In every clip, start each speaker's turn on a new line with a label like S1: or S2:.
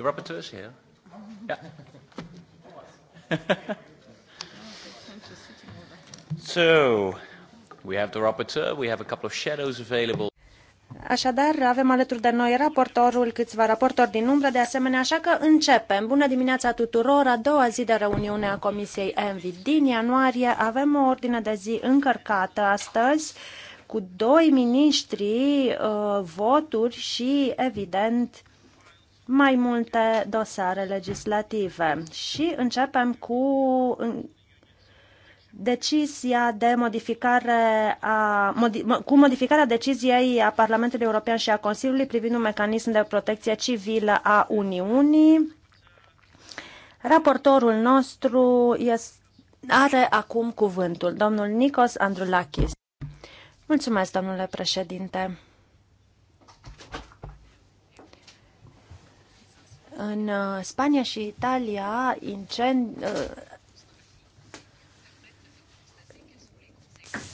S1: The rapporteur is here. Yeah. so, we have the rapporteur, we have a couple of shadows available.
S2: Așadar, avem alături de noi raportorul, câțiva raportori din umbră, de asemenea, așa că începem. Bună dimineața tuturor, a doua zi de reuniune a Comisiei Envi din ianuarie. Avem o ordine de zi încărcată astăzi cu doi miniștri, uh, voturi și, evident, mai multe dosare legislative și începem cu decizia de modificare a, modi, cu modificarea deciziei a Parlamentului European și a Consiliului privind un mecanism de protecție civilă a Uniunii. Raportorul nostru este, are acum cuvântul, domnul Nikos Andrulakis. Mulțumesc, domnule președinte. În uh, Spania și Italia, incend... Uh,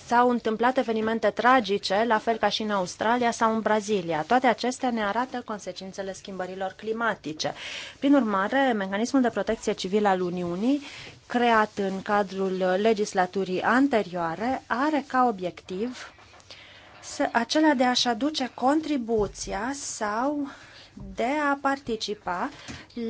S2: s-au întâmplat evenimente tragice, la fel ca și în Australia sau în Brazilia. Toate acestea ne arată consecințele schimbărilor climatice. Prin urmare, mecanismul de protecție civilă al Uniunii, creat în cadrul legislaturii anterioare, are ca obiectiv acela de a-și aduce contribuția sau de a participa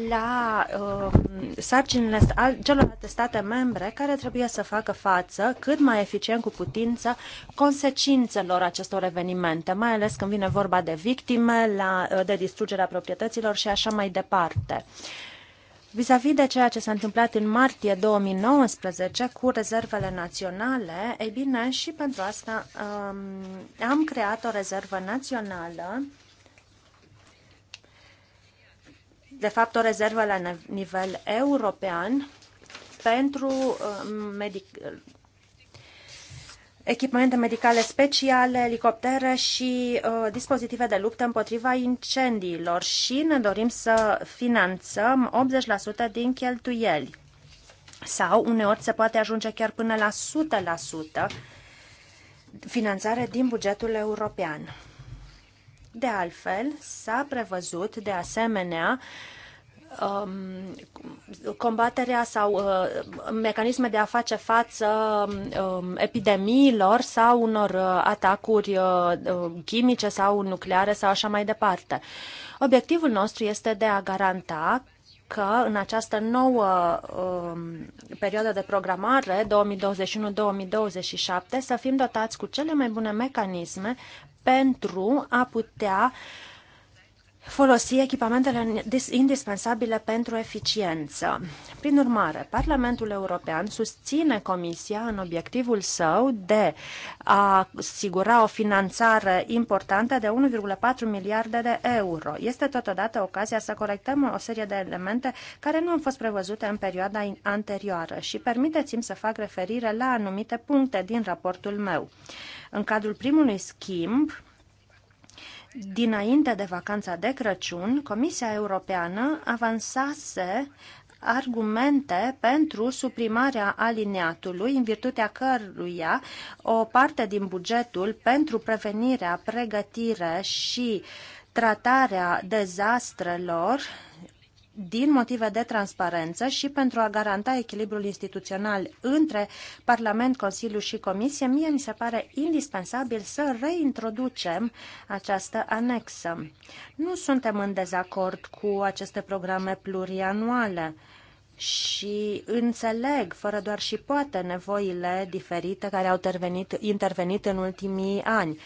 S2: la uh, sarcinile al celorlalte state membre care trebuie să facă față cât mai eficient cu putință consecințelor acestor evenimente, mai ales când vine vorba de victime, la, uh, de distrugerea proprietăților și așa mai departe. Vis-a-vis -vis de ceea ce s-a întâmplat în martie 2019 cu rezervele naționale, ei bine, și pentru asta um, am creat o rezervă națională de fapt o rezervă la nivel european pentru uh, medic- echipamente medicale speciale, elicoptere și uh, dispozitive de luptă împotriva incendiilor și ne dorim să finanțăm 80% din cheltuieli sau uneori se poate ajunge chiar până la 100% finanțare din bugetul european. De altfel, s-a prevăzut de asemenea um, combaterea sau uh, mecanisme de a face față um, epidemiilor sau unor uh, atacuri uh, chimice sau nucleare sau așa mai departe. Obiectivul nostru este de a garanta că în această nouă um, perioadă de programare 2021-2027 să fim dotați cu cele mai bune mecanisme pentru a putea folosi echipamentele indispensabile pentru eficiență. Prin urmare, Parlamentul European susține Comisia în obiectivul său de a asigura o finanțare importantă de 1,4 miliarde de euro. Este totodată ocazia să corectăm o serie de elemente care nu au fost prevăzute în perioada anterioară și permiteți-mi să fac referire la anumite puncte din raportul meu. În cadrul primului schimb, dinainte de vacanța de Crăciun, Comisia Europeană avansase argumente pentru suprimarea alineatului, în virtutea căruia o parte din bugetul pentru prevenirea, pregătire și tratarea dezastrelor din motive de transparență și pentru a garanta echilibrul instituțional între Parlament, Consiliu și Comisie, mie mi se pare indispensabil să reintroducem această anexă. Nu suntem în dezacord cu aceste programe plurianuale și înțeleg, fără doar și poate, nevoile diferite care au intervenit, intervenit în ultimii ani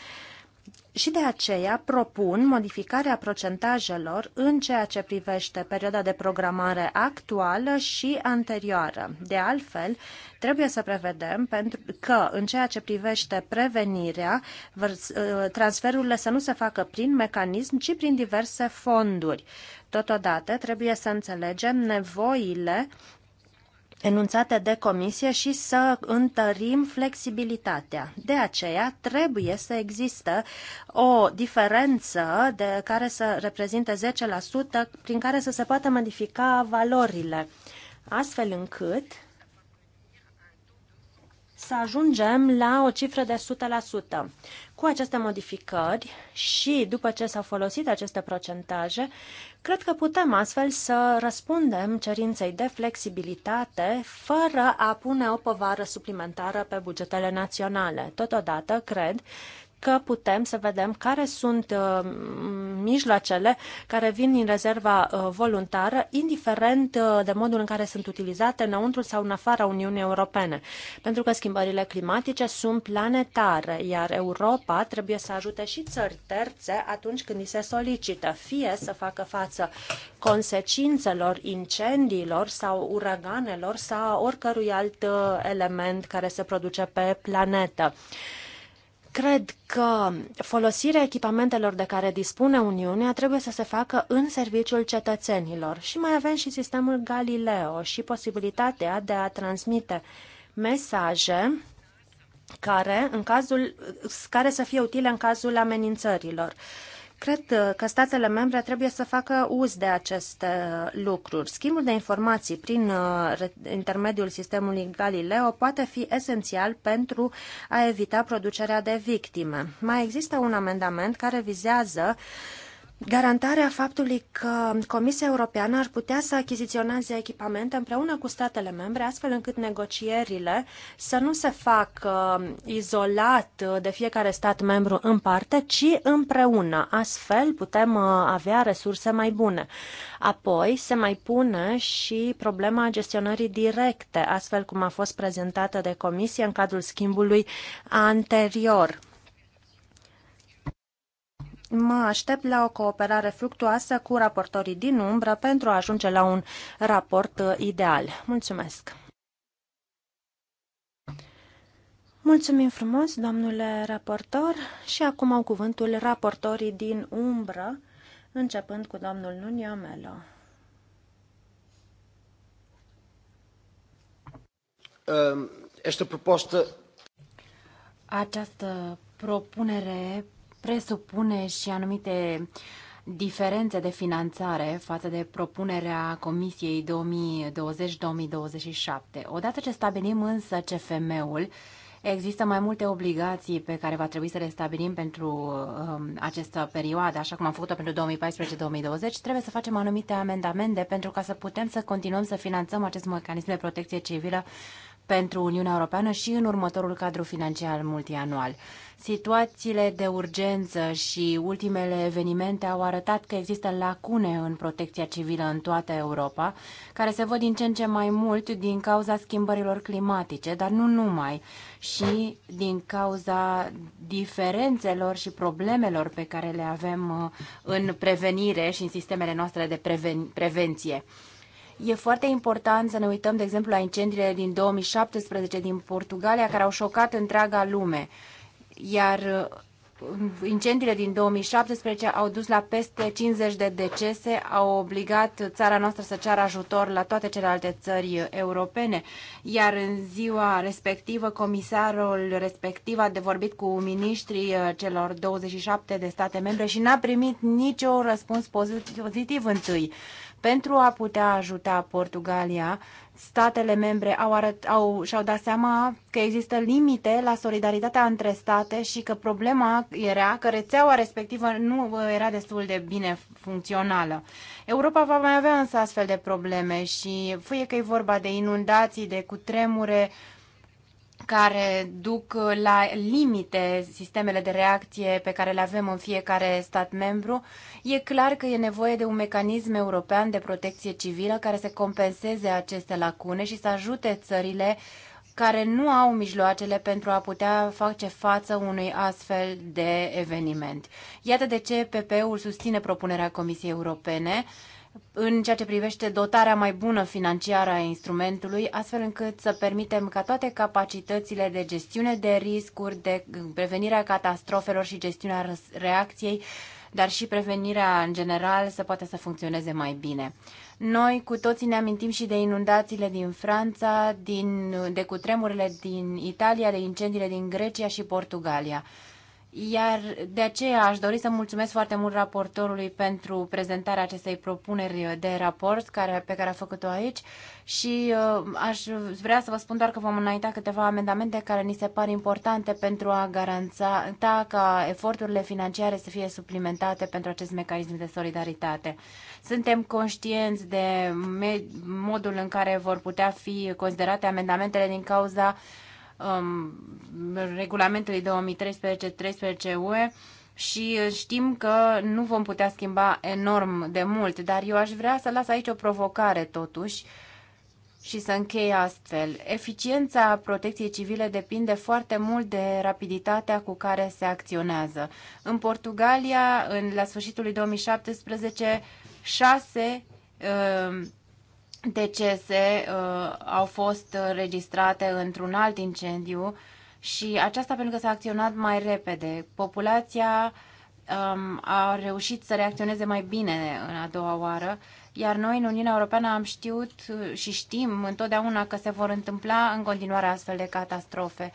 S2: și de aceea propun modificarea procentajelor în ceea ce privește perioada de programare actuală și anterioară. De altfel, trebuie să prevedem pentru că în ceea ce privește prevenirea, ă, transferurile să nu se facă prin mecanism, ci prin diverse fonduri. Totodată, trebuie să înțelegem nevoile enunțate de comisie și să întărim flexibilitatea. De aceea trebuie să există o diferență de care să reprezinte 10% prin care să se poată modifica valorile, astfel încât să ajungem la o cifră de 100%. Cu aceste modificări și după ce s-au folosit aceste procentaje, cred că putem astfel să răspundem cerinței de flexibilitate fără a pune o povară suplimentară pe bugetele naționale. Totodată, cred că putem să vedem care sunt uh, mijloacele care vin din rezerva uh, voluntară, indiferent uh, de modul în care sunt utilizate înăuntru sau în afara Uniunii Europene. Pentru că schimbările climatice sunt planetare, iar Europa trebuie să ajute și țări terțe atunci când îi se solicită, fie să facă față consecințelor incendiilor sau uraganelor sau oricărui alt uh, element care se produce pe planetă. Cred că folosirea echipamentelor de care dispune Uniunea trebuie să se facă în serviciul cetățenilor. Și mai avem și sistemul Galileo și posibilitatea de a transmite mesaje care, în cazul, care să fie utile în cazul amenințărilor. Uh, Cred uh, că statele membre trebuie să facă uz de aceste uh, lucruri. Schimbul de informații prin uh, intermediul sistemului Galileo poate fi esențial pentru a evita producerea de victime. Mai există un amendament care vizează uh, garantarea faptului că Comisia Europeană ar putea să achiziționeze echipamente împreună cu statele membre, astfel încât negocierile să nu se facă uh, izolat uh, de fiecare stat membru în parte, ci împreună. Astfel putem uh, avea resurse mai bune. Apoi se mai pune și problema gestionării directe, astfel cum a fost prezentată de Comisie în cadrul schimbului anterior mă aștept la o cooperare fructuoasă cu raportorii din umbră pentru a ajunge la un raport uh, ideal. Mulțumesc! Mulțumim frumos, domnule raportor, și acum au cuvântul raportorii din umbră, începând cu domnul Nunio Melo.
S1: Ă, este propostă...
S2: Această propunere
S1: presupune și anumite diferențe de finanțare față de propunerea Comisiei 2020-2027. Odată ce stabilim însă CFM-ul, Există mai multe obligații pe care va trebui să le stabilim pentru um, această perioadă, așa cum am făcut-o pentru 2014-2020. Trebuie să facem anumite amendamente pentru ca să putem să continuăm să finanțăm acest mecanism de protecție civilă pentru Uniunea Europeană și în următorul cadru financiar multianual. Situațiile de urgență și ultimele evenimente au arătat că există lacune în protecția civilă în toată Europa, care se văd din ce în ce mai mult din cauza schimbărilor climatice, dar nu numai, și din cauza diferențelor și problemelor pe care le avem uh, în prevenire și în sistemele noastre de preven- prevenție. E foarte important să ne uităm, de exemplu, la incendiile din 2017 din Portugalia, care au șocat întreaga lume. Iar uh, incendiile din 2017 au dus la peste 50 de decese, au obligat țara noastră să ceară ajutor la toate celelalte țări europene. Iar în ziua respectivă, comisarul respectiv a de vorbit cu miniștrii uh, celor 27 de state membre și n-a primit niciun răspuns pozitiv întâi. Pentru a putea ajuta Portugalia, statele membre au arăt, au, și-au dat seama că există limite la solidaritatea între state și că problema era că rețeaua respectivă nu era destul de bine funcțională. Europa va mai avea însă astfel de probleme și fie că e vorba de inundații, de cutremure, care duc uh, la limite sistemele de reacție pe care le avem în fiecare stat membru, e clar că e nevoie de un mecanism european de protecție civilă care să compenseze aceste lacune și să ajute țările care nu au mijloacele pentru a putea face față unui astfel de eveniment. Iată de ce PP-ul susține propunerea Comisiei Europene în ceea ce privește dotarea mai bună financiară a instrumentului, astfel încât să permitem ca toate capacitățile de gestiune de riscuri, de prevenirea catastrofelor și gestiunea reacției, dar și prevenirea în general să poată să funcționeze mai bine. Noi cu toții ne amintim și de inundațiile din Franța, din, de cutremurile din Italia, de incendiile din Grecia și Portugalia. Iar de aceea aș dori să mulțumesc foarte mult raportorului pentru prezentarea acestei propuneri de raport care, pe care a făcut-o aici și uh, aș vrea să vă spun doar că vom înainta câteva amendamente care ni se par importante pentru a garanta ca eforturile financiare să fie suplimentate pentru acest mecanism de solidaritate. Suntem conștienți de modul în care vor putea fi considerate amendamentele din cauza uh, um, regulamentului 2013-13 UE și uh, știm că nu vom putea schimba enorm de mult, dar eu aș vrea să las aici o provocare totuși și să închei astfel. Eficiența protecției civile depinde foarte mult de rapiditatea cu care se acționează. În Portugalia, în, la sfârșitul lui 2017, șase uh, decese uh, au fost registrate într-un alt incendiu și aceasta pentru că s-a acționat mai repede. Populația um, a reușit să reacționeze mai bine în a doua oară, iar noi în Uniunea Europeană am știut uh, și știm întotdeauna că se vor întâmpla în continuare astfel de catastrofe.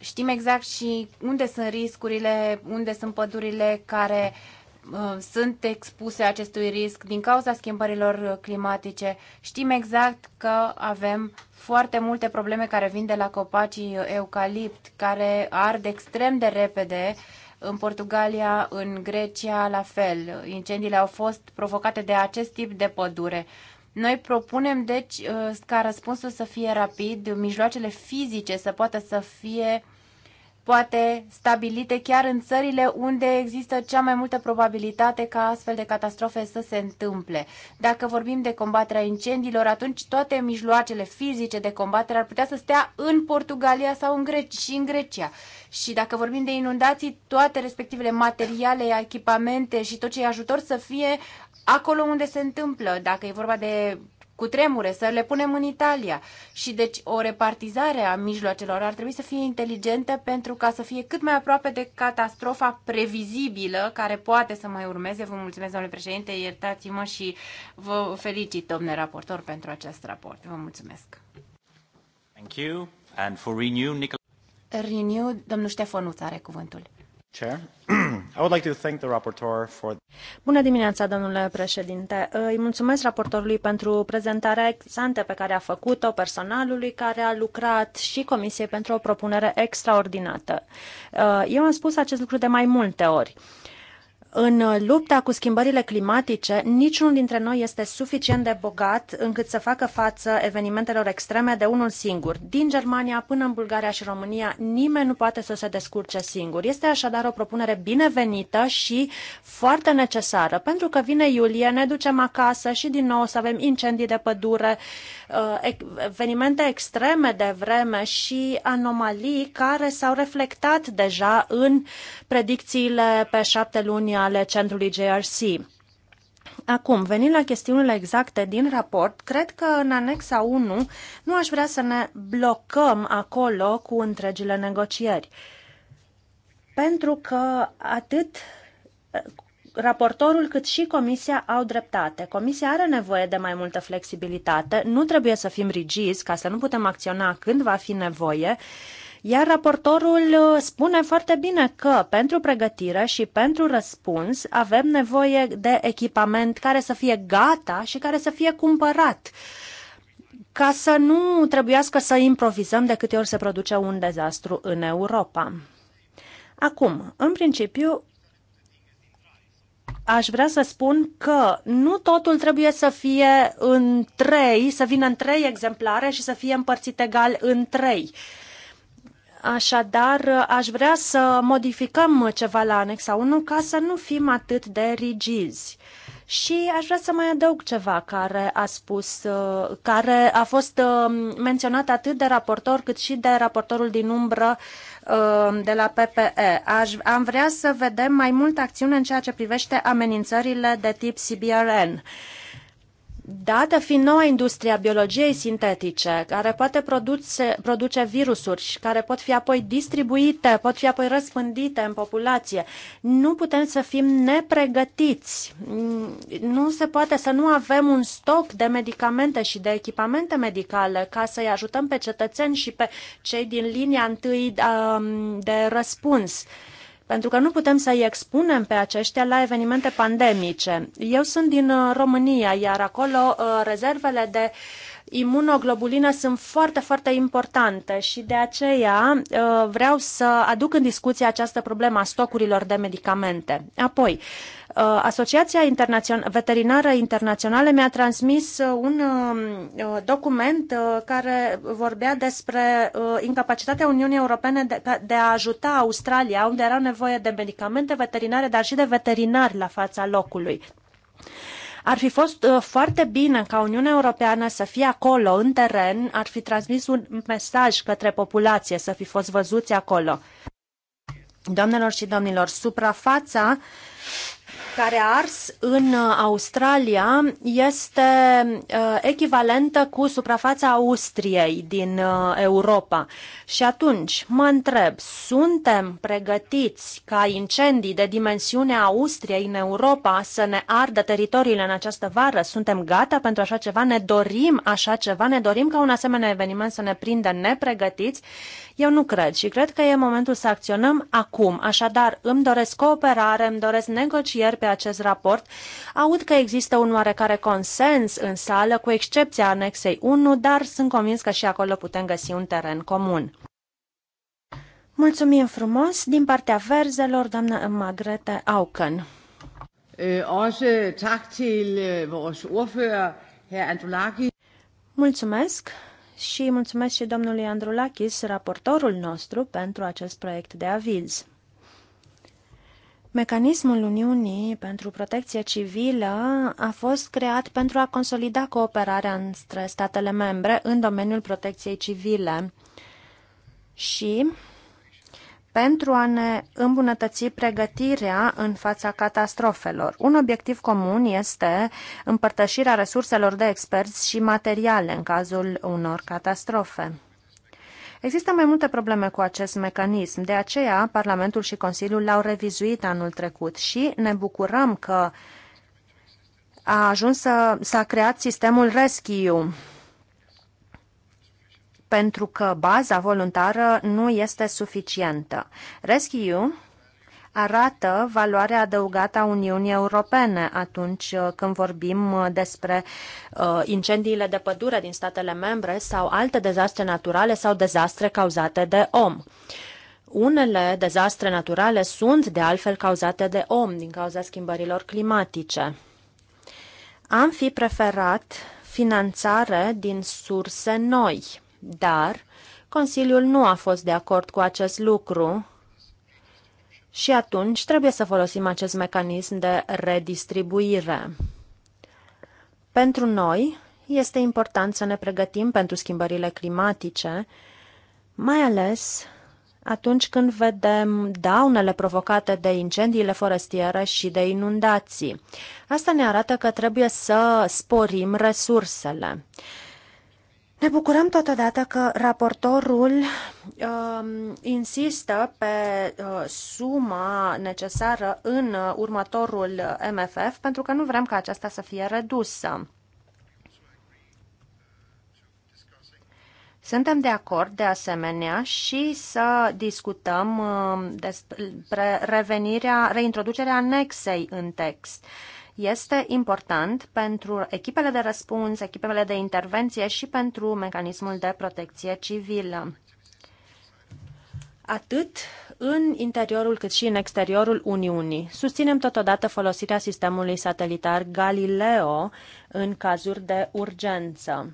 S1: Știm exact și unde sunt riscurile, unde sunt pădurile care uh, Uh, sunt expuse acestui risc din cauza schimbărilor climatice. Știm exact că avem foarte multe probleme care vin de la copacii eucalipt, care ard extrem de repede în Portugalia, în Grecia, la fel. Incendiile au fost provocate de acest tip de pădure. Noi propunem, deci, uh, ca răspunsul să fie rapid, mijloacele fizice să poată să fie poate stabilite chiar în țările unde există cea mai multă probabilitate ca astfel de catastrofe să se întâmple. Dacă vorbim de combaterea incendiilor, atunci toate mijloacele fizice de combatere ar putea să stea în Portugalia sau în Gre- și în Grecia. Și dacă vorbim de inundații, toate respectivele materiale, echipamente și tot ce e ajutor să fie acolo unde se întâmplă, dacă e vorba de cu tremure, să le punem în Italia. Și deci o repartizare a mijloacelor ar trebui să fie inteligentă pentru ca să fie cât mai aproape de catastrofa previzibilă care poate să mai urmeze. Vă mulțumesc, domnule președinte, iertați-mă și vă felicit, domnule raportor, pentru acest raport. Vă mulțumesc. Thank you. And for Renew, Nicola...
S2: Renew, domnul Ștefănuț are cuvântul.
S1: Chair.
S2: Bună dimineața, domnule președinte. Îi mulțumesc raportorului pentru prezentarea exante pe care a făcut-o personalului care a lucrat și Comisiei pentru o propunere extraordinată. Eu am spus acest lucru de mai multe ori. În lupta cu schimbările climatice, niciunul dintre noi este suficient de bogat încât să facă față evenimentelor extreme de unul singur. Din Germania până în Bulgaria și România, nimeni nu poate să se descurce singur. Este așadar o propunere binevenită și foarte necesară, pentru că vine iulie, ne ducem acasă și din nou o să avem incendii de pădure, uh, evenimente extreme de vreme și anomalii care s-au reflectat deja în predicțiile pe șapte luni ale centrului JRC. Acum, venind la chestiunile exacte din raport, cred că în anexa 1 nu aș vrea să ne blocăm acolo cu întregile negocieri. Pentru că atât raportorul cât și comisia au dreptate. Comisia are nevoie de mai multă flexibilitate, nu trebuie să fim rigizi ca să nu putem acționa când va fi nevoie iar raportorul uh, spune foarte bine că pentru pregătire și pentru răspuns avem nevoie de echipament care să fie gata și care să fie cumpărat ca să nu trebuiască să improvizăm de câte ori se produce un dezastru în Europa. Acum, în principiu, aș vrea să spun că nu totul trebuie să fie în trei, să vină în trei exemplare și să fie împărțit egal în trei. Uh, Așadar, aș vrea să modificăm ceva la anexa 1 ca să nu fim atât de rigizi. Și aș vrea să mai adaug ceva care a spus, care a fost um, menționat atât de raportor cât și de raportorul din umbră um, de la PPE. Aș, am vrea să vedem mai multă acțiune în ceea ce privește amenințările de tip CBRN. Uh, Dată fiind noua industrie a biologiei sintetice, care poate produce, produce virusuri și care pot fi apoi distribuite, pot fi apoi răspândite în populație, nu putem să fim nepregătiți. Nu se poate să nu avem un stoc de medicamente și de echipamente medicale ca să-i ajutăm pe cetățeni și pe cei din linia întâi um, de răspuns pentru că nu putem să-i expunem pe aceștia la evenimente pandemice. Eu sunt din uh, România, iar acolo uh, rezervele de imunoglobulină sunt foarte, foarte importante și de aceea uh, vreau să aduc în discuție această problemă a stocurilor de medicamente. Apoi, Uh, Asociația Internațion- Veterinară Internațională mi-a transmis uh, un um, uh, document care vorbea despre incapacitatea Uniunii Europene de a ajuta Australia, unde era nevoie de medicamente veterinare, dar și de veterinari la fața locului. Ar fi fost foarte bine ca Uniunea Europeană să fie acolo, în teren, ar fi transmis un mesaj către populație, să fi fost văzuți acolo. Doamnelor și domnilor, suprafața care a ars în uh, Australia este uh, echivalentă cu suprafața Austriei din uh, Europa. Și atunci mă întreb, suntem pregătiți ca incendii de dimensiunea Austriei în Europa să ne ardă teritoriile în această vară? Suntem gata pentru așa ceva? Ne dorim așa ceva? Ne dorim ca un asemenea eveniment să ne prindă nepregătiți? Eu nu cred și cred că e momentul să acționăm acum. Așadar, îmi doresc cooperare, îmi doresc negocieri pe acest raport. Aud că există un oarecare consens în sală, cu excepția anexei 1, dar sunt convins că și acolo putem găsi un teren comun. Mulțumim frumos din partea verzelor, doamna Magrete Auken. Øh, øh, Mulțumesc și mulțumesc și domnului Andrulakis, raportorul nostru, pentru acest proiect de aviz. Mecanismul Uniunii pentru protecție civilă a fost creat pentru a consolida cooperarea între statele membre în domeniul protecției civile și pentru a ne îmbunătăți pregătirea în fața catastrofelor. Un obiectiv comun este împărtășirea resurselor de experți și materiale în cazul unor catastrofe. Există mai multe probleme cu acest mecanism, de aceea Parlamentul și Consiliul l-au revizuit anul trecut și ne bucurăm că a ajuns să s-a creat sistemul Rescue pentru că baza voluntară nu este suficientă. Rescue arată valoarea adăugată a Uniunii Europene atunci uh, când vorbim uh, despre uh, incendiile de pădure din statele membre sau alte dezastre naturale sau dezastre cauzate de om. Unele dezastre naturale sunt de altfel cauzate de om din cauza schimbărilor climatice. Am fi preferat finanțare din surse noi dar Consiliul nu a fost de acord cu acest lucru și atunci trebuie să folosim acest mecanism de redistribuire. Pentru noi este important să ne pregătim pentru schimbările climatice, mai ales atunci când vedem daunele provocate de incendiile forestiere și de inundații. Asta ne arată că trebuie să sporim resursele. Ne bucurăm totodată că raportorul uh, insistă pe uh, suma necesară în uh, următorul uh, MFF, pentru că nu vrem ca aceasta să fie redusă. Suntem de acord, de asemenea, și să discutăm um, despre revenirea, reintroducerea anexei în text. Uh, este important pentru echipele de răspuns, echipele de intervenție și pentru mecanismul de protecție civilă. Atât în interiorul cât și în exteriorul Uniunii. Susținem totodată folosirea sistemului satelitar Galileo în cazuri de urgență.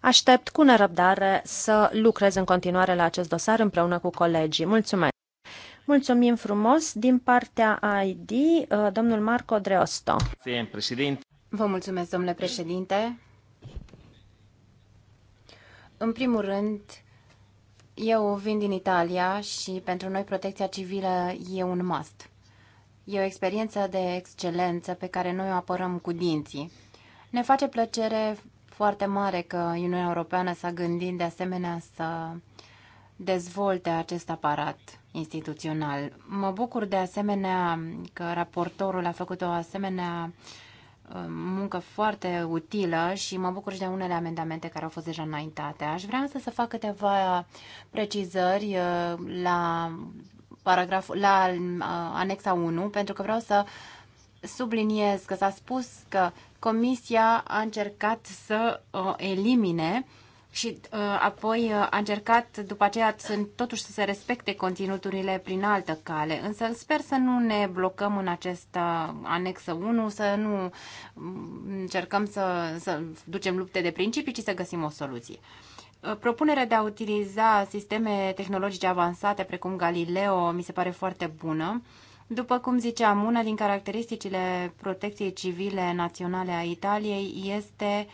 S2: Aștept cu nerăbdare să lucrez în continuare la acest dosar împreună cu colegii. Mulțumesc! Mulțumim frumos din partea ID, uh, domnul Marco Dreosto. Vă mulțumesc, domnule
S1: președinte. În primul rând, eu vin din Italia și pentru noi protecția civilă e un must. E o experiență de excelență pe care noi o apărăm cu dinții. Ne face plăcere foarte mare că Uniunea Europeană s-a gândit de asemenea să dezvolte acest aparat instituțional. Mă bucur de asemenea că raportorul a făcut o asemenea uh, muncă foarte utilă și mă bucur și de unele amendamente care au fost deja înaintate. Aș vrea însă să fac câteva precizări uh, la, paragraf, la uh, anexa 1, pentru că vreau să subliniez că s-a spus că Comisia a încercat să elimine uh, și uh, apoi uh, a încercat după aceea să, totuși să se respecte conținuturile prin altă cale. Însă sper să nu ne blocăm în această uh, anexă 1, să nu mm, încercăm să, să ducem lupte de principii, ci să găsim o soluție. Uh, propunerea de a utiliza sisteme tehnologice avansate precum Galileo mi se pare foarte bună. După cum ziceam, una din caracteristicile protecției civile naționale a Italiei este uh,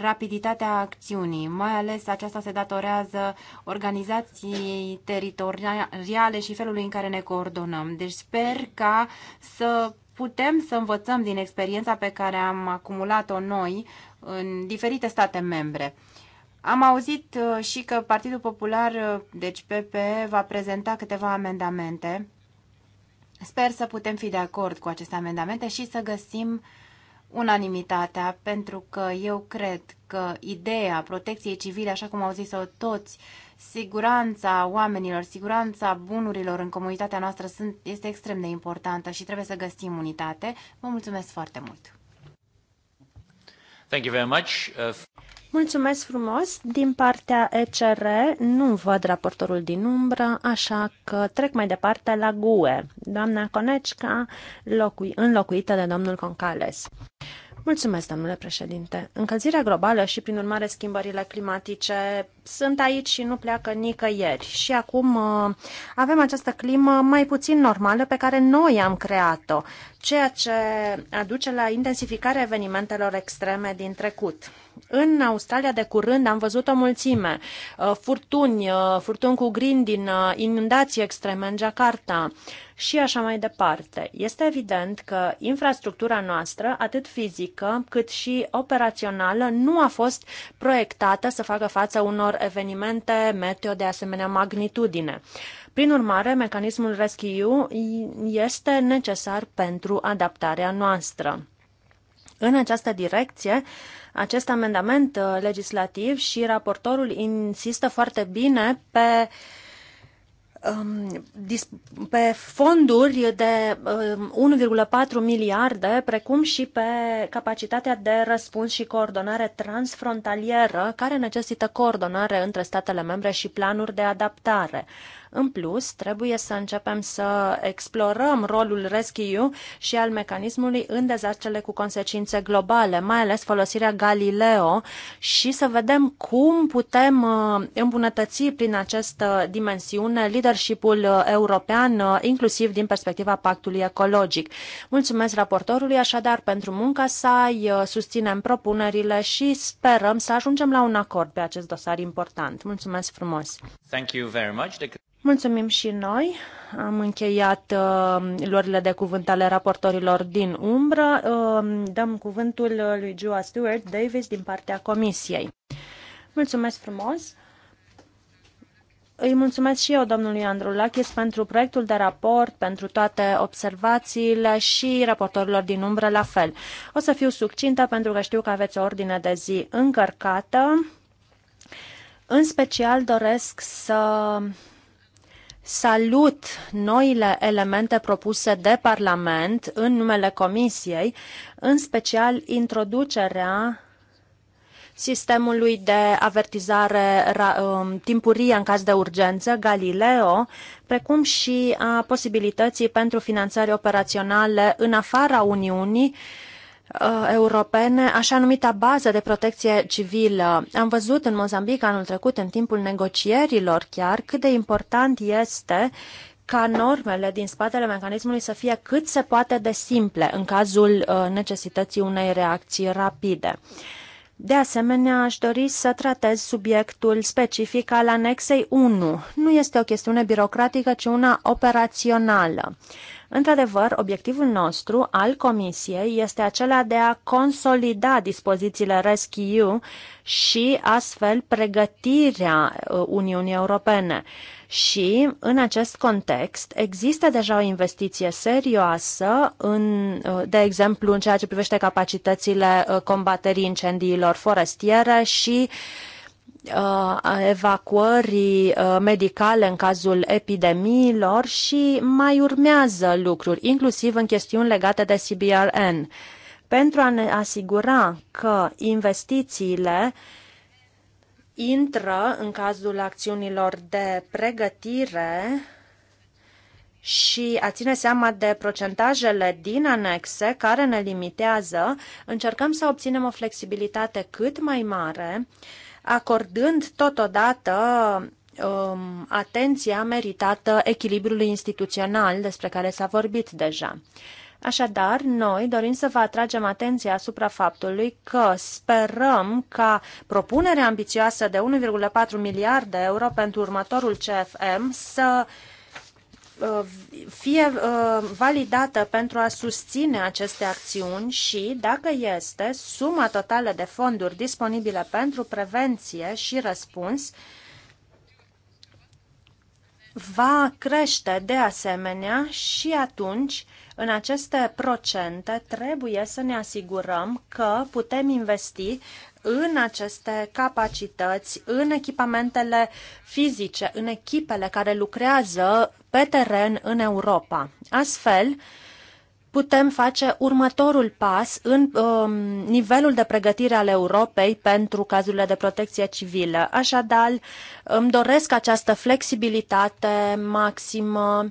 S1: rapiditatea acțiunii, mai ales aceasta se datorează organizației teritoriale și felului în care ne coordonăm. Deci sper ca să putem să învățăm din experiența pe care am acumulat-o noi în diferite state membre. Am auzit uh, și că Partidul Popular, uh, deci PP, va prezenta câteva amendamente. Sper să putem fi de acord cu aceste amendamente și să găsim uh, unanimitatea, pentru că eu cred că ideea protecției civile, așa cum au zis-o toți, siguranța oamenilor, siguranța bunurilor în comunitatea noastră sunt, este extrem de importantă și trebuie să găsim unitate. Vă mulțumesc foarte mult! Thank you very much. Uh,
S2: Mulțumesc frumos. Din partea ECR nu văd raportorul din umbră, așa că trec mai departe la GUE. Doamna Conecica, locui, înlocuită de domnul Concales. Mulțumesc, domnule președinte. Încălzirea globală și, prin urmare, schimbările climatice sunt aici și nu pleacă nicăieri. Și acum uh, avem această climă mai puțin normală pe care noi am creat-o ceea ce aduce la intensificarea evenimentelor extreme din trecut. În Australia de curând am văzut o mulțime, uh, furtuni, uh, furtuni cu grindin, uh, inundații extreme în Jakarta și așa mai departe. Este evident că infrastructura noastră, atât fizică cât și operațională, nu a fost proiectată să facă față unor evenimente meteo de asemenea magnitudine. Prin urmare, mecanismul Rescue este necesar pentru adaptarea noastră. În această direcție, acest amendament uh, legislativ și raportorul insistă foarte bine pe um, pe fonduri de 1,4 um, miliarde, precum și pe capacitatea de răspuns și coordonare transfrontalieră, care necesită coordonare între statele membre și planuri de adaptare. În plus, trebuie să începem să explorăm rolul Rescue și al mecanismului în dezastrele cu consecințe globale, mai ales folosirea Galileo și să vedem cum putem uh, îmbunătăți prin această dimensiune leadership-ul uh, european, uh, inclusiv din perspectiva pactului ecologic. Mulțumesc raportorului așadar pentru munca sa, susținem propunerile și sperăm să ajungem la un acord pe acest dosar important. Mulțumesc frumos!
S1: Thank you very much.
S2: Mulțumim și noi. Am încheiat uh, luările de cuvânt ale raportorilor din umbră. Uh, dăm cuvântul lui Joa Stewart Davis din partea comisiei. Mulțumesc frumos! Îi mulțumesc și eu domnului Lachis pentru proiectul de raport, pentru toate observațiile și raportorilor din umbră la fel. O să fiu succintă pentru că știu că aveți o ordine de zi încărcată. În special doresc să salut noile elemente propuse de Parlament în numele Comisiei, în special introducerea sistemului de avertizare um, timpurie în caz de urgență, Galileo, precum și a posibilității pentru finanțări operaționale în afara Uniunii, uh, Uh, europene, așa numita bază de protecție civilă. Am văzut în Mozambic anul trecut, în timpul negocierilor chiar, cât de important este ca normele din spatele mecanismului să fie cât se poate de simple în cazul uh, necesității unei reacții rapide. De asemenea, aș dori să tratez subiectul specific al anexei 1. Nu este o chestiune birocratică, ci una operațională. Într-adevăr, obiectivul nostru al Comisiei este acela de a consolida dispozițiile Rescue și astfel pregătirea uh, Uniunii Europene. Și, în acest context, există deja o investiție serioasă, în, uh, de exemplu, în ceea ce privește capacitățile uh, combaterii incendiilor forestiere și uh, Uh, evacuării uh, medicale în cazul epidemiilor și mai urmează lucruri, inclusiv în chestiuni legate de CBRN, pentru a ne asigura că investițiile intră în cazul acțiunilor de pregătire și a ține seama de procentajele din anexe care ne limitează, încercăm să obținem o flexibilitate cât mai mare uh, acordând totodată um, atenția meritată echilibrului instituțional despre care s-a vorbit deja. Așadar, noi dorim să vă atragem atenția asupra faptului că sperăm ca propunerea ambițioasă de 1,4 miliarde de euro pentru următorul CFM să uh, Uh, fie uh, validată pentru a susține aceste acțiuni și, dacă este, suma totală de fonduri disponibile pentru prevenție și răspuns va crește de asemenea și atunci, în aceste procente, trebuie să ne asigurăm că putem investi în aceste capacități, în echipamentele fizice, în echipele care lucrează pe teren în Europa. Astfel, putem face următorul pas în um, nivelul de pregătire al Europei pentru cazurile de protecție civilă. Așadar, îmi doresc această flexibilitate maximă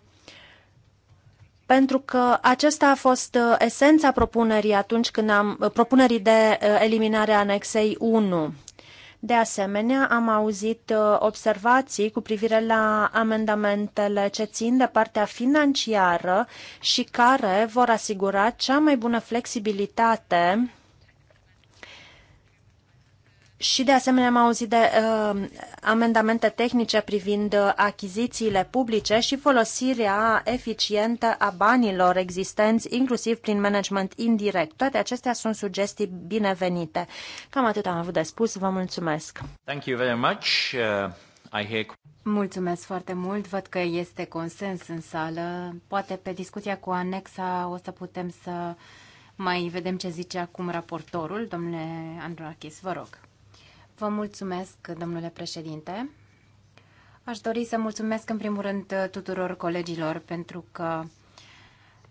S2: pentru că acesta a fost uh, esența propunerii atunci când am uh, propunerii de uh, eliminare a anexei 1. De asemenea, am auzit observații cu privire la amendamentele ce țin de partea financiară și care vor asigura cea mai bună flexibilitate și de asemenea am auzit de uh, amendamente tehnice privind uh, achizițiile publice și folosirea eficientă a banilor existenți, inclusiv prin management indirect. Toate acestea sunt sugestii binevenite. Cam atât am avut de spus. Vă mulțumesc.
S1: Thank you very much. Uh, I hear... Mulțumesc foarte mult. Văd că este consens în sală. Poate pe discuția cu anexa o să putem să mai vedem ce zice acum raportorul. Domnule Androachis, vă rog. Vă mulțumesc, domnule președinte. Aș dori să mulțumesc în primul rând tuturor colegilor pentru că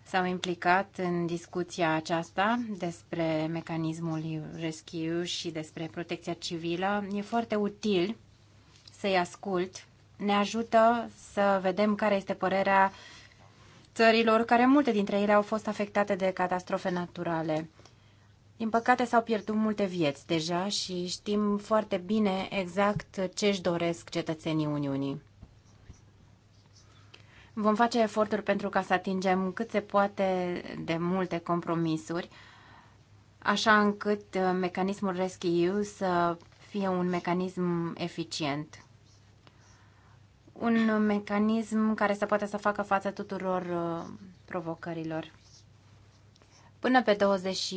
S1: s-au implicat în discuția aceasta despre mecanismul rescue și despre protecția civilă. E foarte util să-i ascult. Ne ajută să vedem care este părerea țărilor, care multe dintre ele au fost afectate de catastrofe naturale. Din păcate s-au pierdut multe vieți deja și știm foarte bine exact ce își doresc cetățenii Uniunii. Vom face eforturi pentru ca să atingem cât se poate de multe compromisuri, așa încât uh, mecanismul Rescue să fie un mecanism eficient. Un mecanism care să poată să facă față tuturor uh, provocărilor. Până pe 20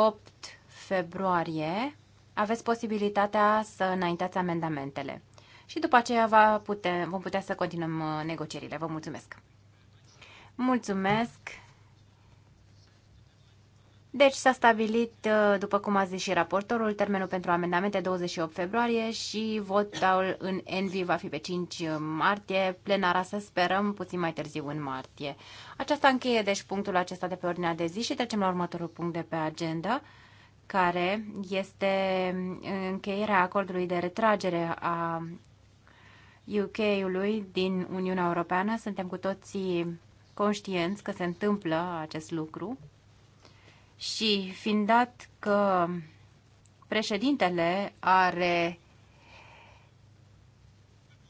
S1: 8 februarie aveți posibilitatea să înaintați amendamentele. Și după aceea va pute, vom putea să continuăm uh, negocierile. Vă mulțumesc! Mulțumesc! Deci s-a stabilit, uh, după cum a zis și raportorul, termenul pentru amendamente 28 februarie și votul în Envi va fi pe 5 uh, martie, plenara să sperăm puțin mai târziu în martie. Aceasta încheie deci punctul acesta de pe ordinea de zi și trecem la următorul punct de pe agenda, care este uh, încheierea acordului de retragere a UK-ului din Uniunea Europeană. Suntem cu toții conștienți că se întâmplă acest lucru și fiind dat că președintele are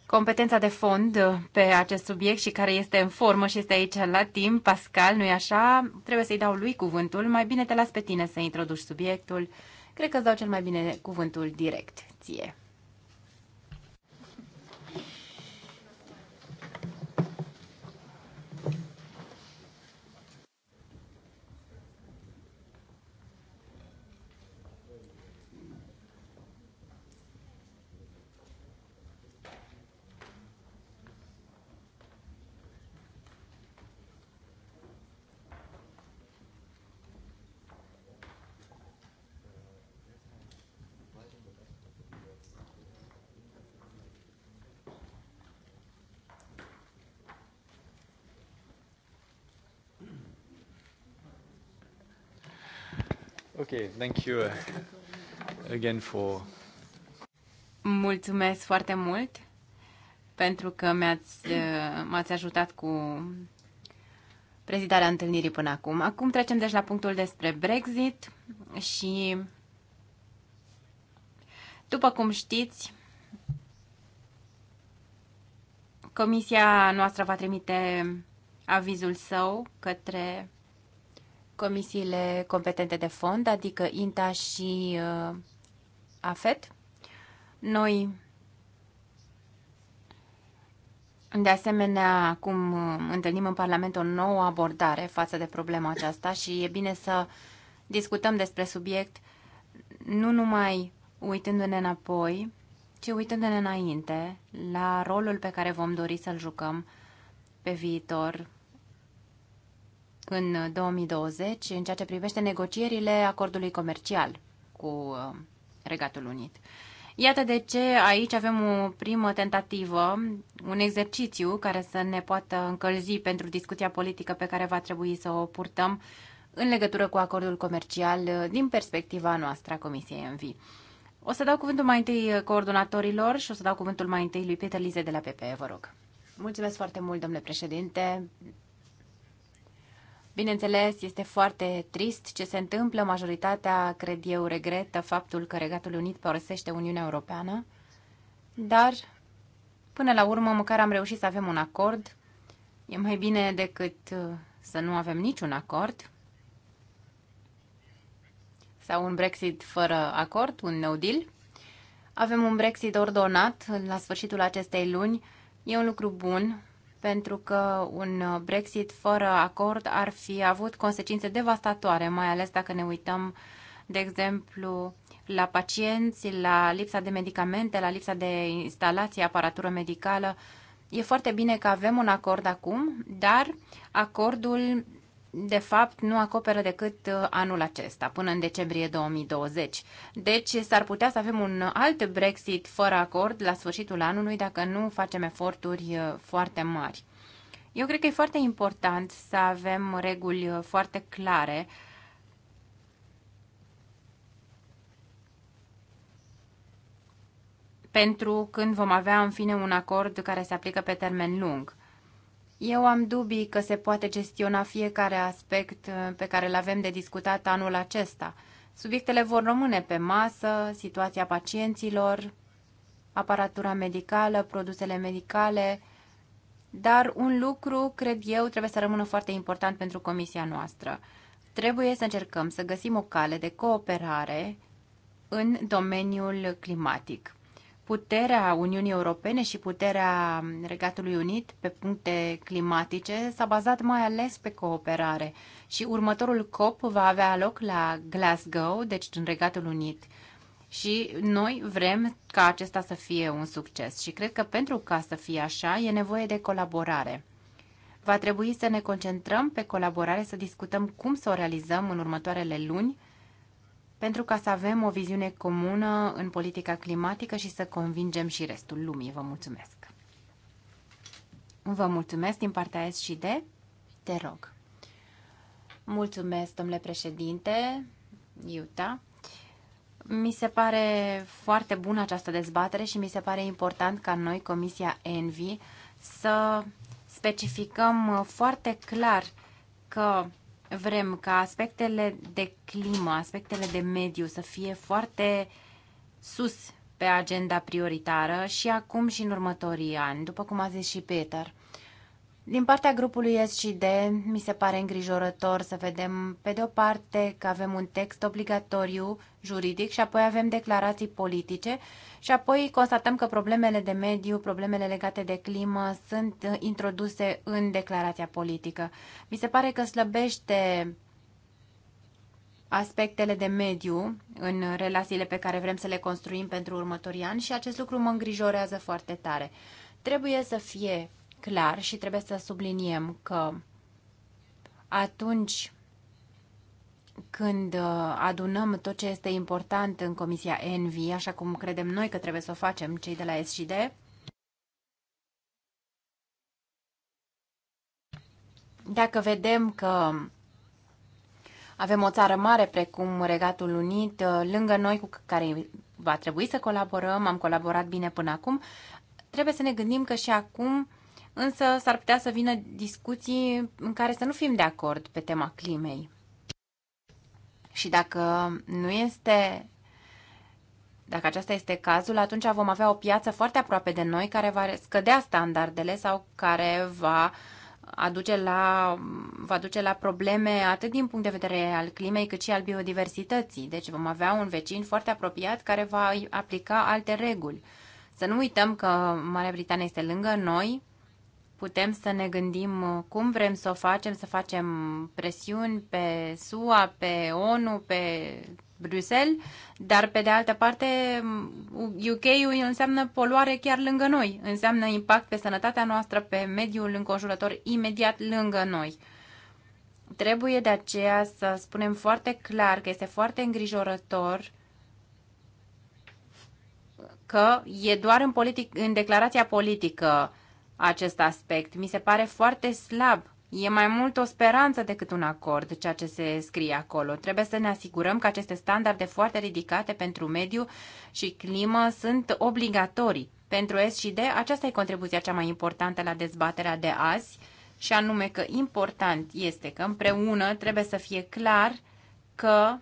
S1: competența de fond pe acest subiect și care este în formă și este aici la timp, Pascal, nu-i așa? Trebuie să-i dau lui cuvântul. Mai bine te las pe tine să introduci subiectul. Cred că îți dau cel mai bine cuvântul direct ție. Okay, thank you uh, again for... Mulțumesc foarte mult pentru că ați uh, m-ați ajutat cu prezidarea întâlnirii până acum. Acum trecem deci la punctul despre Brexit și după cum știți, comisia noastră va trimite avizul său către comisiile competente de fond, adică INTA și uh, AFET. Noi, de asemenea, acum uh, întâlnim în Parlament o nouă abordare față de problema aceasta și e bine să discutăm despre subiect nu numai uitându-ne înapoi, ci uitându-ne înainte la rolul pe care vom dori să-l jucăm pe viitor în 2020 uh, în ceea ce privește negocierile acordului comercial cu uh, Regatul Unit. Iată de ce aici avem o primă tentativă, un exercițiu care să ne poată încălzi pentru discuția politică pe care va trebui să o purtăm în legătură cu acordul comercial uh, din perspectiva noastră a Comisiei MV. O să dau cuvântul mai întâi coordonatorilor și o să dau cuvântul mai întâi lui Peter Lize de la PPE, vă rog. Mulțumesc foarte mult, domnule președinte, Bineînțeles, este foarte trist ce se întâmplă. Majoritatea, cred eu, regretă faptul că Regatul Unit părăsește Uniunea Europeană, dar până la urmă măcar am reușit să avem un acord. E mai bine decât uh, să nu avem niciun acord sau un Brexit fără acord, un no deal. Avem un Brexit ordonat la sfârșitul acestei luni. E un lucru bun pentru că un uh, Brexit fără acord ar fi avut consecințe devastatoare, mai ales dacă ne uităm, de exemplu, la pacienți, la lipsa de medicamente, la lipsa de instalație, aparatură medicală. E foarte bine că avem un acord acum, dar acordul de fapt, nu acoperă decât uh, anul acesta, până în decembrie 2020. Deci, s-ar putea să avem un alt Brexit fără acord la sfârșitul anului dacă nu facem eforturi uh, foarte mari. Eu cred că e foarte important să avem reguli uh, foarte clare pentru când vom avea, în fine, un acord care se aplică pe termen lung. Eu am dubii că se poate gestiona fiecare aspect uh, pe care îl avem de discutat anul acesta. Subiectele vor rămâne pe masă, situația pacienților, aparatura medicală, produsele medicale, dar un lucru, cred eu, trebuie să rămână foarte important pentru comisia noastră. Trebuie să încercăm să găsim o cale de cooperare în domeniul climatic puterea Uniunii Europene și puterea Regatului Unit pe puncte climatice s-a bazat mai ales pe cooperare și următorul COP va avea loc la Glasgow, deci în Regatul Unit. Și noi vrem ca acesta să fie un succes și cred că pentru ca să fie așa e nevoie de colaborare. Va trebui să ne concentrăm pe colaborare, să discutăm cum să o realizăm în următoarele luni pentru ca să avem o viziune comună în politica climatică și să convingem și restul lumii. Vă mulțumesc! Vă mulțumesc din partea S și D. Te rog. Mulțumesc, domnule președinte, Iuta. Mi se pare foarte bună această dezbatere și mi se pare important ca noi, Comisia Envi, să specificăm foarte clar că vrem ca aspectele de climă, aspectele de mediu să fie foarte sus pe agenda prioritară și acum și în următorii ani, după cum a zis și Peter. Din partea grupului SCD, mi se pare îngrijorător să vedem, pe de o parte, că avem un text obligatoriu juridic și apoi avem declarații politice și apoi constatăm că problemele de mediu, problemele legate de climă sunt introduse în declarația politică. Mi se pare că slăbește aspectele de mediu în relațiile pe care vrem să le construim pentru următorii ani și acest lucru mă îngrijorează foarte tare. Trebuie să fie clar și trebuie să subliniem că atunci când uh, adunăm tot ce este important în Comisia ENVI, așa cum credem noi că trebuie să o facem cei de la SCD, dacă vedem că avem o țară mare precum Regatul Unit, uh, lângă noi cu care va trebui să colaborăm, am colaborat bine până acum, trebuie să ne gândim că și acum însă s-ar putea să vină discuții în care să nu fim de acord pe tema climei. Și dacă nu este dacă acesta este cazul, atunci vom avea o piață foarte aproape de noi care va scădea standardele sau care va aduce la, va duce la probleme atât din punct de vedere al climei cât și al biodiversității. Deci vom avea un vecin foarte apropiat care va aplica alte reguli. Să nu uităm că Marea Britanie este lângă noi putem să ne gândim uh, cum vrem să o facem, să facem presiuni pe SUA, pe ONU, pe Bruxelles, dar pe de altă parte UK-ul înseamnă poluare chiar lângă noi, înseamnă impact pe sănătatea noastră, pe mediul înconjurător imediat lângă noi. Trebuie de aceea să spunem foarte clar că este foarte îngrijorător că e doar în, politic, în declarația politică acest aspect. Mi se pare foarte slab. E mai mult o speranță decât un acord, ceea ce se scrie acolo. Trebuie să ne asigurăm că aceste standarde foarte ridicate pentru mediu și climă sunt obligatorii. Pentru S și D, aceasta e contribuția cea mai importantă la dezbaterea de azi, și anume că important este că împreună trebuie să fie clar că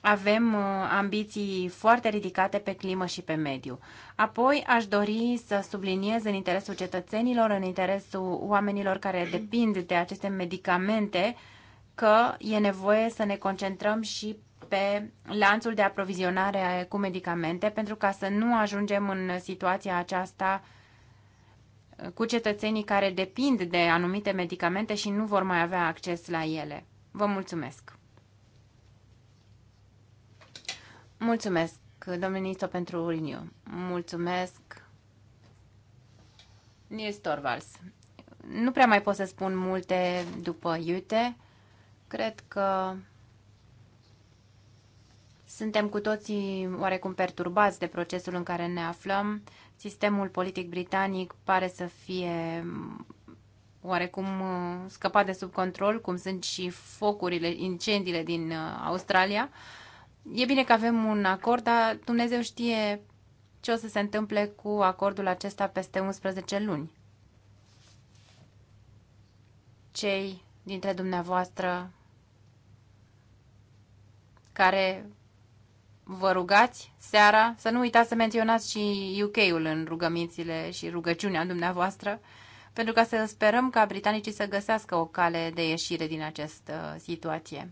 S1: avem uh, ambiții foarte ridicate pe climă și pe mediu. Apoi aș dori să subliniez în interesul cetățenilor, în interesul oamenilor care depind de aceste medicamente, că e nevoie să ne concentrăm și pe lanțul de aprovizionare cu medicamente, pentru ca să nu ajungem în situația aceasta cu cetățenii care depind de anumite medicamente și nu vor mai avea acces la ele. Vă mulțumesc! Mulțumesc, domnul ministru, pentru Uriniu. Mulțumesc, Nils Torvalds. Nu prea mai pot să spun multe după Iute. Cred că suntem cu toții oarecum perturbați de procesul în care ne aflăm. Sistemul politic britanic pare să fie oarecum uh, scăpat de sub control, cum sunt și focurile, incendiile din uh, Australia. Uh, E bine că avem un acord, dar Dumnezeu știe ce o să se întâmple cu acordul acesta peste 11 luni. Cei dintre dumneavoastră care vă rugați seara, să nu uitați să menționați și UK-ul în rugămințile și rugăciunea dumneavoastră, pentru ca să sperăm ca britanicii să găsească o cale de ieșire din această situație.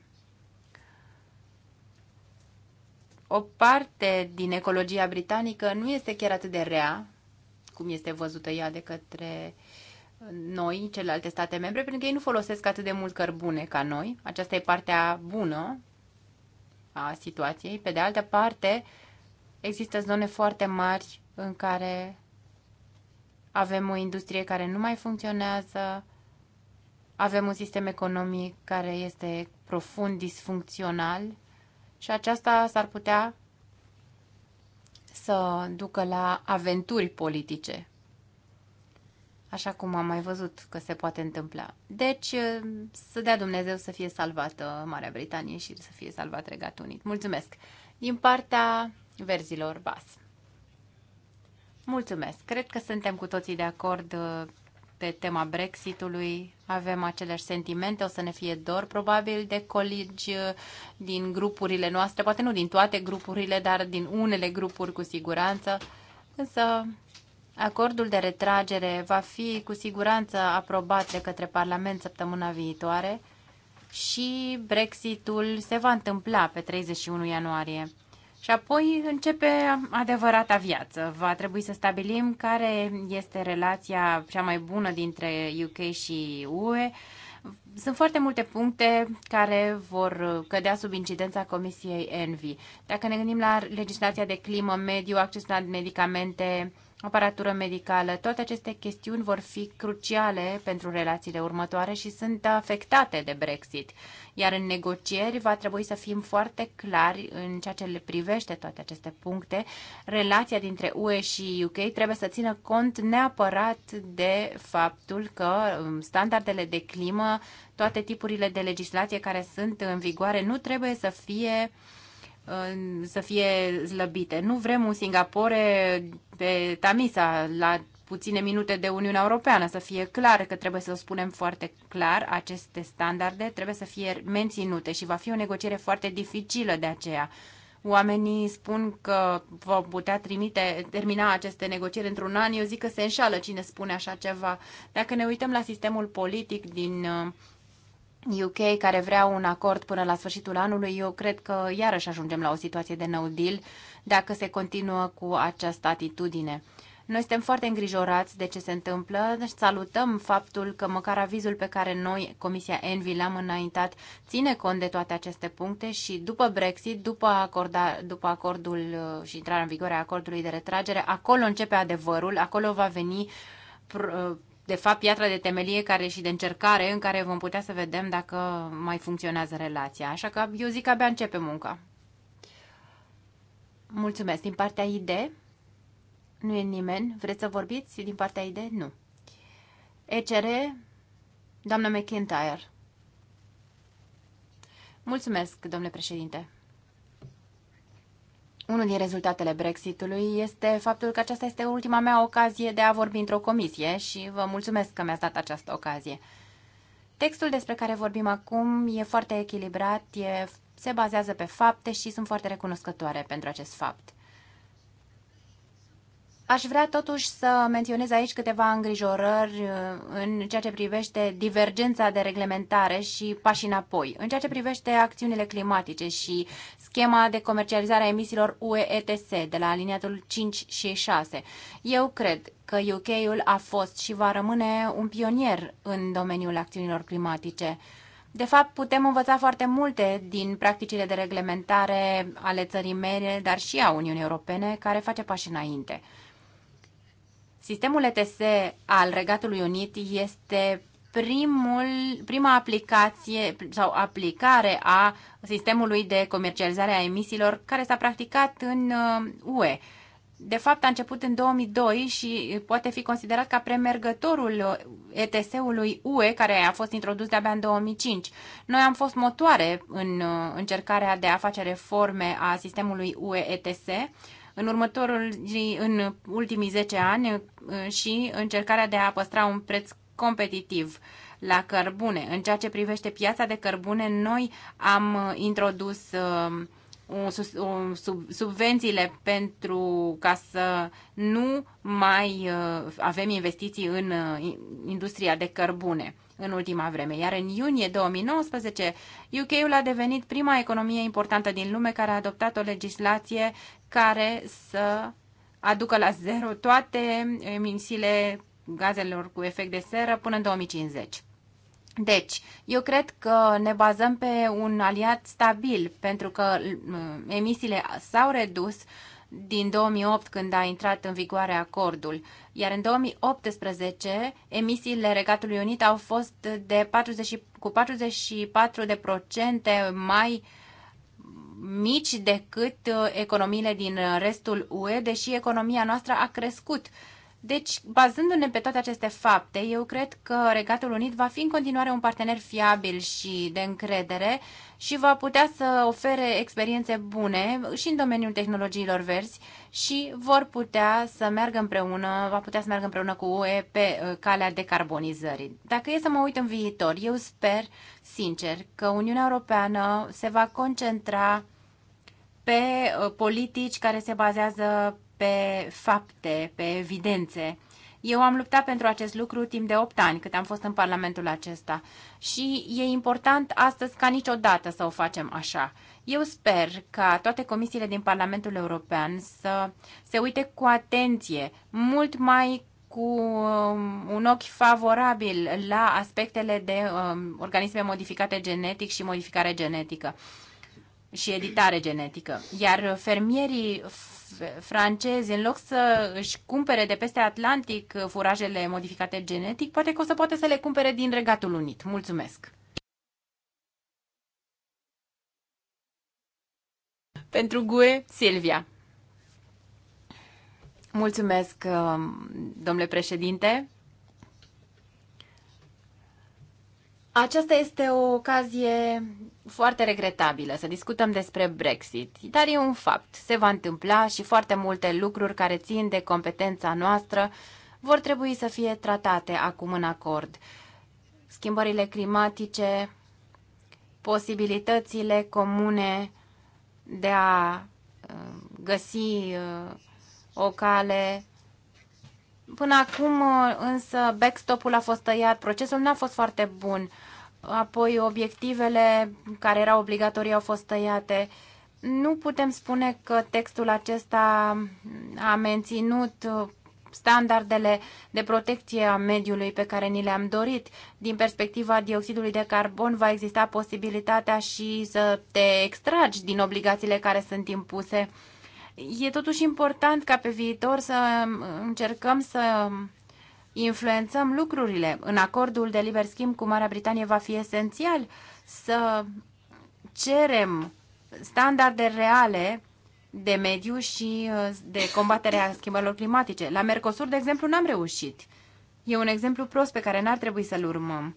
S1: o parte din ecologia britanică nu este chiar atât de rea, cum este văzută ea de către noi, celelalte state membre, pentru că ei nu folosesc atât de mult cărbune ca noi. Aceasta e partea bună a situației. Pe de altă parte, există zone foarte mari în care avem o industrie care nu mai funcționează, avem un sistem economic care este profund disfuncțional și aceasta s-ar putea să ducă la aventuri politice, așa cum am mai văzut că se poate întâmpla. Deci, să dea Dumnezeu să fie salvată Marea Britanie și să fie salvat Regatul Unit. Mulțumesc! Din partea verzilor BAS. Mulțumesc! Cred că suntem cu toții de acord pe tema Brexitului. Avem aceleași sentimente, o să ne fie dor probabil de colegi uh, din grupurile noastre, poate nu din toate grupurile, dar din unele grupuri cu siguranță. Însă acordul de retragere va fi cu siguranță aprobat de către Parlament săptămâna viitoare și Brexitul se va întâmpla pe 31 ianuarie. Și apoi începe adevărata viață. Va trebui să stabilim care este relația cea mai bună dintre UK și UE. Sunt foarte multe puncte care vor cădea sub incidența Comisiei Envi. Dacă ne gândim la legislația de climă, mediu, acces la medicamente, aparatură medicală. Toate aceste chestiuni vor fi cruciale pentru relațiile următoare și sunt afectate de Brexit. Iar în negocieri va trebui să fim foarte clari în ceea ce le privește toate aceste puncte. Relația dintre UE și UK trebuie să țină cont neapărat de faptul că um, standardele de climă, toate tipurile de legislație care sunt în vigoare, nu trebuie să fie uh, să fie slăbite. Nu vrem un Singapore pe Tamisa, la puține minute de Uniunea Europeană. Să fie clar că trebuie să o spunem foarte clar, aceste standarde trebuie să fie menținute și va fi o negociere foarte dificilă de aceea. Oamenii spun că va putea trimite, termina aceste negocieri într-un an. Eu zic că se înșală cine spune așa ceva. Dacă ne uităm la sistemul politic din uh, UK care vrea un acord până la sfârșitul anului, eu cred că iarăși ajungem la o situație de no deal dacă se continuă cu această atitudine. Noi suntem foarte îngrijorați de ce se întâmplă. Deci salutăm faptul că măcar avizul pe care noi, Comisia Envi, l-am înaintat, ține cont de toate aceste puncte și după Brexit, după, acorda, după acordul uh, și intrarea în vigoare a acordului de retragere, acolo începe adevărul, acolo va veni uh, de fapt, piatra de temelie care și de încercare în care vom putea să vedem dacă mai funcționează relația. Așa că eu zic că abia începe munca. Mulțumesc. Din partea ID, nu e nimeni. Vreți să vorbiți din partea ID? Nu. ECR, doamna McIntyre. Mulțumesc, domnule președinte. Unul din rezultatele Brexitului este faptul că aceasta este ultima mea ocazie de a vorbi într-o comisie și vă mulțumesc că mi-ați dat această ocazie. Textul despre care vorbim acum e foarte echilibrat, e, se bazează pe fapte și sunt foarte recunoscătoare pentru acest fapt. Aș vrea totuși să menționez aici câteva îngrijorări uh, în ceea ce privește divergența de reglementare și pași înapoi. În ceea ce privește acțiunile climatice și schema de comercializare a emisiilor UE-ETS de la aliniatul 5 și 6, eu cred că UK-ul a fost și va rămâne un pionier în domeniul acțiunilor climatice. De fapt, putem învăța foarte multe din practicile de reglementare ale țării mele, dar și a Uniunii Europene, care face pași înainte. Sistemul ETS al Regatului Unit este primul, prima aplicație sau aplicare a sistemului de comercializare a emisiilor care s-a practicat în UE. Uh, de fapt, a început în 2002 și poate fi considerat ca premergătorul uh, ETS-ului UE, care a fost introdus de-abia în 2005. Noi am fost motoare în uh, încercarea de a face reforme a sistemului UE ETS în următorul, în ultimii 10 ani uh, și încercarea de a păstra un preț competitiv la cărbune. În ceea ce privește piața de cărbune, noi am uh, introdus uh, subvențiile pentru ca să nu mai avem investiții în industria de cărbune în ultima vreme. Iar în iunie 2019, UK-ul a devenit prima economie importantă din lume care a adoptat o legislație care să aducă la zero toate emisiile gazelor cu efect de seră până în 2050. Deci, eu cred că ne bazăm pe un aliat stabil, pentru că mm, emisiile s-au redus din 2008 când a intrat în vigoare acordul iar în 2018 emisiile Regatului Unit au fost de 40, cu 44 de procente mai mici decât uh, economiile din uh, restul UE, deși economia noastră a crescut deci, bazându-ne pe toate aceste fapte, eu cred că Regatul Unit va fi în continuare un partener fiabil și de încredere și va putea să ofere experiențe bune și în domeniul tehnologiilor verzi și vor putea să meargă împreună, va putea să meargă împreună cu UE pe uh, calea decarbonizării. Dacă e să mă uit în viitor, eu sper sincer că Uniunea Europeană se va concentra pe uh, politici care se bazează pe fapte, pe evidențe. Eu am luptat pentru acest lucru timp de 8 ani, cât am fost în Parlamentul acesta. Și e important astăzi ca niciodată să o facem așa. Eu sper ca toate comisiile din Parlamentul European să se uite cu atenție, mult mai cu um, un ochi favorabil la aspectele de um, organisme modificate genetic și modificare genetică și editare genetică. Iar fermierii francezi, în loc să își cumpere de peste Atlantic furajele modificate genetic, poate că o să poate să le cumpere din Regatul Unit. Mulțumesc! Pentru GUE, Silvia. Mulțumesc, um, domnule președinte. Aceasta este o ocazie foarte regretabilă să discutăm despre Brexit, dar e un fapt. Se va întâmpla și foarte multe lucruri care țin de competența noastră vor trebui să fie tratate acum în acord. Schimbările climatice, posibilitățile comune de a uh, găsi uh, o cale Până acum, uh, însă, backstop-ul a fost tăiat, procesul n-a fost foarte bun apoi obiectivele care erau obligatorii au fost tăiate. Nu putem spune că textul acesta a menținut standardele de protecție a mediului pe care ni le-am dorit. Din perspectiva dioxidului de carbon va exista posibilitatea și să te extragi din obligațiile care sunt impuse. E totuși important ca pe viitor să încercăm să influențăm lucrurile. În acordul de liber schimb cu Marea Britanie va fi esențial să cerem standarde reale de mediu și uh, de combaterea schimbărilor climatice. La Mercosur, de exemplu, n-am reușit. E un exemplu prost pe care n-ar trebui să-l urmăm.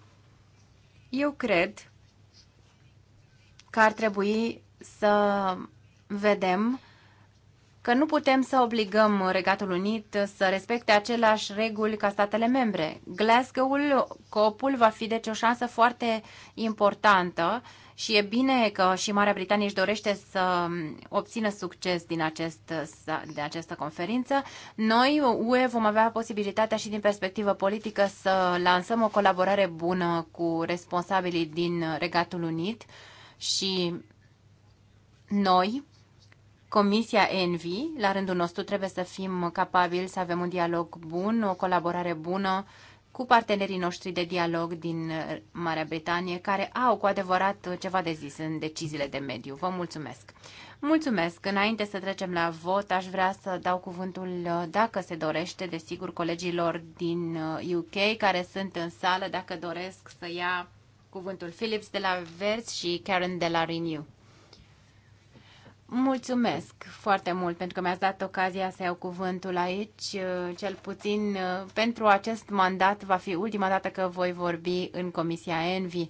S1: Eu cred că ar trebui să vedem că nu putem să obligăm Regatul Unit să respecte aceleași reguli ca statele membre. Glasgow-ul, copul, va fi deci o șansă foarte importantă și e bine că și Marea Britanie își dorește să obțină succes din acest, de această conferință. Noi, UE, vom avea posibilitatea și din perspectivă politică să lansăm o colaborare bună cu responsabilii din Regatul Unit și noi, Comisia Envi, la rândul nostru, trebuie să fim capabili să avem un dialog bun, o colaborare bună cu partenerii noștri de dialog din Marea Britanie, care au cu adevărat ceva de zis în deciziile de mediu. Vă mulțumesc! Mulțumesc! Înainte să trecem la vot, aș vrea să dau cuvântul, dacă se dorește, desigur, colegilor din UK uh, care sunt în sală, dacă doresc să ia cuvântul Philips de la Verzi și Karen de la Renew. Mulțumesc foarte mult pentru că mi-ați dat ocazia să iau cuvântul aici. Uh, cel puțin uh, pentru acest mandat va fi ultima dată că voi vorbi în Comisia Envi.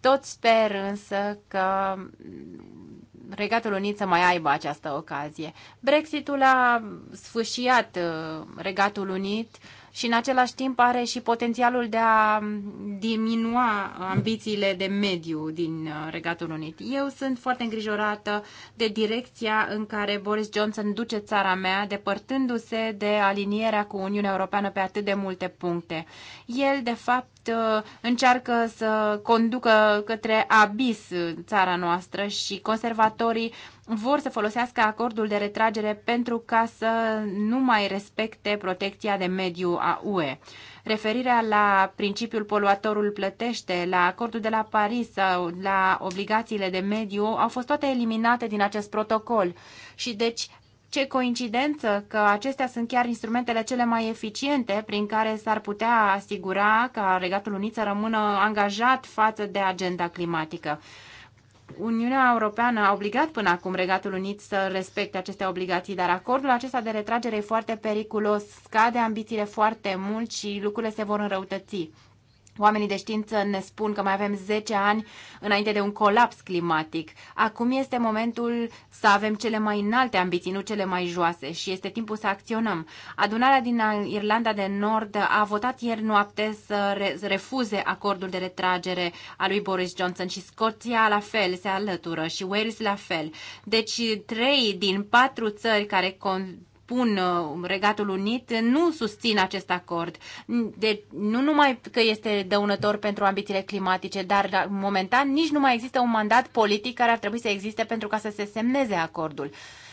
S1: Tot sper însă că Regatul Unit să mai aibă această ocazie. Brexitul a sfâșiat uh, Regatul Unit și în același timp are și potențialul de a diminua ambițiile de mediu din uh, Regatul Unit. Eu sunt foarte îngrijorată de direcția în care Boris Johnson duce țara mea, depărtându-se de alinierea cu Uniunea Europeană pe atât de multe puncte. El, de fapt, Uh, încearcă să conducă către abis țara noastră și conservatorii vor să folosească acordul de retragere pentru ca să nu mai respecte protecția de mediu a UE. Referirea la principiul poluatorul plătește, la acordul de la Paris sau la obligațiile de mediu au fost toate eliminate din acest protocol și deci ce coincidență că acestea sunt chiar instrumentele cele mai eficiente prin care s-ar putea asigura ca Regatul Unit să rămână angajat față de agenda climatică. Uniunea Europeană a obligat până acum Regatul Unit să respecte aceste obligații, dar acordul acesta de retragere e foarte periculos, scade ambițiile foarte mult și lucrurile se vor înrăutăți. Oamenii de știință ne spun că mai avem 10 ani înainte de un colaps climatic. Acum este momentul să avem cele mai înalte ambiții, nu cele mai joase și este timpul să acționăm. Adunarea din Irlanda de Nord a votat ieri noapte să, refuze acordul de retragere a lui Boris Johnson și Scoția la fel se alătură și Wales la fel. Deci trei din patru țări care spun uh, Regatul Unit, nu susțin acest acord. De, nu numai că este dăunător pentru ambițiile climatice, dar momentan nici nu mai există un mandat politic care ar trebui să existe pentru ca să se semneze acordul.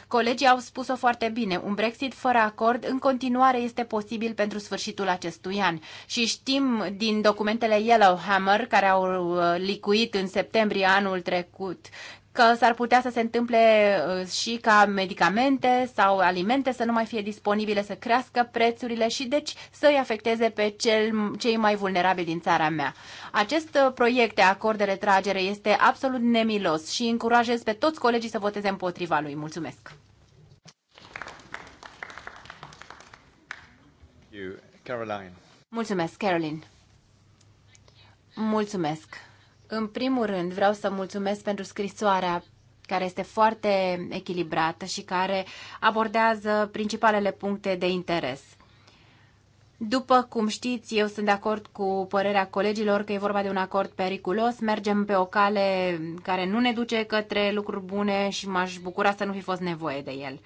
S1: Colegii au spus-o foarte bine, un Brexit fără acord în continuare este posibil pentru sfârșitul acestui an. Și știm din documentele Yellowhammer, care au uh, licuit în septembrie anul trecut, că s-ar putea să se întâmple uh, și ca medicamente sau alimente să nu mai fie disponibile, să crească prețurile și deci să-i afecteze pe cel, cei mai vulnerabili din țara mea. Acest uh, proiect de acord de retragere este absolut nemilos și încurajez pe toți colegii să voteze împotriva lui. Mulțumesc! Caroline. Mulțumesc, Caroline. Mulțumesc. În primul rând, vreau să mulțumesc pentru scrisoarea care este foarte echilibrată și care abordează principalele puncte de interes. După cum știți, eu sunt de acord cu părerea colegilor că e vorba de un acord periculos. Mergem pe o cale care nu ne duce către lucruri bune și m-aș bucura să nu fi fost nevoie de el.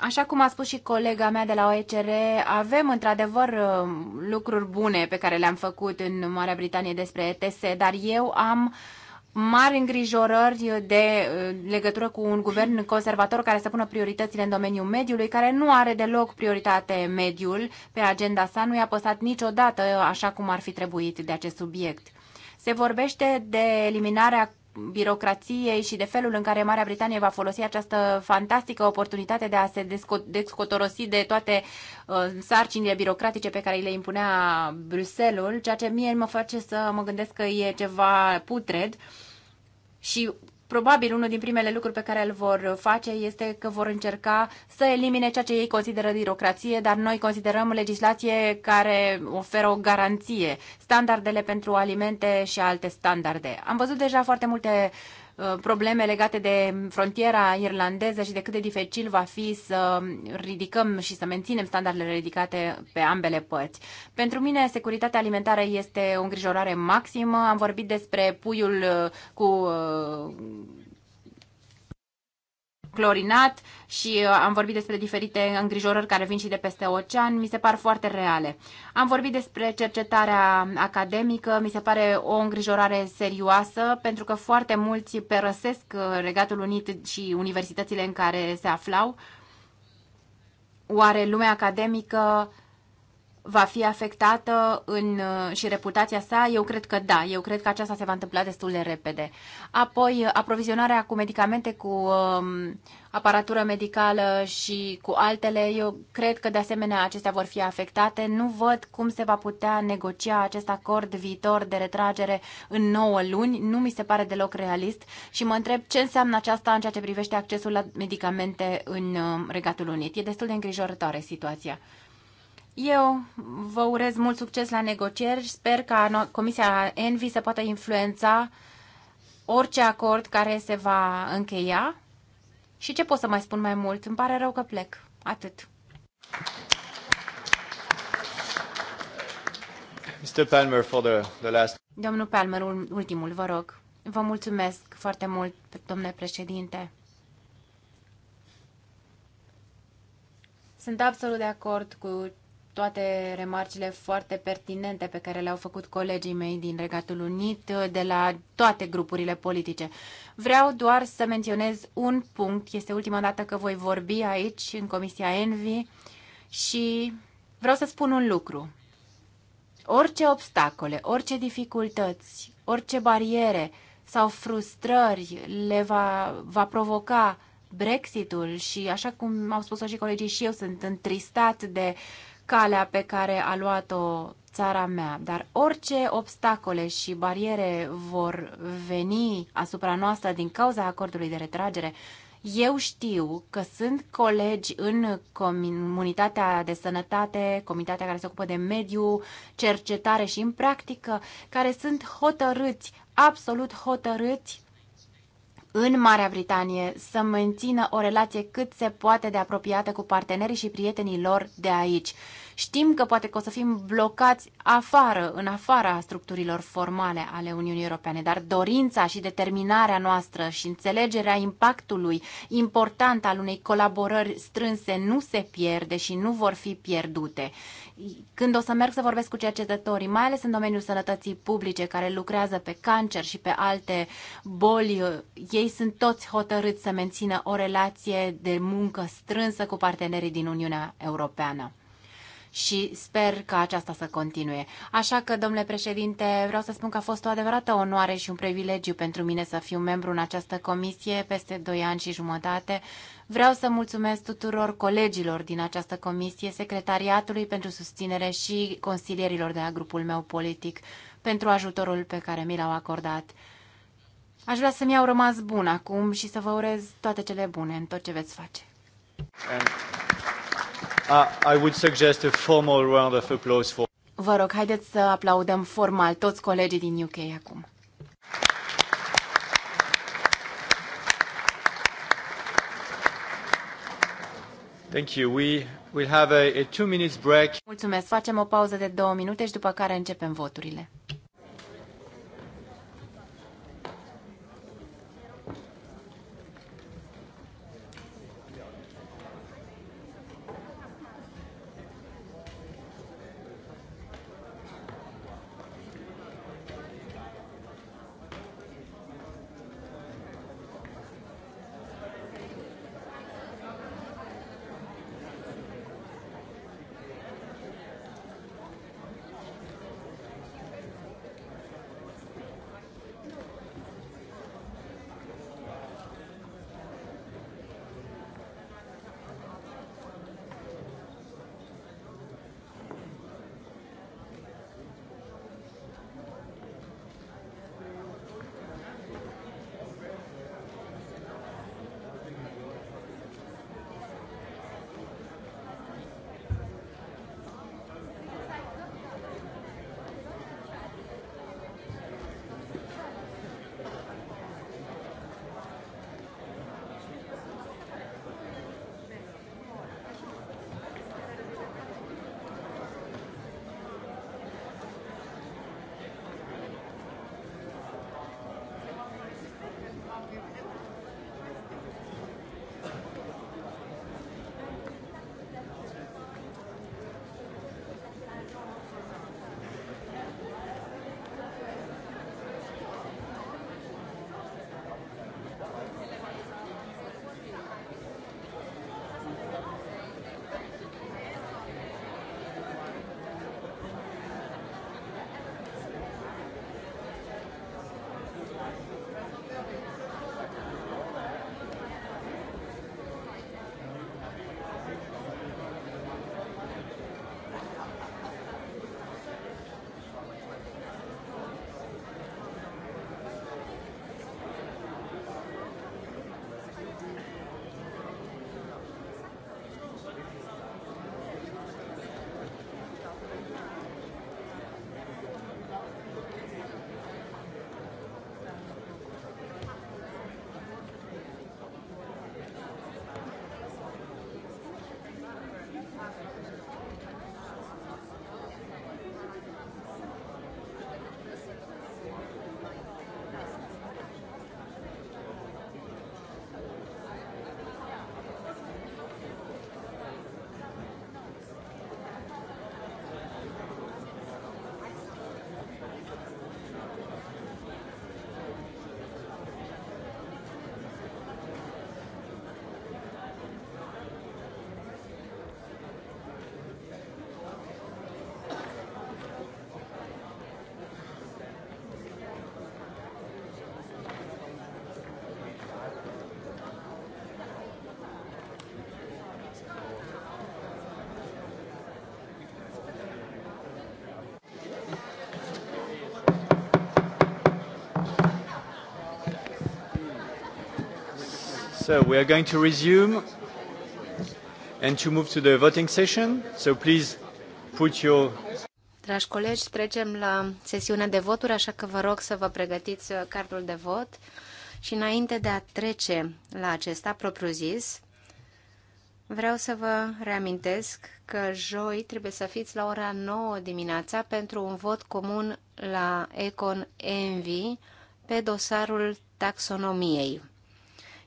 S1: Așa cum a spus și colega mea de la OECR, avem într-adevăr uh, lucruri bune pe care le-am făcut în Marea Britanie despre ETS, dar eu am mari îngrijorări de uh, legătură cu un guvern conservator care să pună prioritățile în domeniul mediului, care nu are deloc prioritate mediul pe agenda sa, nu i-a păsat niciodată așa cum ar fi trebuit de acest subiect. Se vorbește de eliminarea birocrației și de felul în care Marea Britanie va folosi această fantastică oportunitate de a se descotorosi de toate uh, sarcinile birocratice pe care le impunea Bruselul, ceea ce mie mă face să mă gândesc că e ceva putred și Probabil unul din primele lucruri pe care îl vor face este că vor încerca să elimine ceea ce ei consideră birocrație, dar noi considerăm legislație care oferă o garanție, standardele pentru alimente și alte standarde. Am văzut deja foarte multe uh, Uh, probleme legate de frontiera irlandeză și de cât de dificil va fi să ridicăm și să menținem standardele ridicate pe ambele părți. Pentru mine, securitatea alimentară este o îngrijorare maximă. Am vorbit despre puiul uh, cu uh, clorinat și uh, am vorbit despre diferite îngrijorări care vin și de peste ocean, mi se par foarte reale. Am vorbit despre cercetarea academică, mi se pare o îngrijorare serioasă, pentru că foarte mulți părăsesc uh, Regatul Unit și universitățile în care se aflau. Oare lumea academică va fi afectată în, uh, și reputația sa? Eu cred că da. Eu cred că aceasta se va întâmpla destul de repede. Apoi, uh, aprovizionarea cu medicamente, cu um, aparatură medicală și cu altele, eu cred că de asemenea acestea vor fi afectate. Nu văd cum se va putea negocia acest acord viitor de retragere în 9 luni. Nu mi se pare deloc realist și mă întreb ce înseamnă aceasta în ceea ce privește accesul la medicamente în um, Regatul Unit. E destul de îngrijorătoare situația. Eu vă urez mult succes la negocieri. Sper ca Comisia Envi să poată influența orice acord care se va încheia. Și ce pot să mai spun mai mult? Îmi pare rău că plec. Atât.
S3: Mr. Palmer, for the, the last...
S1: Domnul Palmer, ultimul, vă rog. Vă mulțumesc foarte mult, domnule președinte. Sunt absolut de acord cu toate remarcile foarte pertinente pe care le-au făcut colegii mei din Regatul Unit, de la toate grupurile politice. Vreau doar să menționez un punct. Este ultima dată că voi vorbi aici, în Comisia Envi, și vreau să spun un lucru. Orice obstacole, orice dificultăți, orice bariere sau frustrări le va, va provoca Brexitul și așa cum au spus-o și colegii și eu sunt întristat de uh, calea pe care a luat-o țara mea, dar orice obstacole și bariere vor veni asupra noastră din cauza acordului de retragere, eu știu că sunt colegi în comunitatea de sănătate, comitatea care se ocupă de mediu, cercetare și în practică, care sunt hotărâți, absolut hotărâți în Marea Britanie să mențină o relație cât se poate de apropiată cu partenerii și prietenii lor de aici Știm că poate că o să fim blocați afară, în afara structurilor formale ale Uniunii Europene, dar dorința și determinarea noastră și înțelegerea impactului important al unei colaborări strânse nu se pierde și nu vor fi pierdute. Când o să merg să vorbesc cu cercetătorii, mai ales în domeniul sănătății publice, care lucrează pe cancer și pe alte boli, ei sunt toți hotărâți să mențină o relație de muncă strânsă cu partenerii din Uniunea Europeană și sper că aceasta să continue. Așa că, domnule președinte, vreau să spun că a fost o adevărată onoare și un privilegiu pentru mine să fiu membru în această comisie peste 2 ani și jumătate. Vreau să mulțumesc tuturor colegilor din această comisie, secretariatului pentru susținere și consilierilor de la grupul meu politic pentru ajutorul pe care mi l-au acordat. Aș vrea să-mi iau rămas bun acum și să vă urez toate cele bune în tot ce veți face.
S3: And... I would suggest a
S1: formal round of applause for... Vă rog, haideți să aplaudăm formal toți colegii din UK acum. Thank you. We will have a, a two minutes break. Mulțumesc. Facem o pauză de două minute și după care începem voturile. So we are going to resume and to move to the voting session. So please put your
S3: Dragi colegi, trecem la sesiunea de voturi, așa că vă rog să vă pregătiți uh, cardul de vot. Și înainte de a trece la acesta propriu-zis, vreau să vă reamintesc că joi trebuie să fiți la ora 9 dimineața pentru un vot comun la Econ Envy pe dosarul taxonomiei.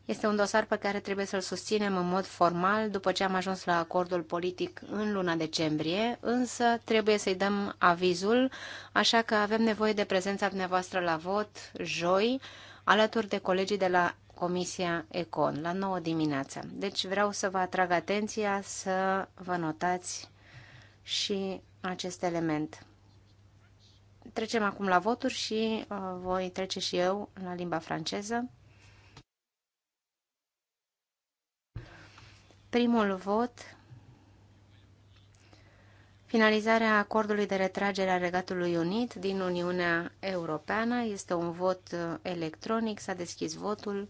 S3: Este un dosar pe care trebuie să-l susținem în mod formal după ce am ajuns la acordul politic în luna decembrie, însă trebuie să-i dăm avizul, așa că avem nevoie de prezența dumneavoastră la vot joi, alături de colegii de la Comisia Econ, la 9 dimineața. Deci vreau să vă atrag atenția să vă notați și acest element. Trecem acum la voturi și uh, voi trece și eu la limba franceză. Primul vot, finalizarea acordului de retragere a Regatului Unit din Uniunea Europeană. Este un vot uh, electronic, s-a deschis votul.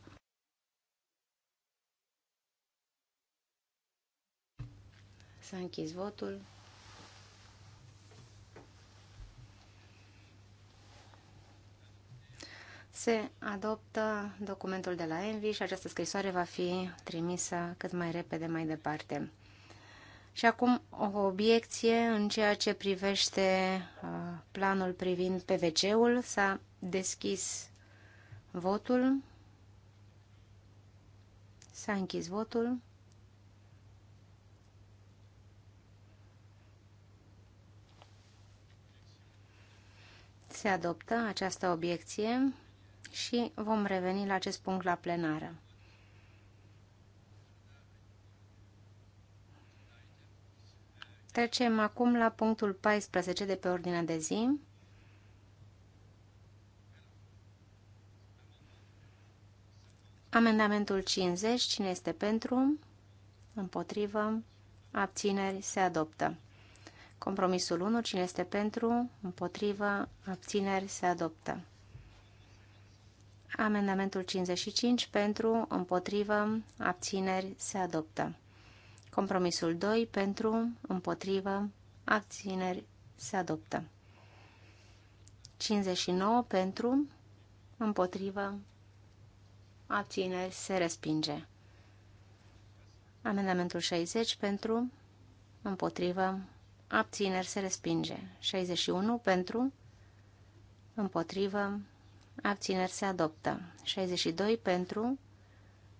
S3: S-a închis votul. se adoptă documentul de la Envi și această scrisoare va fi trimisă cât mai repede mai departe. Și acum o obiecție în ceea ce privește uh, planul privind PVC-ul. S-a deschis votul. S-a închis votul. Se adoptă această obiecție și vom reveni la acest punct la plenară. Trecem acum la punctul 14 de pe ordinea de zi. Amendamentul 50, cine este pentru, împotrivă, abțineri, se adoptă. Compromisul 1, cine este pentru, împotrivă, abțineri, se adoptă. Amendamentul 55 pentru, împotrivă, abțineri se adoptă. Compromisul 2 pentru, împotrivă, abțineri se adoptă. 59 pentru, împotrivă, abțineri se respinge. Amendamentul 60 pentru, împotrivă, abțineri se respinge. 61 pentru, împotrivă, abțineri se adoptă. 62 pentru,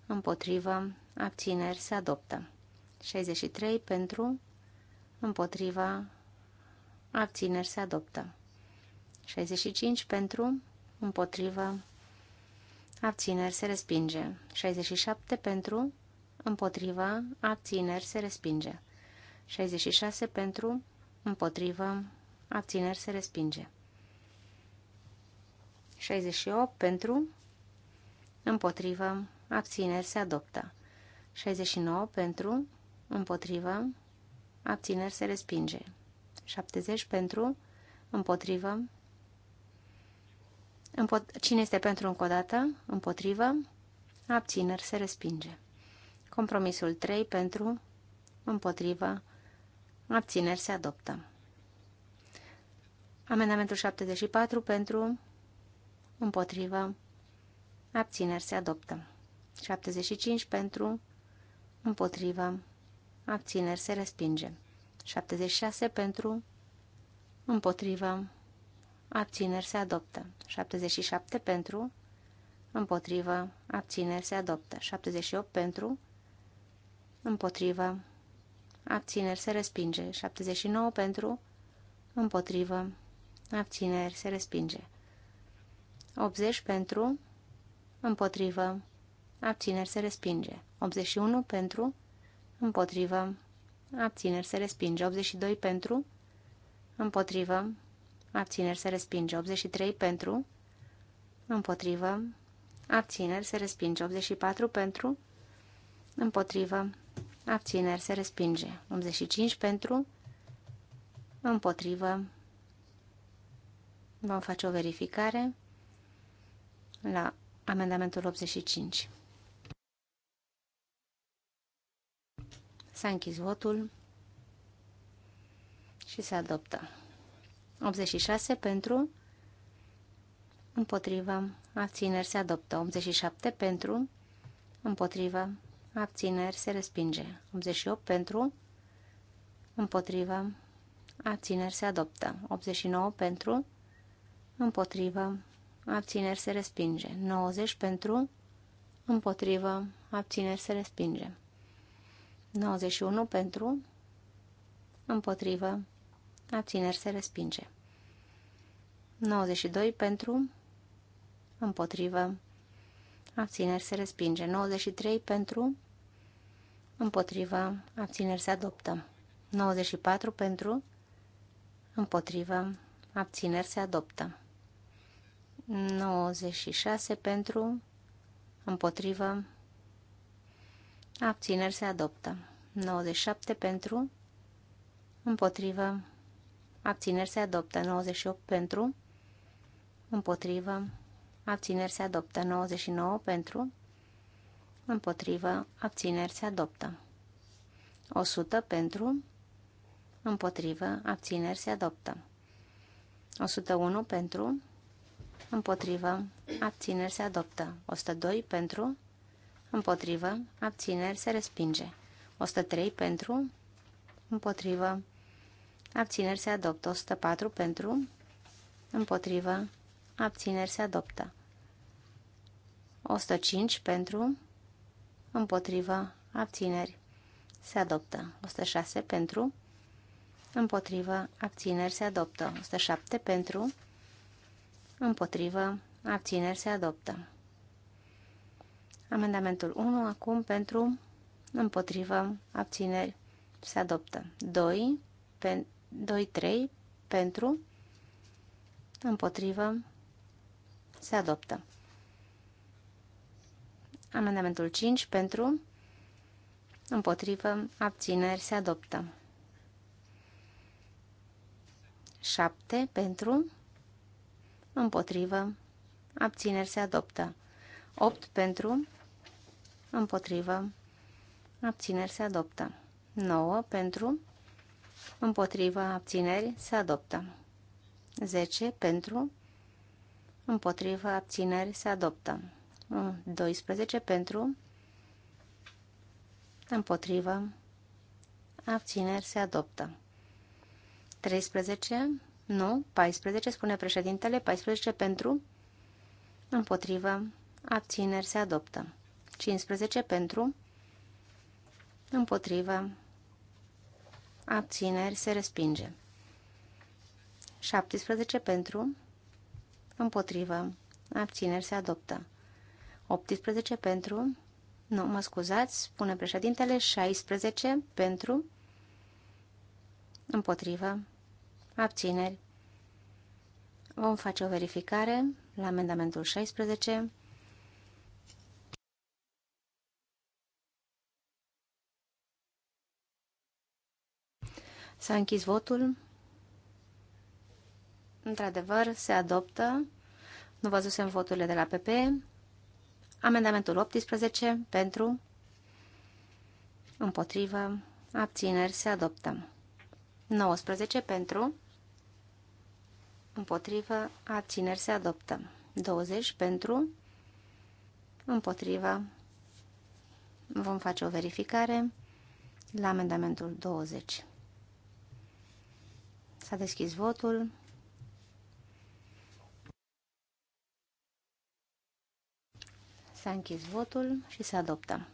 S3: împotrivă, abțineri se adoptă. 63 pentru, împotrivă, abțineri se adoptă. 65 pentru, împotrivă, abțineri se respinge. 67 pentru, împotrivă, abțineri se respinge. 66 pentru, împotrivă, abțineri se respinge. 68 pentru, împotrivă, abțineri se adoptă. 69 pentru, împotrivă, abțineri se respinge. 70 pentru, împotrivă, împot cine este pentru încă o dată, împotrivă, abțineri se respinge. Compromisul 3 pentru, împotrivă, abțineri se adoptă. Amendamentul 74 pentru, împotrivă, abțineri se adoptă. 75 pentru, împotrivă, abțineri se respinge. 76 pentru, împotrivă, abțineri se adoptă. 77 pentru, împotrivă, abțineri se adoptă. 78 pentru, împotrivă, abțineri se respinge. 79 pentru, împotrivă, abțineri se respinge. 80 pentru, împotrivă, abțineri se respinge. 81 pentru, împotrivă, abțineri se respinge. 82 pentru, împotrivă, abțineri se respinge. 83 pentru, împotrivă, abțineri se respinge. 84 pentru, împotrivă, abțineri se respinge. 85 pentru, împotrivă, Vom face o verificare la amendamentul 85. S-a închis votul și se adoptă. 86 pentru, împotriva, abțineri se adoptă. 87 pentru, împotriva, abțineri se respinge. 88 pentru, împotriva, abțineri se adoptă. 89 pentru, împotriva, abțineri se respinge. 90 pentru, împotrivă, abțineri se respinge. 91 pentru, împotrivă, abțineri se respinge. 92 pentru, împotrivă, abțineri se respinge. 93 pentru, împotrivă, abțineri se adoptă. 94 pentru, împotrivă, abțineri se adoptă. 96 pentru, împotrivă, abțineri se adoptă. 97 pentru, împotrivă, abțineri se adoptă. 98 pentru, împotrivă, abțineri se adoptă. 99 pentru, împotrivă, abțineri se adoptă. 100 pentru, împotrivă, abțineri se adoptă. 101 pentru, împotrivă, abțineri se adoptă. 102 pentru, împotrivă, abțineri se respinge. 103 pentru, împotrivă, abțineri se adoptă. 104 pentru, împotrivă, abțineri se adoptă. 105 pentru, împotrivă, abțineri se adoptă. 106 pentru, împotrivă, abțineri se adoptă. 107 pentru, împotrivă, abțineri se adoptă. Amendamentul 1 acum pentru, împotrivă, abțineri se adoptă. 2, pe, 2 3 pentru, împotrivă, se adoptă. Amendamentul 5 pentru, împotrivă, abțineri se adoptă. 7 pentru, împotrivă, abțineri se adoptă. 8 pentru, împotrivă, abțineri se adoptă. 9 pentru, împotrivă, abțineri se adoptă. 10 pentru, împotrivă, abțineri se adoptă. 12 pentru, împotrivă, abțineri se adoptă. 13 nu, 14, spune președintele, 14 pentru, împotrivă, abțineri se adoptă. 15 pentru, împotrivă, abțineri se respinge. 17 pentru, împotrivă, abțineri se adoptă. 18 pentru, nu, mă scuzați, spune președintele, 16 pentru, împotrivă, abțineri. Vom face o verificare la amendamentul 16. S-a închis votul. Într-adevăr, se adoptă. Nu văzusem voturile de la PP. Amendamentul 18 pentru, împotrivă, abțineri se adoptă. 19 pentru, împotrivă, abțineri se adoptă. 20 pentru, împotrivă, vom face o verificare la amendamentul 20. S-a deschis votul. S-a închis votul și se adoptă.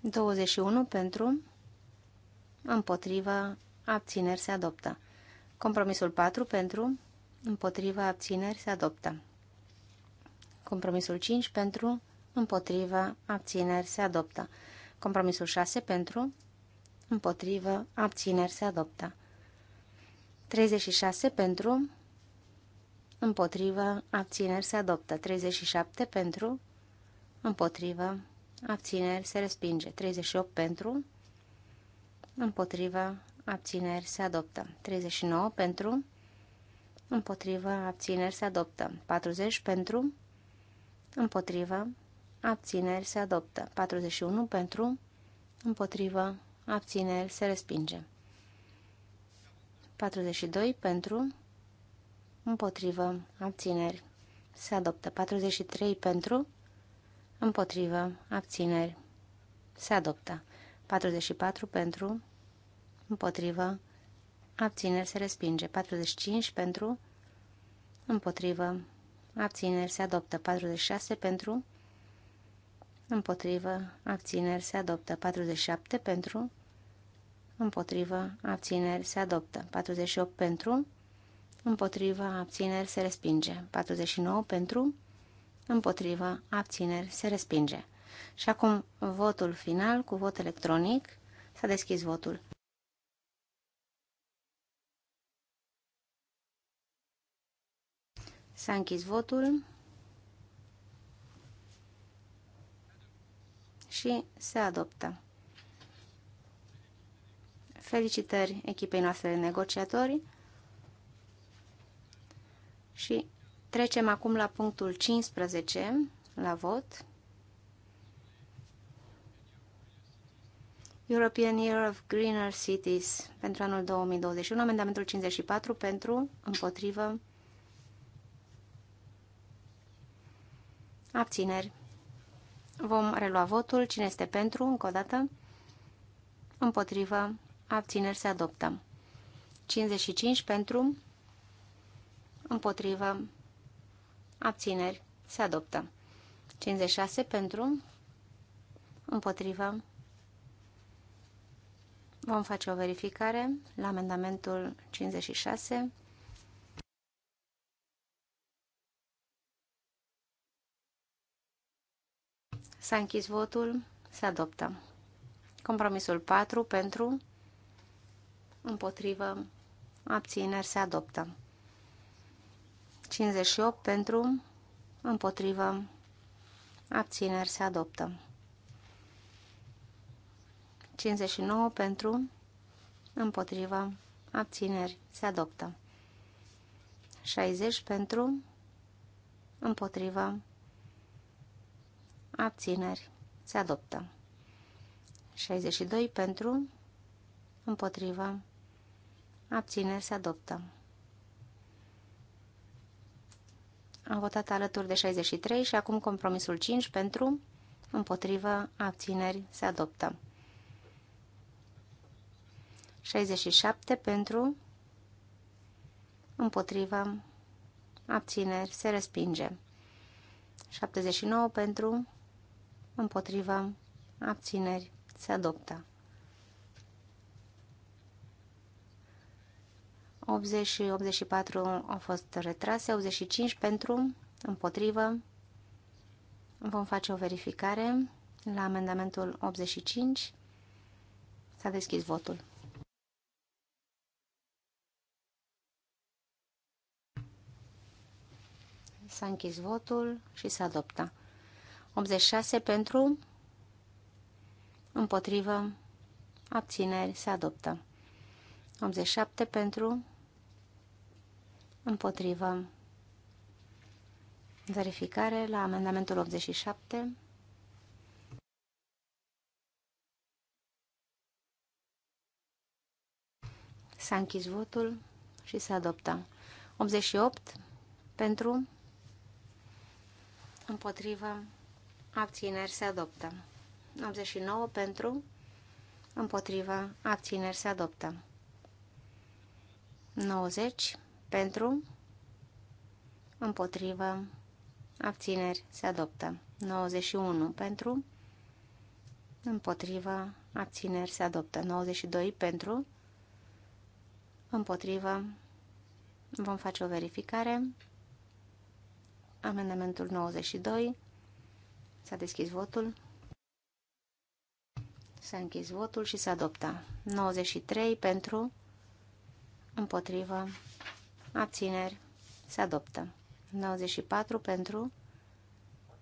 S3: 21 pentru, împotrivă, abțineri se adoptă. Compromisul 4 pentru, împotriva abțineri se adoptă. Compromisul 5 pentru, împotriva abțineri se adoptă. Compromisul 6 pentru, împotriva abțineri se adoptă. 36 pentru, împotriva abțineri se adoptă. 37 pentru, împotriva abțineri se respinge. 38 pentru, împotriva abțineri se adoptă. 39 pentru, împotrivă, abțineri se adoptă. 40 pentru, împotrivă, abțineri se adoptă. 41 pentru, împotrivă, abțineri se respinge. 42 pentru, împotrivă, abțineri se adoptă. 43 pentru, împotrivă, abțineri se adoptă. 44 pentru, împotrivă, abțineri se respinge. 45 pentru, împotrivă, abțineri se adoptă. 46 pentru, împotrivă, abțineri se adoptă. 47 pentru, împotrivă, abțineri se adoptă. 48 pentru, împotrivă, abțineri se respinge. 49 pentru, împotrivă, abțineri se respinge. Și acum votul final cu vot electronic. S-a deschis votul. S-a închis votul și se adoptă. Felicitări echipei noastre de negociatori și trecem acum la punctul 15, la vot. European Year of Greener Cities pentru anul 2021, amendamentul 54 pentru, împotrivă, Abțineri. Vom relua votul. Cine este pentru? Încă o dată. Împotrivă. Abțineri se adoptă. 55 pentru. Împotrivă. Abțineri se adoptă. 56 pentru. Împotrivă. Vom face o verificare la amendamentul 56. S-a închis votul. Se adoptă. Compromisul 4 pentru, împotrivă, abțineri se adoptă. 58 pentru, împotrivă, abțineri se adoptă. 59 pentru, împotrivă, abțineri se adoptă. 60 pentru, împotrivă, abțineri, se adoptă. 62 pentru, împotrivă, abțineri, se adoptă. Am votat alături de 63 și acum compromisul 5 pentru, împotrivă, abțineri, se adoptă. 67 pentru, împotrivă, abțineri, se respinge. 79 pentru, împotriva, abțineri, se adoptă. 80 și 84 au fost retrase, 85 pentru, împotrivă. Vom face o verificare la amendamentul 85. S-a deschis votul. S-a închis votul și s-a adoptat. 86 pentru, împotrivă, abțineri, se adoptă. 87 pentru, împotrivă. Verificare la amendamentul 87. S-a închis votul și se adoptă. 88 pentru, împotrivă, abțineri se adoptă. 89 pentru, împotriva, abțineri se adoptă. 90 pentru, împotriva, abțineri se adoptă. 91 pentru, împotriva, abțineri se adoptă. 92 pentru, împotriva, vom face o verificare. Amendamentul 92 S-a deschis votul. S-a închis votul și s-a adoptat. 93 pentru, împotrivă, abțineri, se adoptă. 94 pentru,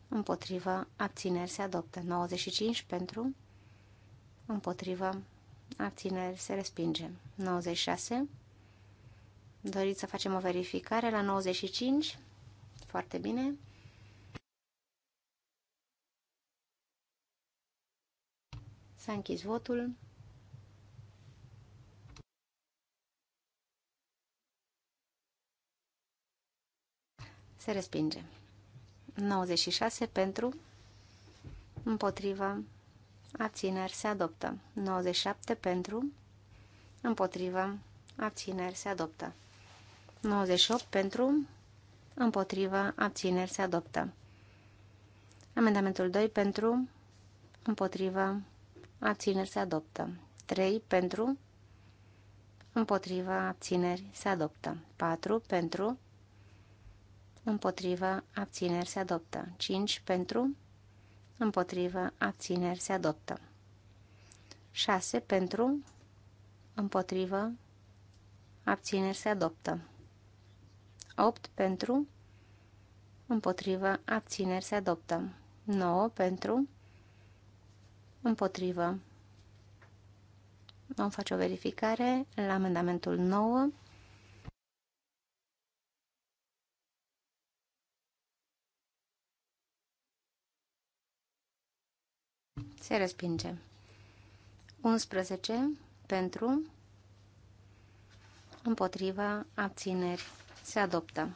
S3: împotrivă, abțineri, se adoptă. 95 pentru, împotrivă, abțineri, se respinge. 96, doriți să facem o verificare la 95, foarte bine. S-a închis votul. Se respinge. 96 pentru, împotrivă, abțineri, se adoptă. 97 pentru, împotrivă, abțineri, se adoptă. 98 pentru, împotrivă, abțineri, se adoptă. Amendamentul 2 pentru, împotrivă, abțineri se adoptă. 3 pentru, împotriva, abțineri se adoptă. 4 pentru, împotriva, abțineri se adoptă. 5 pentru, împotriva, abțineri se adoptă. 6 pentru, împotriva abțineri se adoptă. 8 pentru, împotriva abțineri se adoptă. 9 pentru, împotrivă. Vom face o verificare la amendamentul 9. Se respinge. 11 pentru, împotriva, abțineri. Se adoptă.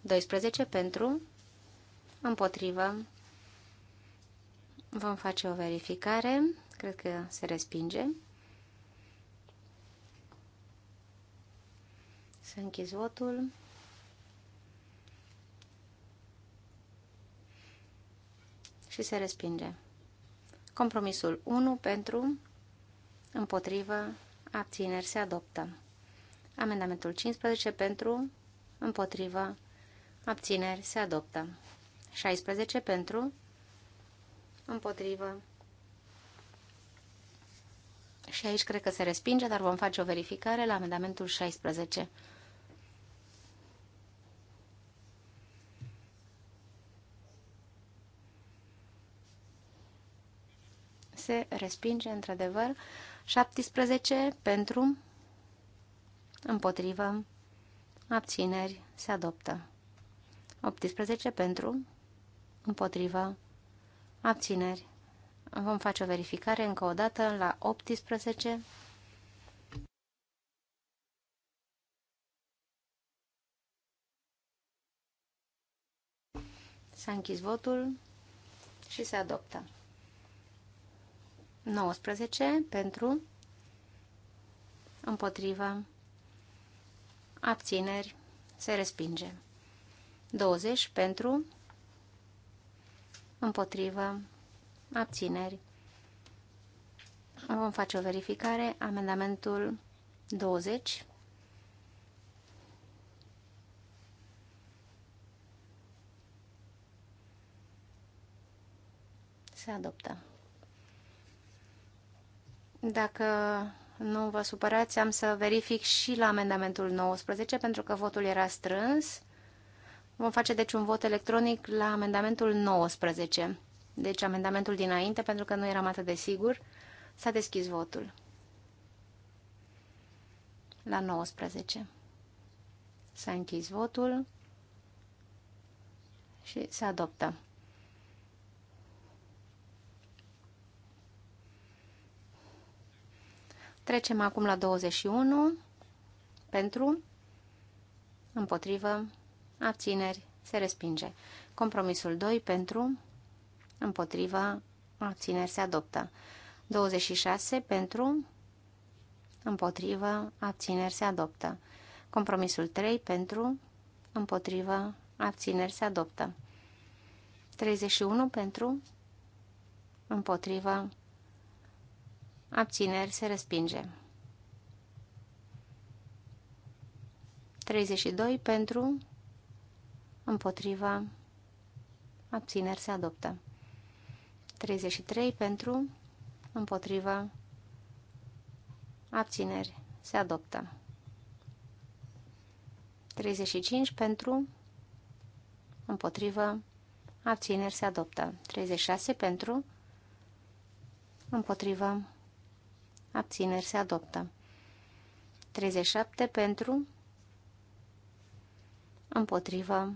S3: 12 pentru, împotriva, Vom face o verificare. Cred că se respinge. Să închizi votul. Și se respinge. Compromisul 1 pentru, împotrivă, abțineri se adoptă. Amendamentul 15 pentru, împotrivă, abțineri se adoptă. 16 pentru, împotrivă. Și aici cred că se respinge, dar vom face o verificare la amendamentul 16. Se respinge, într-adevăr, 17 pentru, împotrivă, abțineri, se adoptă. 18 pentru, împotrivă, Abțineri. Vom face o verificare încă o dată la 18. S-a închis votul și se adoptă. 19 pentru, împotriva, abțineri, se respinge. 20 pentru, împotrivă, abțineri. Vom face o verificare. Amendamentul 20. Se adoptă. Dacă nu vă supărați, am să verific și la amendamentul 19, pentru că votul era strâns. Vom face deci un vot electronic la amendamentul 19. Deci amendamentul dinainte, pentru că nu eram atât de sigur, s-a deschis votul. La 19. S-a închis votul și se adoptă. Trecem acum la 21 pentru, împotrivă, abțineri, se respinge. Compromisul 2 pentru, împotriva, abțineri, se adoptă. 26 pentru, împotrivă, abțineri se adoptă. Compromisul 3 pentru, împotrivă, abțineri se adoptă. 31 pentru, împotrivă, abțineri se respinge. 32 pentru, împotriva, abțineri se adoptă. 33 pentru, împotriva, abțineri se adoptă. 35 pentru, împotrivă, abțineri se adoptă. 36 pentru, împotrivă, abțineri se adoptă. 37 pentru, împotrivă,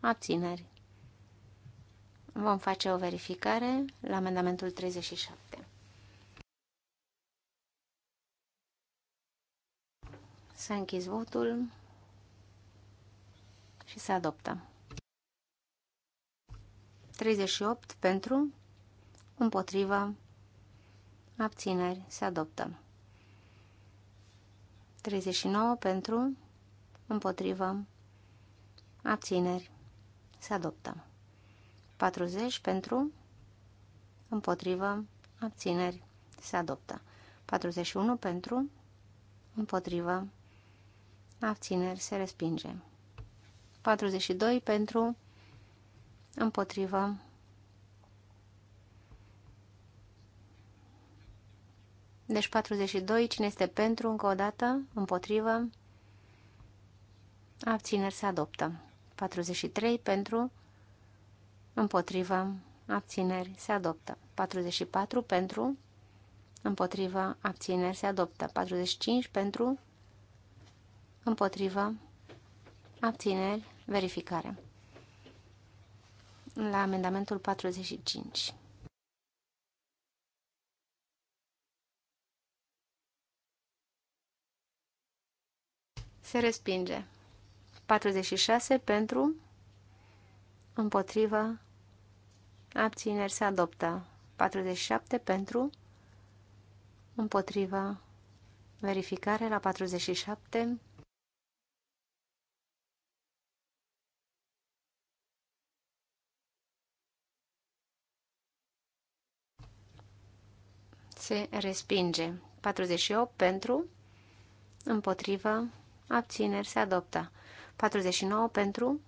S3: abțineri. Vom face o verificare la amendamentul 37. S-a închis votul și se adoptă. 38 pentru, împotriva, abțineri, se adoptă. 39 pentru, împotrivă, abțineri. Se adoptă. 40 pentru, împotrivă, abțineri, se adoptă. 41 pentru, împotrivă, abțineri, se respinge. 42 pentru, împotrivă, Deci 42, cine este pentru, încă o dată, împotrivă, abțineri se adoptă. 43 pentru, împotriva, abțineri, se adoptă. 44 pentru, împotriva, abțineri, se adoptă. 45 pentru, împotriva, abțineri, verificare. La amendamentul 45. Se respinge. 46 pentru, împotrivă, abțineri se adoptă. 47 pentru, împotrivă, verificare la 47. Se respinge. 48 pentru, împotrivă, abțineri se adoptă. 49 pentru,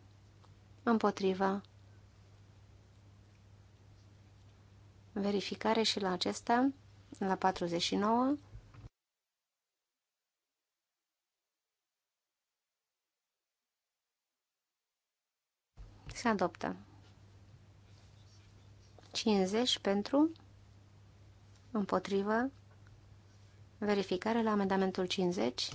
S3: împotrivă. Verificare și la acesta, la 49. Se adoptă. 50 pentru, împotrivă, verificare la amendamentul 50.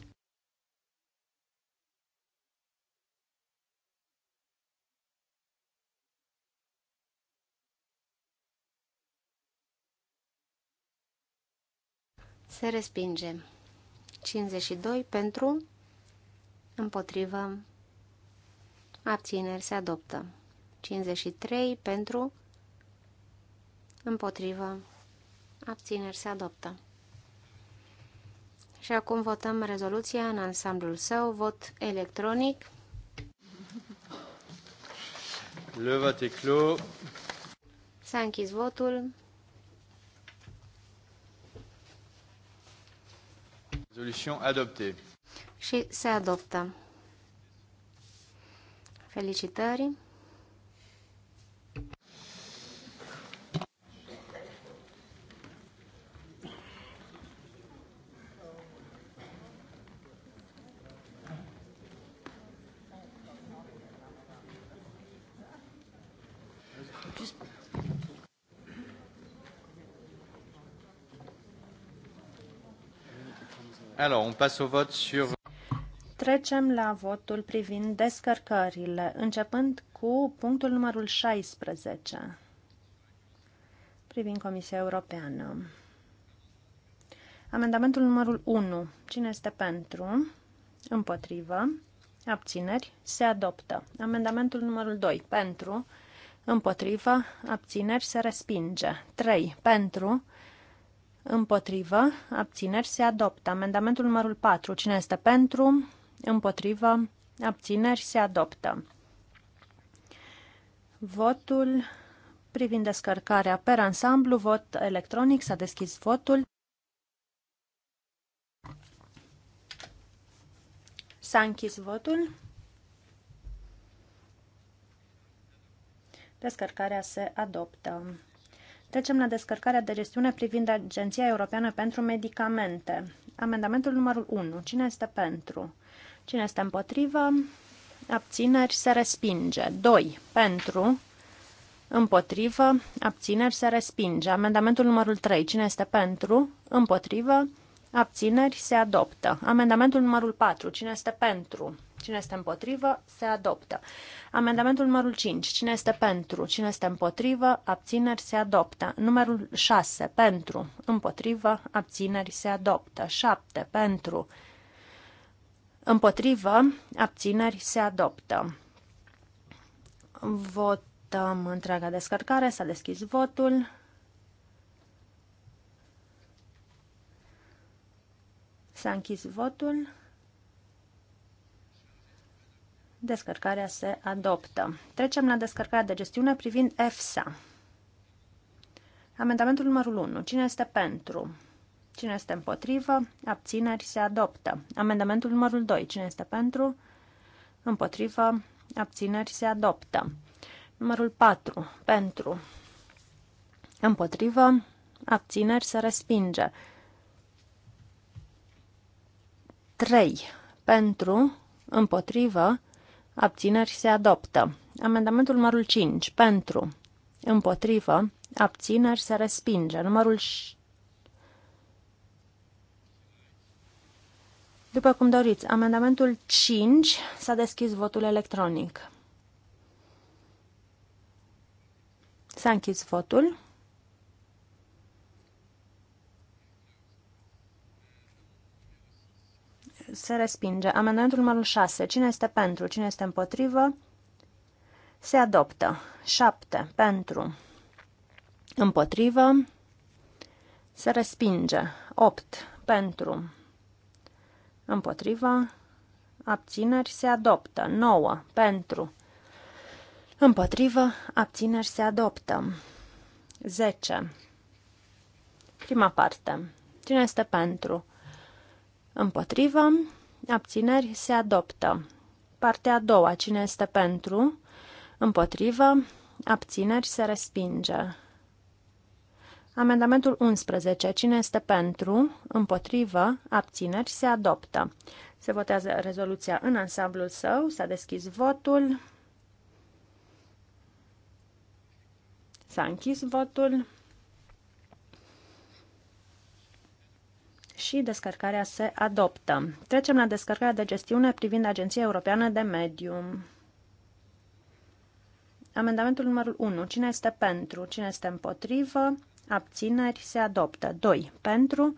S3: Se respinge. 52 pentru, împotrivă, abțineri se adoptă. 53 pentru, împotrivă, abțineri se adoptă. Și acum votăm rezoluția în ansamblul său, vot electronic. Le vote clos. S-a închis votul. Solution adoptée. Și se adoptă. Felicitări.
S2: Alors,
S1: on passe au vote sur...
S2: Trecem la votul privind descărcările, începând cu punctul numărul 16, privind Comisia Europeană. Amendamentul numărul 1. Cine este pentru? Împotrivă. Abțineri. Se adoptă. Amendamentul numărul 2. Pentru. Împotrivă. Abțineri. Se respinge. 3. Pentru. Împotrivă. Abțineri se adoptă. Amendamentul numărul 4. Cine este pentru? Împotrivă. Abțineri se adoptă. Votul privind descărcarea per ansamblu, vot electronic, s-a deschis votul. S-a închis votul. Descărcarea se adoptă. Trecem la descărcarea de gestiune privind Agenția Europeană pentru Medicamente. Amendamentul numărul 1. Cine este pentru? Cine este împotrivă? Abțineri se respinge. 2. Pentru. Împotrivă. Abțineri se respinge. Amendamentul numărul 3. Cine este pentru? Împotrivă. Abțineri se adoptă. Amendamentul numărul 4. Cine este pentru? Cine este împotrivă? Se adoptă. Amendamentul numărul 5. Cine este pentru? Cine este împotrivă? Abțineri se adoptă. Numărul 6. Pentru. Împotrivă. Abțineri se adoptă. 7. Pentru. Împotrivă. Abțineri se adoptă. Votăm întreaga descărcare. S-a deschis votul. S-a închis votul. Descărcarea se adoptă. Trecem la descărcarea de gestiune privind EFSA. Amendamentul numărul 1. Cine este pentru? Cine este împotrivă? Abțineri se adoptă. Amendamentul numărul 2. Cine este pentru? Împotrivă? Abțineri se adoptă. Numărul 4. Pentru. Împotrivă? Abțineri se respinge. 3. Pentru. Împotrivă? Abțineri se adoptă. Amendamentul numărul 5. Pentru. Împotrivă. Abțineri se respinge. Numărul După cum doriți, amendamentul 5 s-a deschis votul electronic. S-a închis votul. se respinge. Amendamentul numărul 6. Cine este pentru? Cine este împotrivă? Se adoptă. 7. Pentru. Împotrivă. Se respinge. 8. Pentru. Împotrivă. Abțineri se adoptă. 9. Pentru. Împotrivă. Abțineri se adoptă. 10. Prima parte. Cine este pentru? Împotrivă. Abțineri se adoptă. Partea a doua. Cine este pentru? Împotrivă. Abțineri se respinge. Amendamentul 11. Cine este pentru? Împotrivă. Abțineri se adoptă. Se votează rezoluția în ansamblul său. S-a deschis votul. S-a închis votul. și descărcarea se adoptă. Trecem la descărcarea de gestiune privind Agenția Europeană de Mediu. Amendamentul numărul 1. Cine este pentru? Cine este împotrivă? Abțineri se adoptă. 2. Pentru?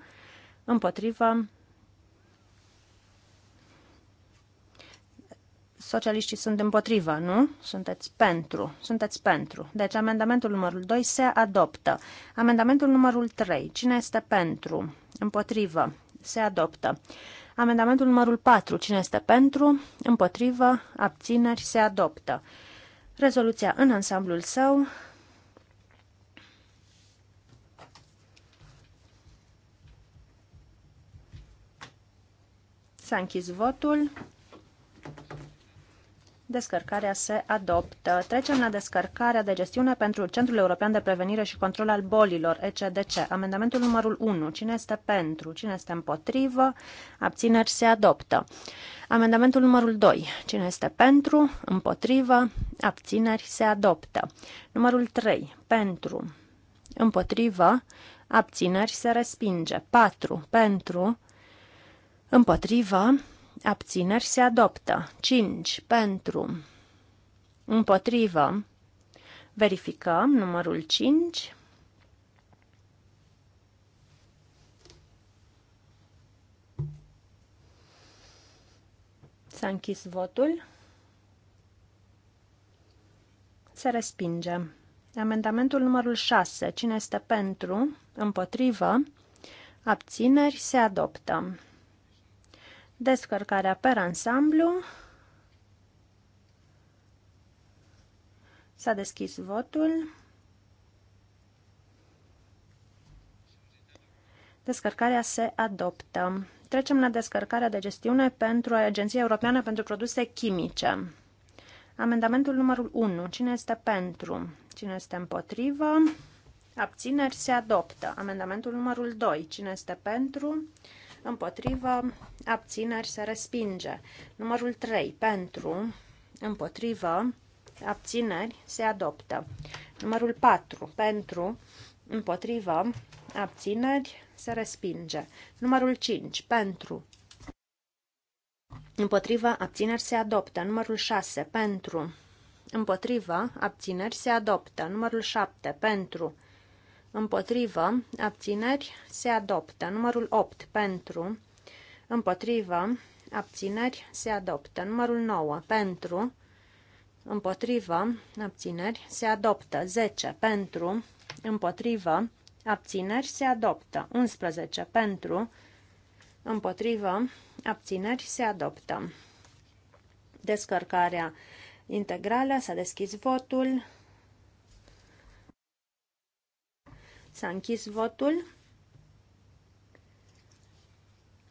S2: Împotrivă? Socialiștii sunt împotrivă, nu? Sunteți pentru. Sunteți pentru. Deci amendamentul numărul 2 se adoptă. Amendamentul numărul 3. Cine este pentru? Împotrivă. Se adoptă. Amendamentul numărul 4. Cine este pentru? Împotrivă. Abțineri. Se adoptă. Rezoluția în ansamblul său. S-a închis votul. Descărcarea se adoptă. Trecem la descărcarea de gestiune pentru Centrul European de Prevenire și Control al Bolilor, ECDC. Amendamentul numărul 1. Cine este pentru? Cine este împotrivă? Abțineri se adoptă. Amendamentul numărul 2. Cine este pentru? Împotrivă? Abțineri se adoptă. Numărul 3. Pentru? Împotrivă? Abțineri se respinge. 4. Pentru? Împotrivă? abțineri se adoptă. 5 pentru, împotrivă, verificăm numărul 5. S-a închis votul. Se respinge. Amendamentul numărul 6. Cine este pentru? Împotrivă? Abțineri? Se adoptă descărcarea per ansamblu. S-a deschis votul. Descărcarea se adoptă. Trecem la descărcarea de gestiune pentru Agenția Europeană pentru Produse Chimice. Amendamentul numărul 1. Cine este pentru? Cine este împotrivă? Abțineri se adoptă. Amendamentul numărul 2. Cine este Pentru împotrivă, abțineri se respinge. Numărul 3 pentru, împotrivă, abțineri se adoptă. Numărul 4 pentru, împotrivă, abțineri se respinge. Numărul 5 pentru, Împotriva abțineri se adoptă. Numărul 6. Pentru. Împotriva abțineri se adoptă. Numărul 7. Pentru împotrivă, abțineri, se adoptă. Numărul 8 pentru, împotrivă, abțineri, se adoptă. Numărul 9 pentru, împotrivă, abțineri, se adoptă. 10 pentru, împotrivă, abțineri, se adoptă. 11 pentru, împotrivă, abțineri, se adoptă. Descărcarea integrală, s-a deschis votul. S-a închis votul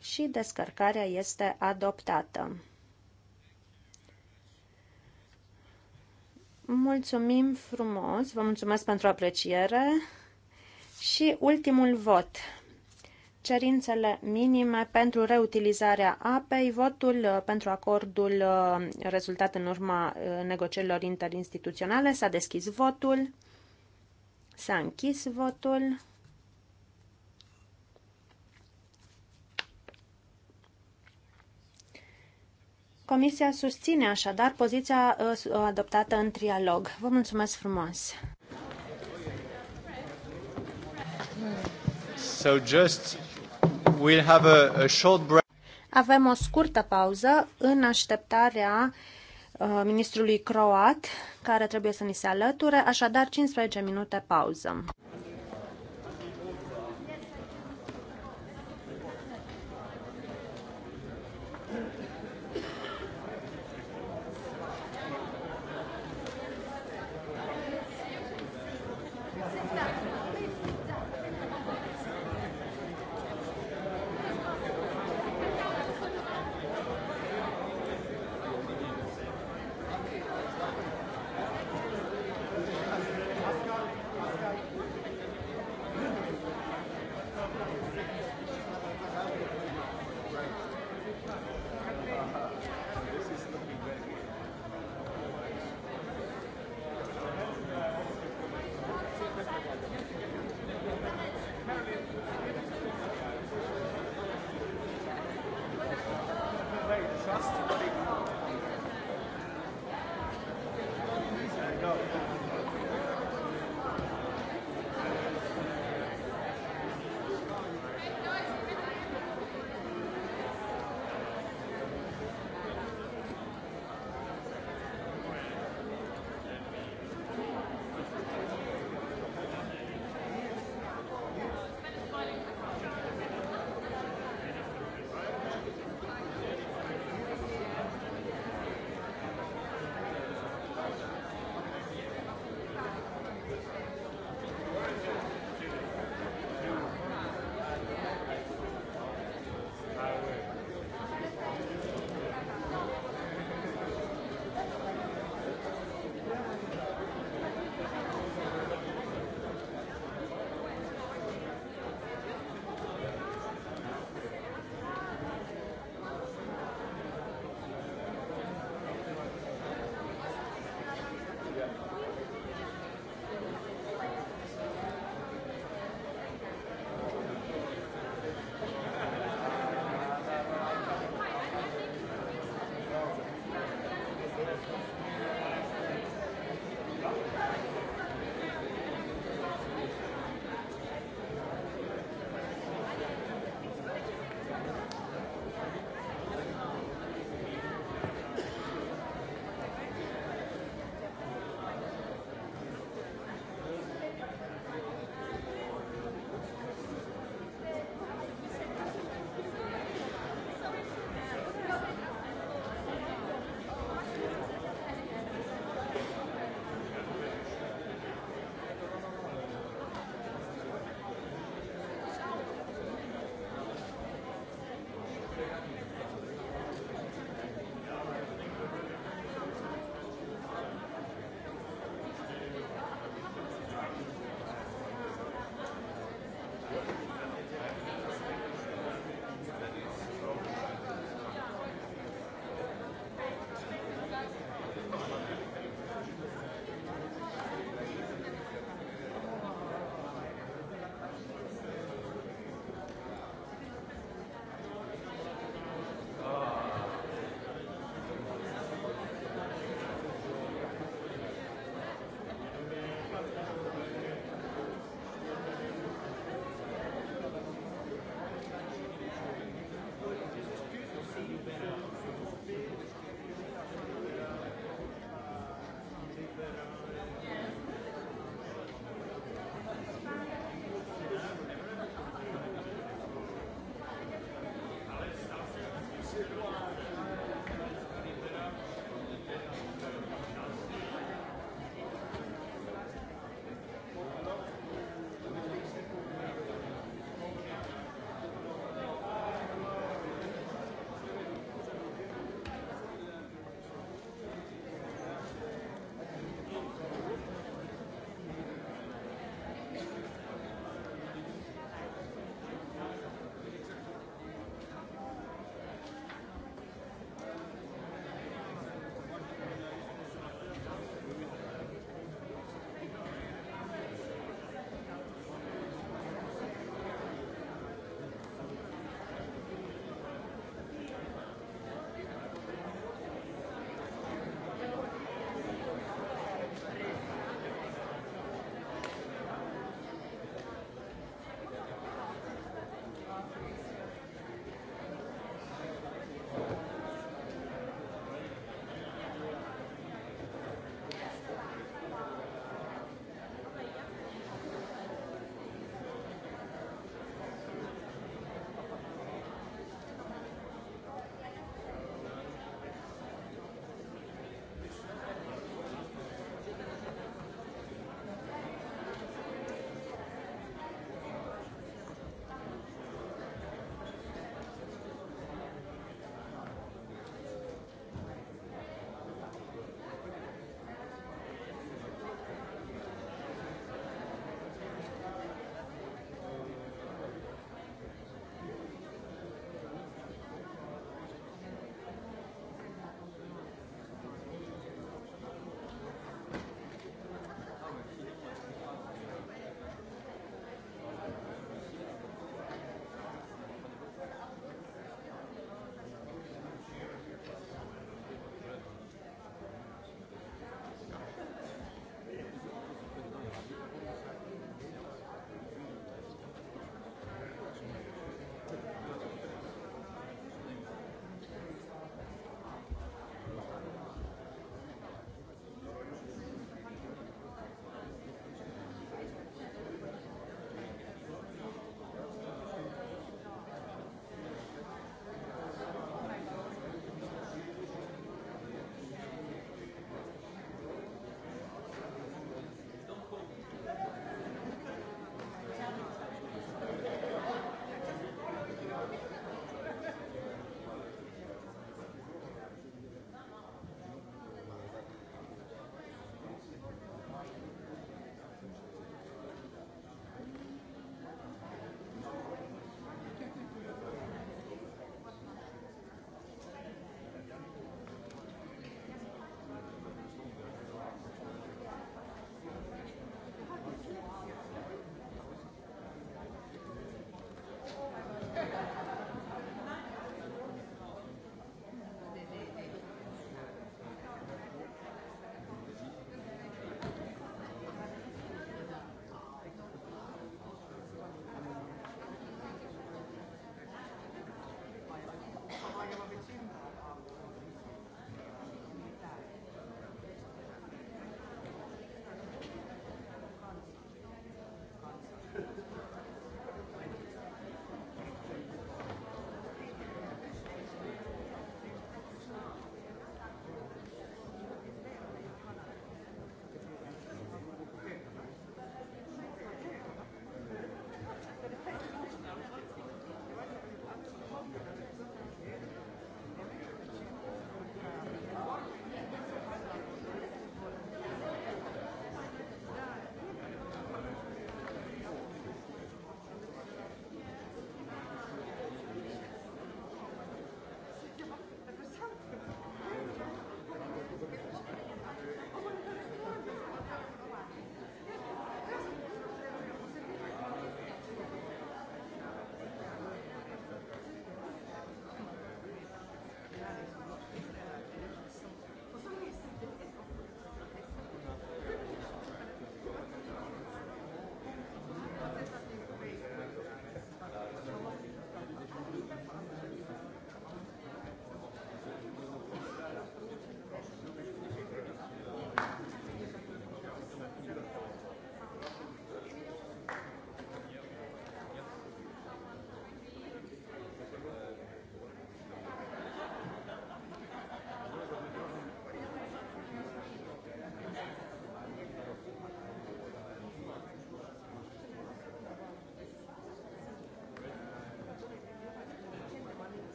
S2: și descărcarea este adoptată. Mulțumim frumos, vă mulțumesc pentru apreciere și ultimul vot. Cerințele minime pentru reutilizarea apei, votul uh, pentru acordul uh, rezultat în urma uh, negocierilor interinstituționale, s-a deschis votul. S-a închis votul. Comisia susține așadar poziția uh, uh, adoptată în trialog. Vă mulțumesc frumos!
S3: So just we'll have a, a short break.
S2: Avem o scurtă pauză în așteptarea uh, Uh, ministrului croat, care trebuie să ni se alăture, așadar 15 minute pauză.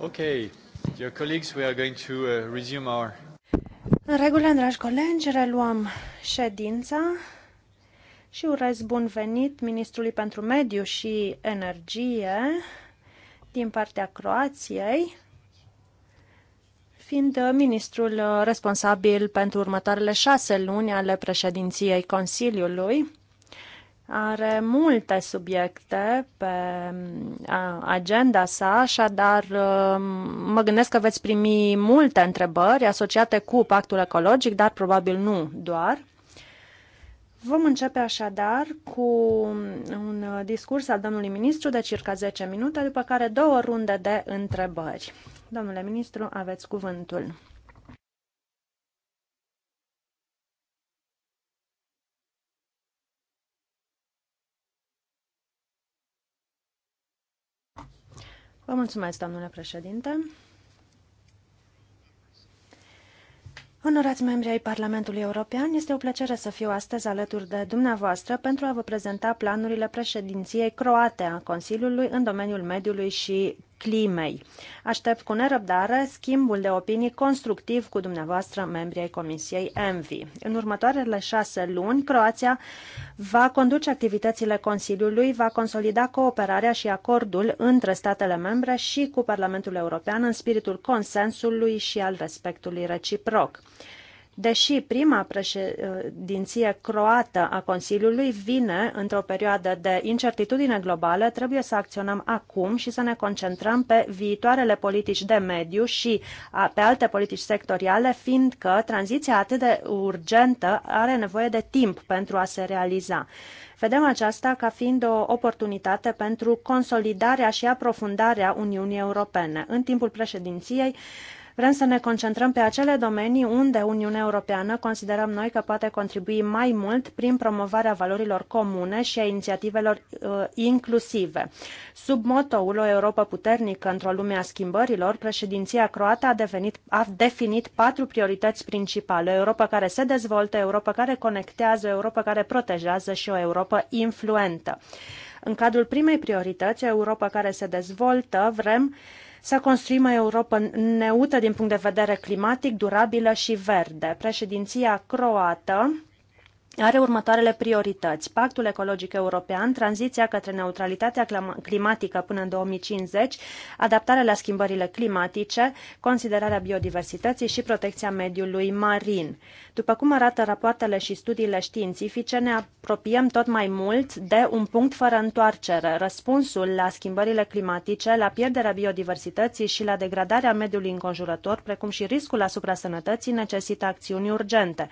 S1: Okay, dear colleagues, we are going to uh, resume our...
S2: În regulă, dragi colegi, reluăm ședința și urez bun venit Ministrului pentru Mediu și Energie din partea Croației, fiind ministrul responsabil pentru următoarele șase luni ale președinției Consiliului are multe subiecte pe agenda sa, așadar mă gândesc că veți primi multe întrebări asociate cu pactul ecologic, dar probabil nu doar. Vom începe așadar cu un discurs al domnului ministru de circa 10 minute, după care două runde de întrebări. Domnule ministru, aveți cuvântul. Vă mulțumesc, domnule președinte. Onorați membri ai Parlamentului European, este o plăcere să fiu astăzi alături de dumneavoastră pentru a vă prezenta planurile președinției croate a Consiliului în domeniul mediului și climei. Aștept cu nerăbdare schimbul de opinii constructiv cu dumneavoastră, membrii ai Comisiei ENVI. În următoarele șase luni, Croația va conduce activitățile Consiliului, va consolida cooperarea și acordul între statele membre și cu Parlamentul European în spiritul consensului și al respectului reciproc deși prima președinție croată a Consiliului vine într-o perioadă de incertitudine globală, trebuie să acționăm acum și să ne concentrăm pe viitoarele politici de mediu și pe alte politici sectoriale, fiindcă tranziția atât de urgentă are nevoie de timp pentru a se realiza. Vedem aceasta ca fiind o oportunitate pentru consolidarea și aprofundarea Uniunii Europene. În timpul președinției, Vrem să ne concentrăm pe acele domenii unde Uniunea Europeană considerăm noi că poate contribui mai mult prin promovarea valorilor comune și a inițiativelor uh, inclusive. Sub motoul O Europa puternică într-o lume a schimbărilor, președinția croată a, devenit, a definit patru priorități principale. O Europa care se dezvoltă, o Europa care conectează, o Europa care protejează și o Europa influentă. În cadrul primei priorități, o Europa care se dezvoltă, vrem să construim o Europa neută din punct de vedere climatic, durabilă și verde. Președinția croată are următoarele priorități. Pactul ecologic european, tranziția către neutralitatea climatică până în 2050, adaptarea la schimbările climatice, considerarea biodiversității și protecția mediului marin. După cum arată rapoartele și studiile științifice, ne apropiem tot mai mult de un punct fără întoarcere. Răspunsul la schimbările climatice, la pierderea biodiversității și la degradarea mediului înconjurător, precum și riscul asupra sănătății, necesită acțiuni urgente.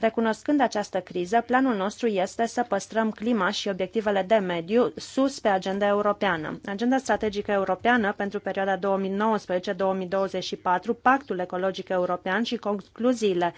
S2: Recunoscând această criză, planul nostru este să păstrăm clima și obiectivele de mediu sus pe agenda europeană. Agenda strategică europeană pentru perioada 2019-2024, Pactul Ecologic European și concluziile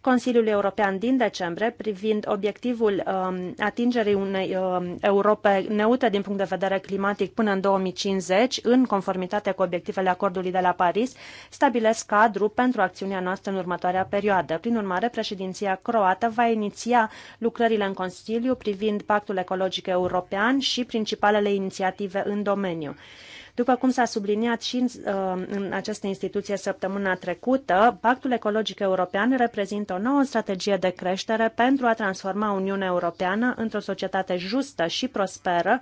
S2: Consiliului European din decembrie privind obiectivul um, atingerii unei um, Europe neutre din punct de vedere climatic până în 2050, în conformitate cu obiectivele acordului de la Paris, stabilesc cadrul pentru acțiunea noastră în următoarea perioadă. Prin urmare, președinția croată va iniția lucrările în Consiliu privind Pactul Ecologic European și principalele inițiative în domeniu. După cum s-a subliniat și în, uh, în această instituție săptămâna trecută, Pactul Ecologic European reprezintă o nouă strategie de creștere pentru a transforma Uniunea Europeană într-o societate justă și prosperă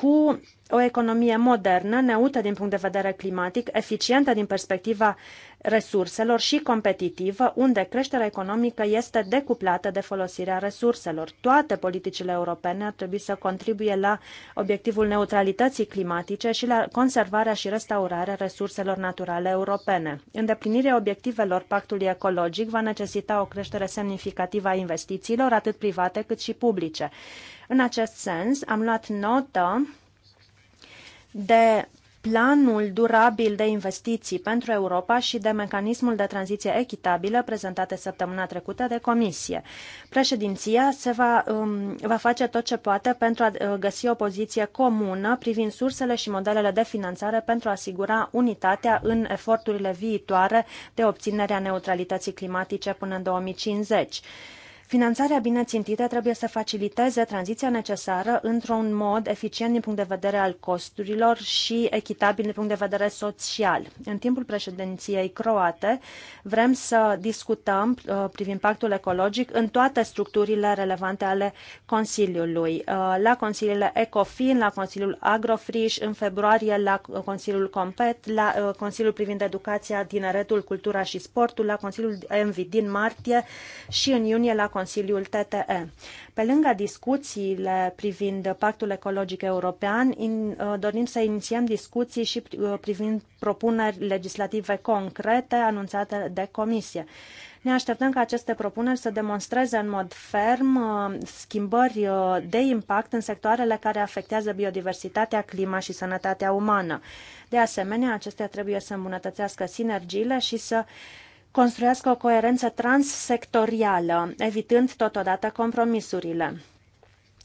S2: cu o economie modernă, neută din punct de vedere climatic, eficientă din perspectiva resurselor și competitivă, unde creșterea economică este decuplată de folosirea resurselor. Toate politicile europene ar trebui să contribuie la obiectivul neutralității climatice și la conservarea și restaurarea resurselor naturale europene. Îndeplinirea obiectivelor pactului ecologic va necesita o creștere semnificativă a investițiilor, atât private cât și publice. În acest sens, am luat notă de planul durabil de investiții pentru Europa și de mecanismul de tranziție echitabilă prezentate săptămâna trecută de Comisie. Președinția se va, um, va face tot ce poate pentru a uh, găsi o poziție comună privind sursele și modelele de finanțare pentru a asigura unitatea în eforturile viitoare de obținere a neutralității climatice până în 2050. Finanțarea bine țintită trebuie să faciliteze tranziția necesară într-un mod eficient din punct de vedere al costurilor și echitabil din punct de vedere social. În timpul președinției croate vrem să discutăm uh, privind pactul ecologic în toate structurile relevante ale Consiliului. Uh, la Consiliile ECOFIN, la Consiliul Agrofriș, în februarie la Consiliul Compet, la uh, Consiliul privind educația, tineretul, cultura și sportul, la Consiliul Envi din martie și în iunie la Consiliul TTE. Pe lângă discuțiile privind Pactul Ecologic European, uh, dorim să inițiem discuții și uh, privind propuneri legislative concrete anunțate de Comisie. Ne așteptăm ca aceste propuneri să demonstreze în mod ferm uh, schimbări de impact în sectoarele care afectează biodiversitatea, clima și sănătatea umană. De asemenea, acestea trebuie să îmbunătățească sinergiile și să construiască o coerență transsectorială, evitând totodată compromisurile.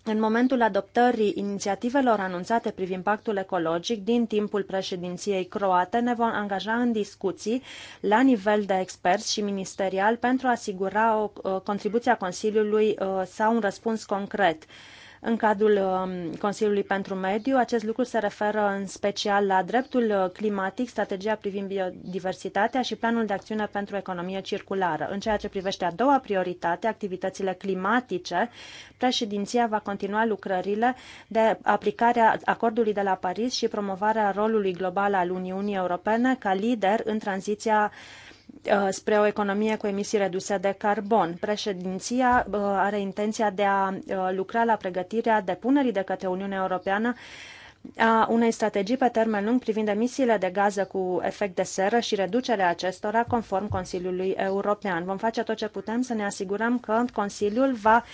S2: În momentul adoptării inițiativelor anunțate privind pactul ecologic din timpul președinției croate, ne vom angaja în discuții la nivel de experți și ministerial pentru a asigura o contribuție a Consiliului uh, sau un răspuns concret. În cadrul um, Consiliului pentru Mediu, acest lucru se referă în special la dreptul uh, climatic, strategia privind biodiversitatea și planul de acțiune pentru economie circulară. În ceea ce privește a doua prioritate, activitățile climatice, președinția va continua lucrările de aplicarea acordului de la Paris și promovarea rolului global al Uniunii Europene ca lider în tranziția Uh, spre o economie cu emisii reduse de carbon. Președinția uh, are intenția de a uh, lucra la pregătirea depunerii de către Uniunea Europeană a unei strategii pe termen lung privind emisiile de gaze cu efect de seră și reducerea acestora conform Consiliului European. Vom face tot ce putem să ne asigurăm că Consiliul va uh,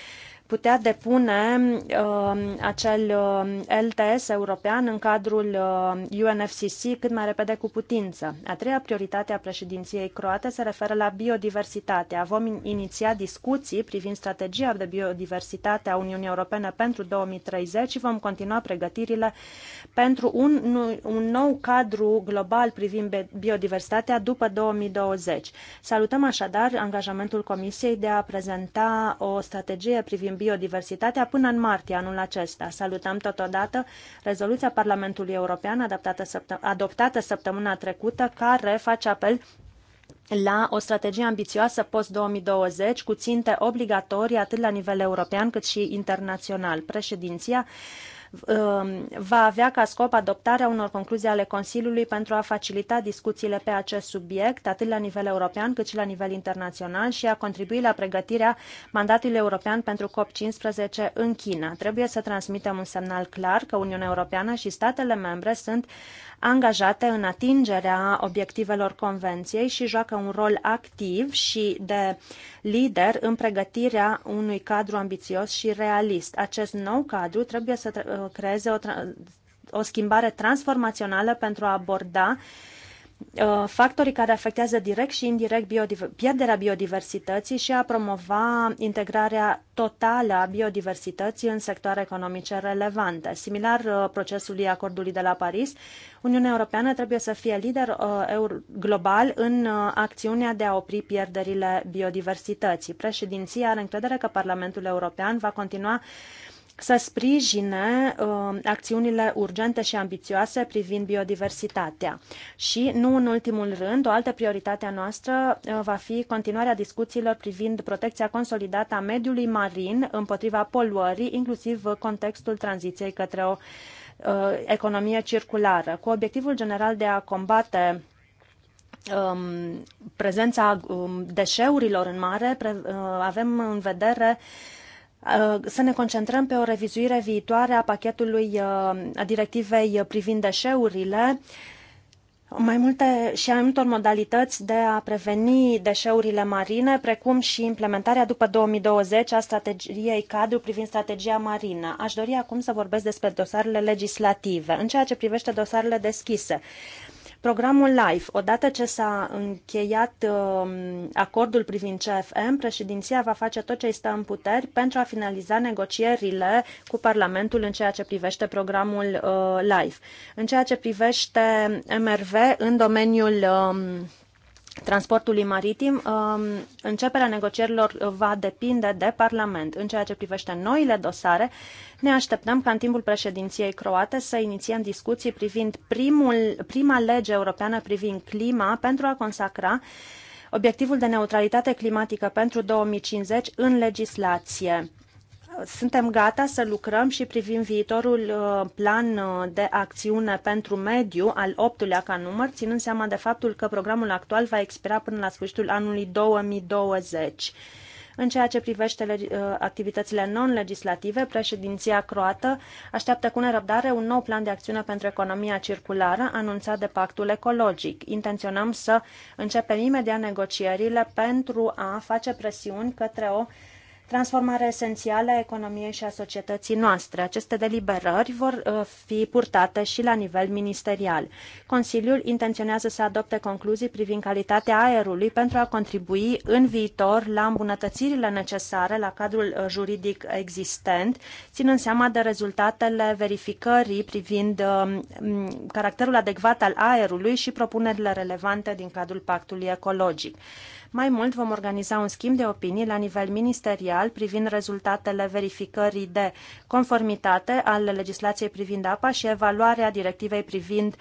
S2: putea depune uh, acel uh, um, LTS european în cadrul uh, um, UNFCCC cât mai repede cu putință. A treia prioritate a președinției croate se referă la biodiversitate. Vom iniția discuții privind strategia de biodiversitate a Uniunii Europene pentru 2030 și vom continua pregătirile pentru un, un nou cadru global privind biodiversitatea după 2020. Salutăm așadar angajamentul Comisiei de a prezenta o strategie privind biodiversitatea până în martie anul acesta. Salutăm totodată rezoluția Parlamentului European adaptată săptă- adoptată săptămâna trecută, care face apel la o strategie ambițioasă post-2020 cu ținte obligatorii atât la nivel european cât și internațional. Președinția Um, va avea ca scop adoptarea unor concluzii ale Consiliului pentru a facilita discuțiile pe acest subiect, atât la nivel european cât și la nivel internațional, și a contribui la pregătirea mandatului european pentru COP15 în China. Trebuie să transmitem un semnal clar că Uniunea Europeană și statele membre sunt angajate în atingerea obiectivelor convenției și joacă un rol activ și de lider în pregătirea unui cadru ambițios și realist. Acest nou cadru trebuie să creeze o, o schimbare transformațională pentru a aborda uh, Uh, factorii care afectează direct și indirect biodiver- pierderea biodiversității și a promova integrarea totală a biodiversității în sectoare economice relevante. Similar uh, procesului acordului de la Paris, Uniunea Europeană trebuie să fie lider uh, global în acțiunea de a opri pierderile biodiversității. Președinția are încredere că Parlamentul European va continua să sprijine uh, acțiunile urgente și ambițioase privind biodiversitatea. Și, nu în ultimul rând, o altă prioritate a noastră uh, va fi continuarea discuțiilor privind protecția consolidată a mediului marin împotriva poluării, inclusiv contextul tranziției către o uh, economie circulară, cu obiectivul general de a combate um, prezența um, deșeurilor în mare, uh, avem în vedere Uh, să ne concentrăm pe o revizuire viitoare a pachetului uh, a directivei privind deșeurile, mai multe și mai multor modalități de a preveni deșeurile marine, precum și implementarea după 2020 a strategiei cadru privind strategia marină. Aș dori acum să vorbesc despre dosarele legislative. În ceea ce privește dosarele deschise, Programul LIFE, odată ce s-a încheiat um, acordul privind CFM, președinția va face tot ce stă în puteri pentru a finaliza negocierile cu Parlamentul în ceea ce privește programul uh, LIFE. În ceea ce privește MRV, în domeniul um, transportului maritim, um, începerea negocierilor va depinde de Parlament. În ceea ce privește noile dosare, ne așteptăm ca în timpul președinției croate să inițiem discuții privind primul, prima lege europeană privind clima pentru a consacra obiectivul de neutralitate climatică pentru 2050 în legislație suntem gata să lucrăm și privind viitorul uh, plan uh, de acțiune pentru mediu al optulea ca număr, ținând seama de faptul că programul actual va expira până la sfârșitul anului 2020. În ceea ce privește uh, activitățile non-legislative, președinția croată așteaptă cu nerăbdare un nou plan de acțiune pentru economia circulară anunțat de pactul ecologic. Intenționăm să începem imediat negocierile pentru a face presiuni către o transformare esențială a economiei și a societății noastre. Aceste deliberări vor uh, fi purtate și la nivel ministerial. Consiliul intenționează să adopte concluzii privind calitatea aerului pentru a contribui în viitor la îmbunătățirile necesare la cadrul uh, juridic existent, ținând seama de rezultatele verificării privind um, caracterul adecvat al aerului și propunerile relevante din cadrul pactului ecologic. Mai mult vom organiza un schimb de opinii la nivel ministerial privind rezultatele verificării de conformitate al legislației privind apa și evaluarea directivei privind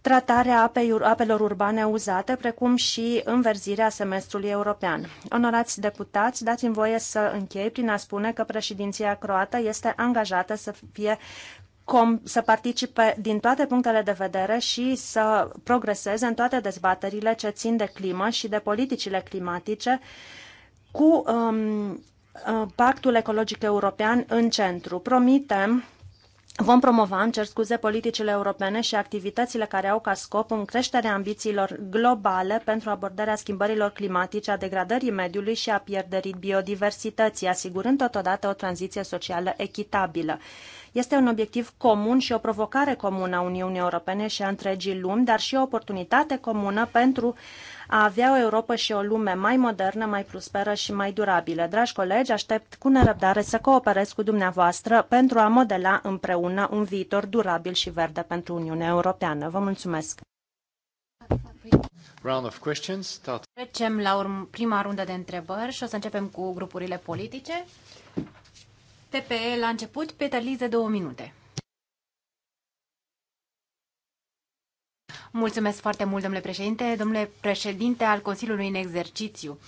S2: tratarea apei, apelor urbane uzate, precum și înverzirea semestrului european. Onorați deputați, dați-mi voie să închei prin a spune că președinția croată este angajată să fie să participe din toate punctele de vedere și să progreseze în toate dezbaterile ce țin de climă și de politicile climatice cu um, uh, Pactul Ecologic European în centru. Promitem Vom promova, îmi cer scuze, politicile europene și activitățile care au ca scop în creșterea ambițiilor globale pentru abordarea schimbărilor climatice, a degradării mediului și a pierderii biodiversității, asigurând totodată o tranziție socială echitabilă. Este un obiectiv comun și o provocare comună a Uniunii Europene și a întregii lumi, dar și o oportunitate comună pentru a avea o Europa și o lume mai modernă, mai prosperă și mai durabilă. Dragi colegi, aștept cu nerăbdare să cooperez cu dumneavoastră pentru a modela împreună un viitor durabil și verde pentru Uniunea Europeană. Vă mulțumesc! Round of questions.
S1: Trecem la urm- prima rundă de întrebări și o să începem cu grupurile politice. TPE la început, Peter Lize, două minute. Mulțumesc foarte mult, domnule președinte, domnule președinte al Consiliului în exercițiu.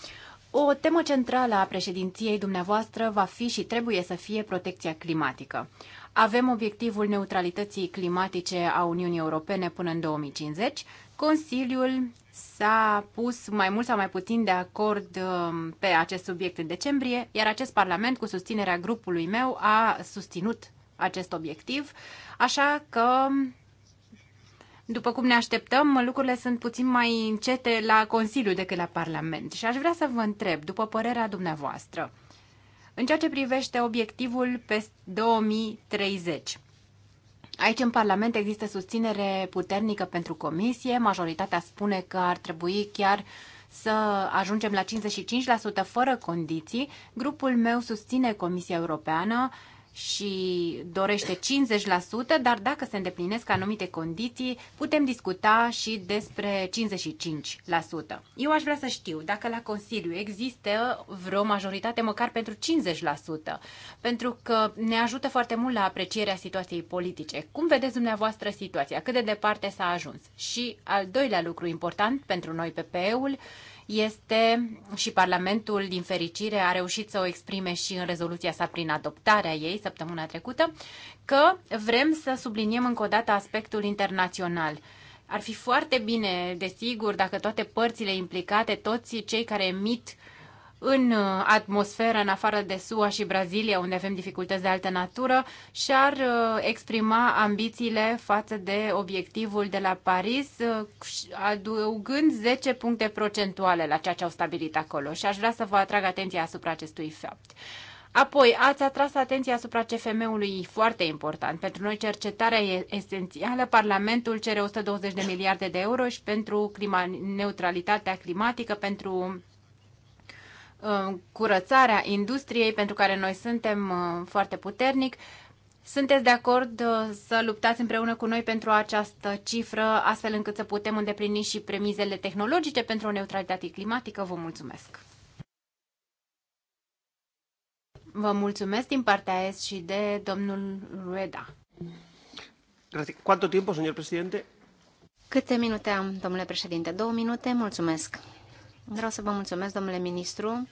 S1: O temă centrală a președinției dumneavoastră va fi și trebuie să fie protecția climatică. Avem obiectivul neutralității climatice a Uniunii Europene până în 2050. Consiliul s-a pus mai mult sau mai puțin de acord um, pe acest subiect în decembrie, iar acest Parlament, cu susținerea grupului meu, a susținut acest obiectiv, așa că după cum ne așteptăm, lucrurile sunt puțin mai încete la Consiliu decât la Parlament. Și aș vrea să vă întreb, după părerea dumneavoastră, în ceea ce privește obiectivul pe 2030, Aici în Parlament există susținere puternică pentru comisie, majoritatea spune că ar trebui chiar să ajungem la 55% fără condiții. Grupul meu susține Comisia Europeană și dorește 50%, dar dacă se îndeplinesc anumite condiții, putem discuta și despre 55%. Eu aș vrea să știu dacă la Consiliu există vreo majoritate măcar pentru 50%, pentru că ne ajută foarte mult la aprecierea situației politice. Cum vedeți dumneavoastră situația? Cât de departe s-a ajuns? Și al doilea lucru important pentru noi, PPE-ul, este și Parlamentul, din fericire, a reușit să o exprime și în rezoluția sa prin adoptarea ei săptămâna trecută, că vrem să subliniem încă o dată aspectul internațional. Ar fi foarte bine, desigur, dacă toate părțile implicate, toți cei care emit uh, în uh, atmosferă, în afară de SUA și Brazilia, unde avem dificultăți de altă natură, și-ar uh, exprima ambițiile față de obiectivul de la Paris, uh, adăugând 10 puncte procentuale la ceea ce au stabilit acolo. Și aș vrea să vă atrag atenția asupra acestui fapt. Apoi, ați atras atenția asupra CFM-ului foarte important. Pentru noi cercetarea e esențială. Parlamentul cere 120 de miliarde de euro și pentru clima, neutralitatea climatică, pentru Uh, curățarea industriei pentru care noi suntem uh, foarte puternic. Sunteți de acord uh, să luptați împreună cu noi pentru această cifră, astfel încât să putem îndeplini și premizele tehnologice pentru o neutralitate climatică? Vă mulțumesc! Vă mulțumesc din partea S și de domnul Rueda. Cât timp, domnule președinte?
S3: Câte minute am, domnule președinte? Două minute, mulțumesc. Vreau să vă mulțumesc, domnule ministru,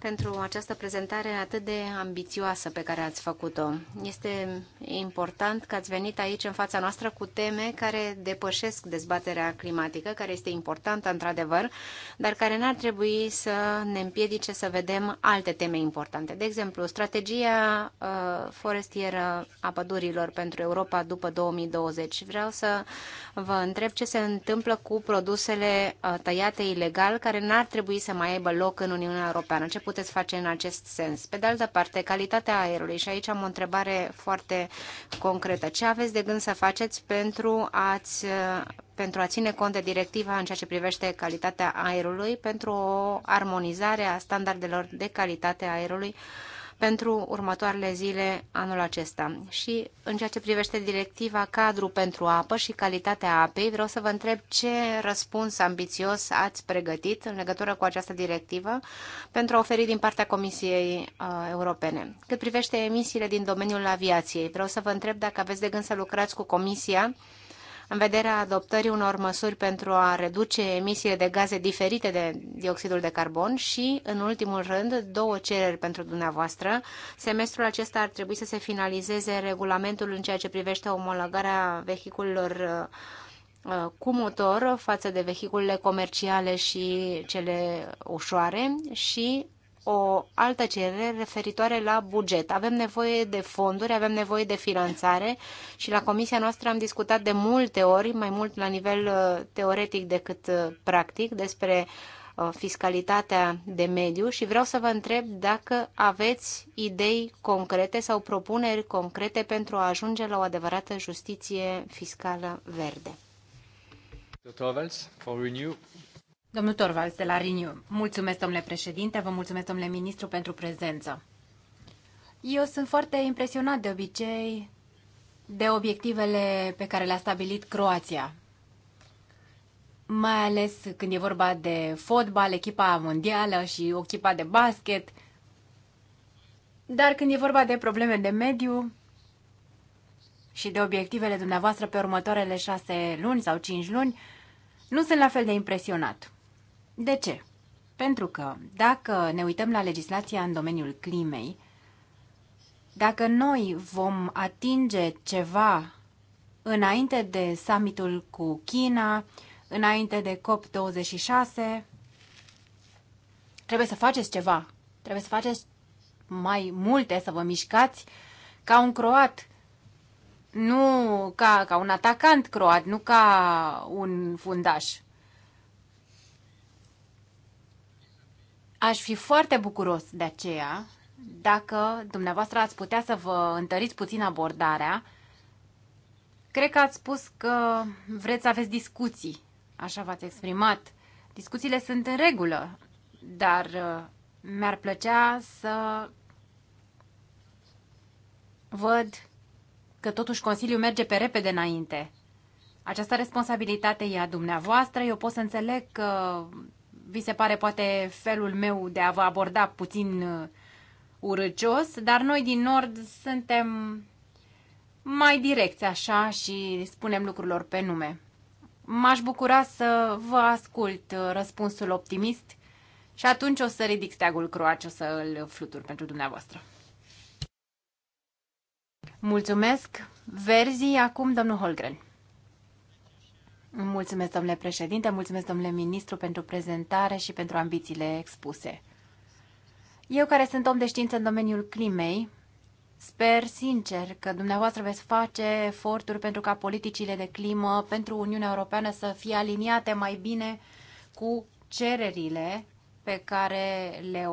S3: pentru această prezentare atât de ambițioasă pe care ați făcut-o. Este important că ați venit aici în fața noastră cu teme care depășesc dezbaterea climatică, care este importantă într-adevăr, dar care n-ar trebui să ne împiedice să vedem alte teme importante. De exemplu, strategia uh, forestieră a pădurilor pentru Europa după 2020. Vreau să vă întreb ce se întâmplă cu produsele uh, tăiate ilegal care n-ar trebui să mai aibă loc în Uniunea Europeană. Ce puteți face în acest sens? Pe de altă parte, calitatea aerului și aici am o întrebare foarte concretă. Ce aveți de gând să faceți pentru a-ți pentru a ține cont de directiva în ceea ce privește calitatea aerului, pentru o armonizare a standardelor de calitate a aerului pentru următoarele zile anul acesta. Și în ceea ce privește directiva cadru pentru apă și calitatea apei, vreau să vă întreb ce răspuns ambițios ați pregătit în legătură cu această directivă pentru a oferi din partea Comisiei uh, Europene. Cât privește emisiile din domeniul aviației, vreau să vă întreb dacă aveți de gând să lucrați cu Comisia în vederea adoptării unor măsuri pentru a reduce emisiile de gaze diferite de dioxidul de carbon și, în ultimul rând, două cereri pentru dumneavoastră. Semestrul acesta ar trebui să se finalizeze regulamentul în ceea ce privește omologarea vehiculelor uh, uh, cu motor față de vehiculele comerciale și cele ușoare și o altă cerere referitoare la buget. Avem nevoie de fonduri, avem nevoie de finanțare și la comisia noastră am discutat de multe ori, mai mult la nivel uh, teoretic decât uh, practic, despre uh, fiscalitatea de mediu și vreau să vă întreb dacă aveți idei concrete sau propuneri concrete pentru a ajunge la o
S1: adevărată justiție fiscală verde. Torvalds, for Renew. Domnul Torvalds de la Mulțumesc, domnule președinte, vă mulțumesc, domnule ministru, pentru prezență. Eu sunt foarte impresionat de obicei de obiectivele pe care le-a stabilit Croația. Mai ales când e vorba de fotbal, echipa mondială și o echipa de basket. Dar când e vorba de probleme de mediu și de obiectivele dumneavoastră pe următoarele șase luni sau cinci luni, nu sunt la fel de impresionat. De ce? Pentru că dacă ne uităm la legislația în domeniul climei, dacă noi vom atinge ceva înainte de summitul cu China, înainte de COP26, trebuie să faceți ceva. Trebuie să faceți mai multe, să vă mișcați ca un croat, nu ca, ca un atacant croat, nu ca un fundaș. Aș fi foarte bucuros de aceea dacă dumneavoastră ați putea să vă întăriți puțin abordarea. Cred că ați spus că vreți să aveți discuții, așa v-ați exprimat. Discuțiile sunt în regulă, dar uh, mi-ar plăcea să văd că totuși Consiliul merge pe repede înainte. Această responsabilitate e a dumneavoastră. Eu pot să înțeleg că vi se pare poate felul meu de a vă aborda puțin uh, urâcios, dar noi din Nord suntem mai direcți așa și spunem lucrurilor pe nume. M-aș bucura să vă ascult uh, răspunsul optimist și atunci o să ridic steagul croace, o să îl flutur pentru dumneavoastră. Mulțumesc! Verzi acum domnul Holgren. Mulțumesc, domnule președinte, mulțumesc, domnule ministru, pentru prezentare și pentru ambițiile expuse. Eu, care sunt om de știință în domeniul climei, sper sincer că dumneavoastră veți face eforturi pentru ca politicile de climă pentru Uniunea Europeană să fie aliniate mai bine cu cererile pe care le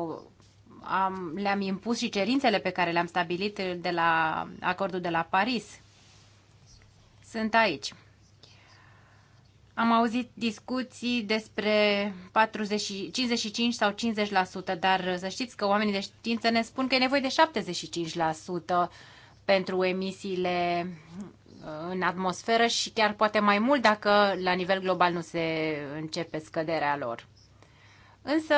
S1: am, le-am impus și cerințele pe care le-am stabilit de la acordul de la Paris. Sunt aici. Am auzit discuții despre 40, 55 sau 50%, dar să știți că oamenii de știință ne spun că e nevoie de 75% pentru emisiile uh, în atmosferă și chiar poate mai mult dacă la nivel global nu se începe scăderea lor. Însă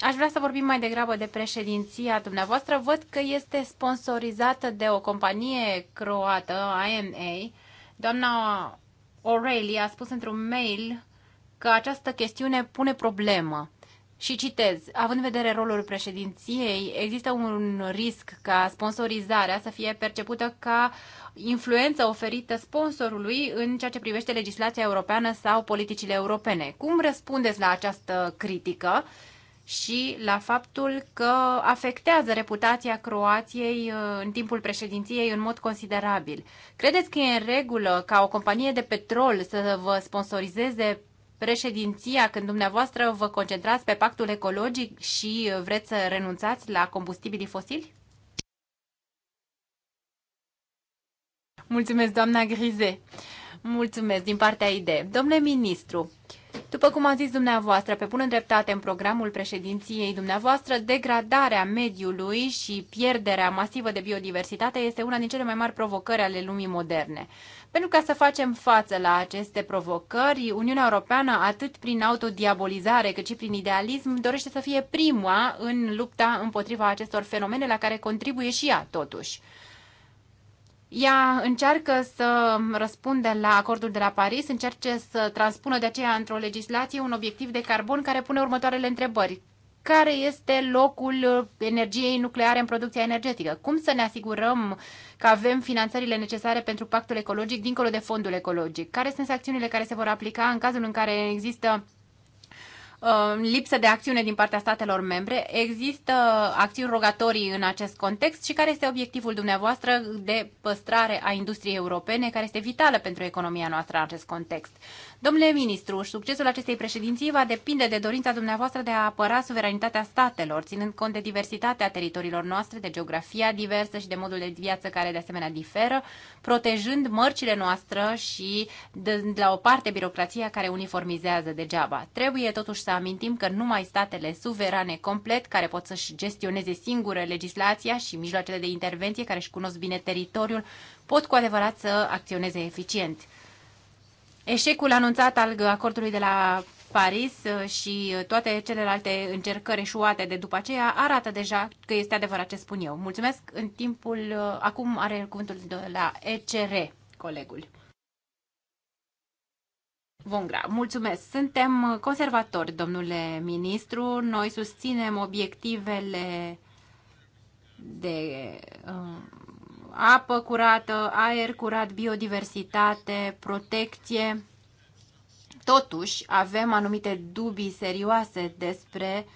S1: aș vrea să vorbim mai degrabă de președinția dumneavoastră. Văd că este sponsorizată de o companie croată, IMA. Doamna O'Reilly a spus într-un mail că această chestiune pune problemă. Și citez, având în vedere rolul președinției, există un risc ca sponsorizarea să fie percepută ca influență oferită sponsorului în ceea ce privește legislația europeană sau politicile europene. Cum răspundeți la această critică? și la faptul că afectează reputația Croației uh, în timpul președinției în mod considerabil. Credeți că e în regulă ca o companie de petrol să vă sponsorizeze președinția când dumneavoastră vă concentrați pe pactul ecologic și uh, vreți să renunțați la combustibilii fosili? Mulțumesc, doamna Grize. Mulțumesc din partea IDE. Domnule ministru, uh, după cum ați zis dumneavoastră, pe bună dreptate în programul președinției dumneavoastră, degradarea mediului și pierderea masivă de biodiversitate este una din cele mai mari provocări ale lumii moderne. Pentru ca să facem față la aceste provocări, Uniunea Europeană, atât prin autodiabolizare cât și prin idealism, dorește să fie prima în lupta împotriva acestor fenomene la care contribuie și ea, totuși. Ea încearcă să răspunde la acordul de la Paris, încearcă să transpună de aceea într-o legislație un obiectiv de carbon care pune următoarele întrebări. Care este locul energiei nucleare în producția energetică? Cum să ne asigurăm că avem finanțările necesare pentru pactul ecologic dincolo de fondul ecologic? Care sunt acțiunile care se vor aplica în cazul în care există Um, lipsă de acțiune din partea statelor membre. Există uh, acțiuni rogatorii în acest context și care este obiectivul dumneavoastră de păstrare a industriei europene, care este vitală pentru economia noastră în acest context? Domnule ministru, succesul acestei președinții va depinde de dorința dumneavoastră de a apăra suveranitatea statelor, ținând cont de diversitatea teritoriilor noastre, de geografia diversă și de modul de viață care de asemenea diferă, protejând mărcile noastre și dând la o parte birocrația care uniformizează degeaba. Trebuie totuși să amintim că numai statele suverane complet, care pot să-și gestioneze singure legislația și mijloacele de intervenție, care își cunosc bine teritoriul, pot cu adevărat să acționeze eficient. Eșecul anunțat al acordului de la Paris uh, și uh, toate celelalte încercări eșuate de după aceea arată deja că este adevărat ce spun eu. Mulțumesc. În timpul, uh, acum are cuvântul de la ECR, colegul. Vongra, mulțumesc. Suntem conservatori, domnule ministru. Noi susținem obiectivele de uh, apă curată, aer curat, biodiversitate, protecție. Totuși, avem anumite dubii serioase despre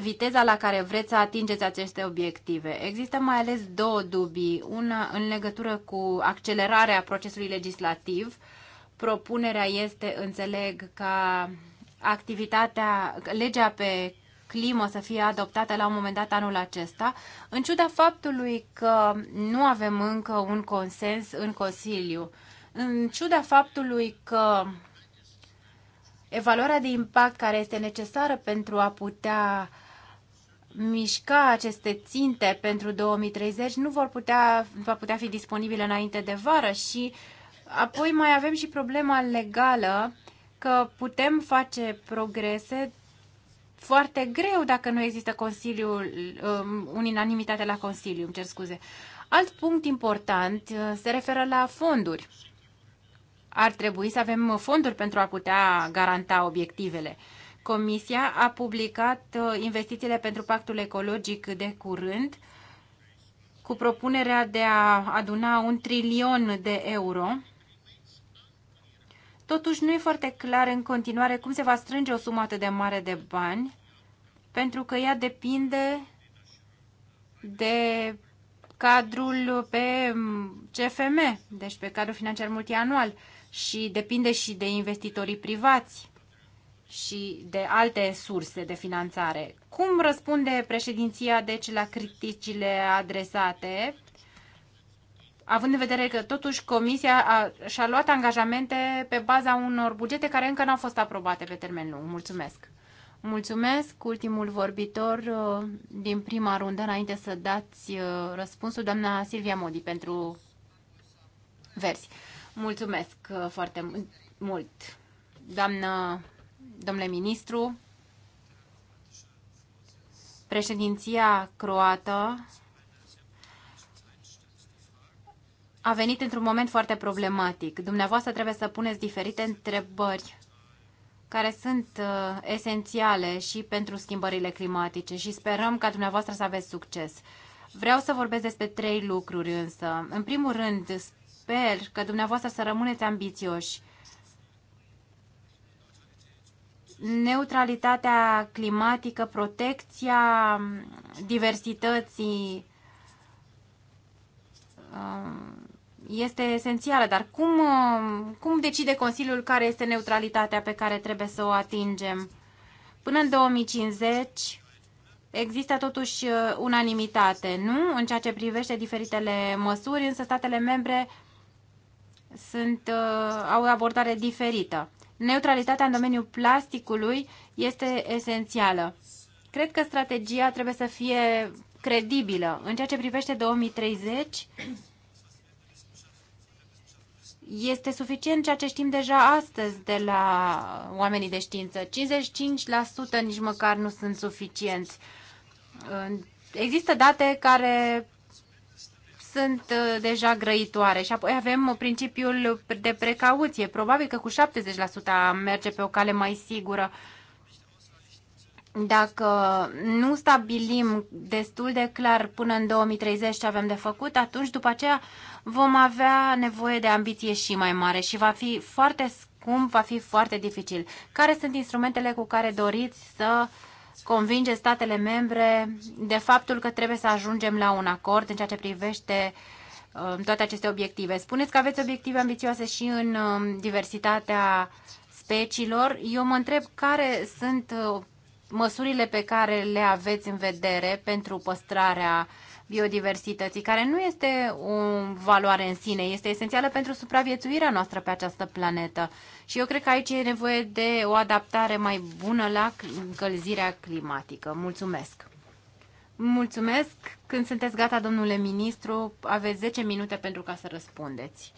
S1: viteza la care vreți să atingeți aceste obiective. Există mai ales două dubii. Una în legătură cu accelerarea procesului legislativ. Propunerea este, înțeleg, ca activitatea, legea pe climă să fie adoptată la un moment dat anul acesta, în ciuda faptului că nu avem încă un consens în Consiliu, în ciuda faptului că evaluarea de impact care este necesară pentru a putea mișca aceste ținte pentru 2030 nu vor putea, va putea fi disponibile înainte de vară și apoi mai avem și problema legală că putem face progrese foarte greu dacă nu există Consiliul, um, unanimitate la Consiliu, îmi cer scuze. Alt punct important uh, se referă la fonduri. Ar trebui să avem fonduri pentru a putea garanta obiectivele. Comisia a publicat uh, investițiile pentru pactul ecologic de curând cu propunerea de a aduna un trilion de euro Totuși, nu e foarte clar în continuare cum se va strânge o sumă atât de mare de bani, pentru că ea depinde de cadrul pe CFM, deci pe cadrul financiar multianual și depinde și de investitorii privați și de alte surse de finanțare. Cum răspunde președinția deci la criticile adresate având în vedere că totuși Comisia a, și-a luat angajamente pe baza unor bugete care încă n-au fost aprobate pe termen lung. Mulțumesc! Mulțumesc! Ultimul vorbitor uh, din prima rundă, înainte să dați uh, răspunsul, doamna Silvia Modi, pentru versi. Mulțumesc uh, foarte mult, doamnă, domnule ministru. Președinția croată a venit într-un moment foarte problematic. Dumneavoastră trebuie să puneți diferite întrebări care sunt uh, esențiale și pentru schimbările climatice și sperăm ca dumneavoastră să aveți succes. Vreau să vorbesc despre trei lucruri însă. În primul rând, sper că dumneavoastră să rămâneți ambițioși. Neutralitatea climatică, protecția diversității, um, este esențială, dar cum, cum decide Consiliul care este neutralitatea pe care trebuie să o atingem? Până în 2050 există totuși uh, unanimitate, nu? În ceea ce privește diferitele măsuri, însă statele membre sunt, uh, au o abordare diferită. Neutralitatea în domeniul plasticului este esențială. Cred că strategia trebuie să fie credibilă. În ceea ce privește 2030, este suficient ceea ce știm deja astăzi de la oamenii de știință. 55% nici măcar nu sunt suficienți. Există date care sunt uh, deja grăitoare și apoi avem principiul de precauție. Probabil că cu 70% merge pe o cale mai sigură. Dacă nu stabilim destul de clar până în 2030 ce avem de făcut, atunci după aceea vom avea nevoie de ambiție și mai mare și va fi foarte scump, va fi foarte dificil. Care sunt instrumentele cu care doriți să convinge statele membre de faptul că trebuie să ajungem la un acord în ceea ce privește um, toate aceste obiective. Spuneți că aveți obiective ambițioase și în um, diversitatea speciilor. Eu mă întreb care sunt uh, măsurile pe care le aveți în vedere pentru păstrarea uh, biodiversității, care nu este o valoare în sine, este esențială pentru supraviețuirea noastră pe această planetă. Și eu cred că aici e nevoie de o adaptare mai bună la încălzirea climatică. Mulțumesc! Mulțumesc! Când sunteți gata, domnule ministru, aveți 10 minute pentru ca să răspundeți.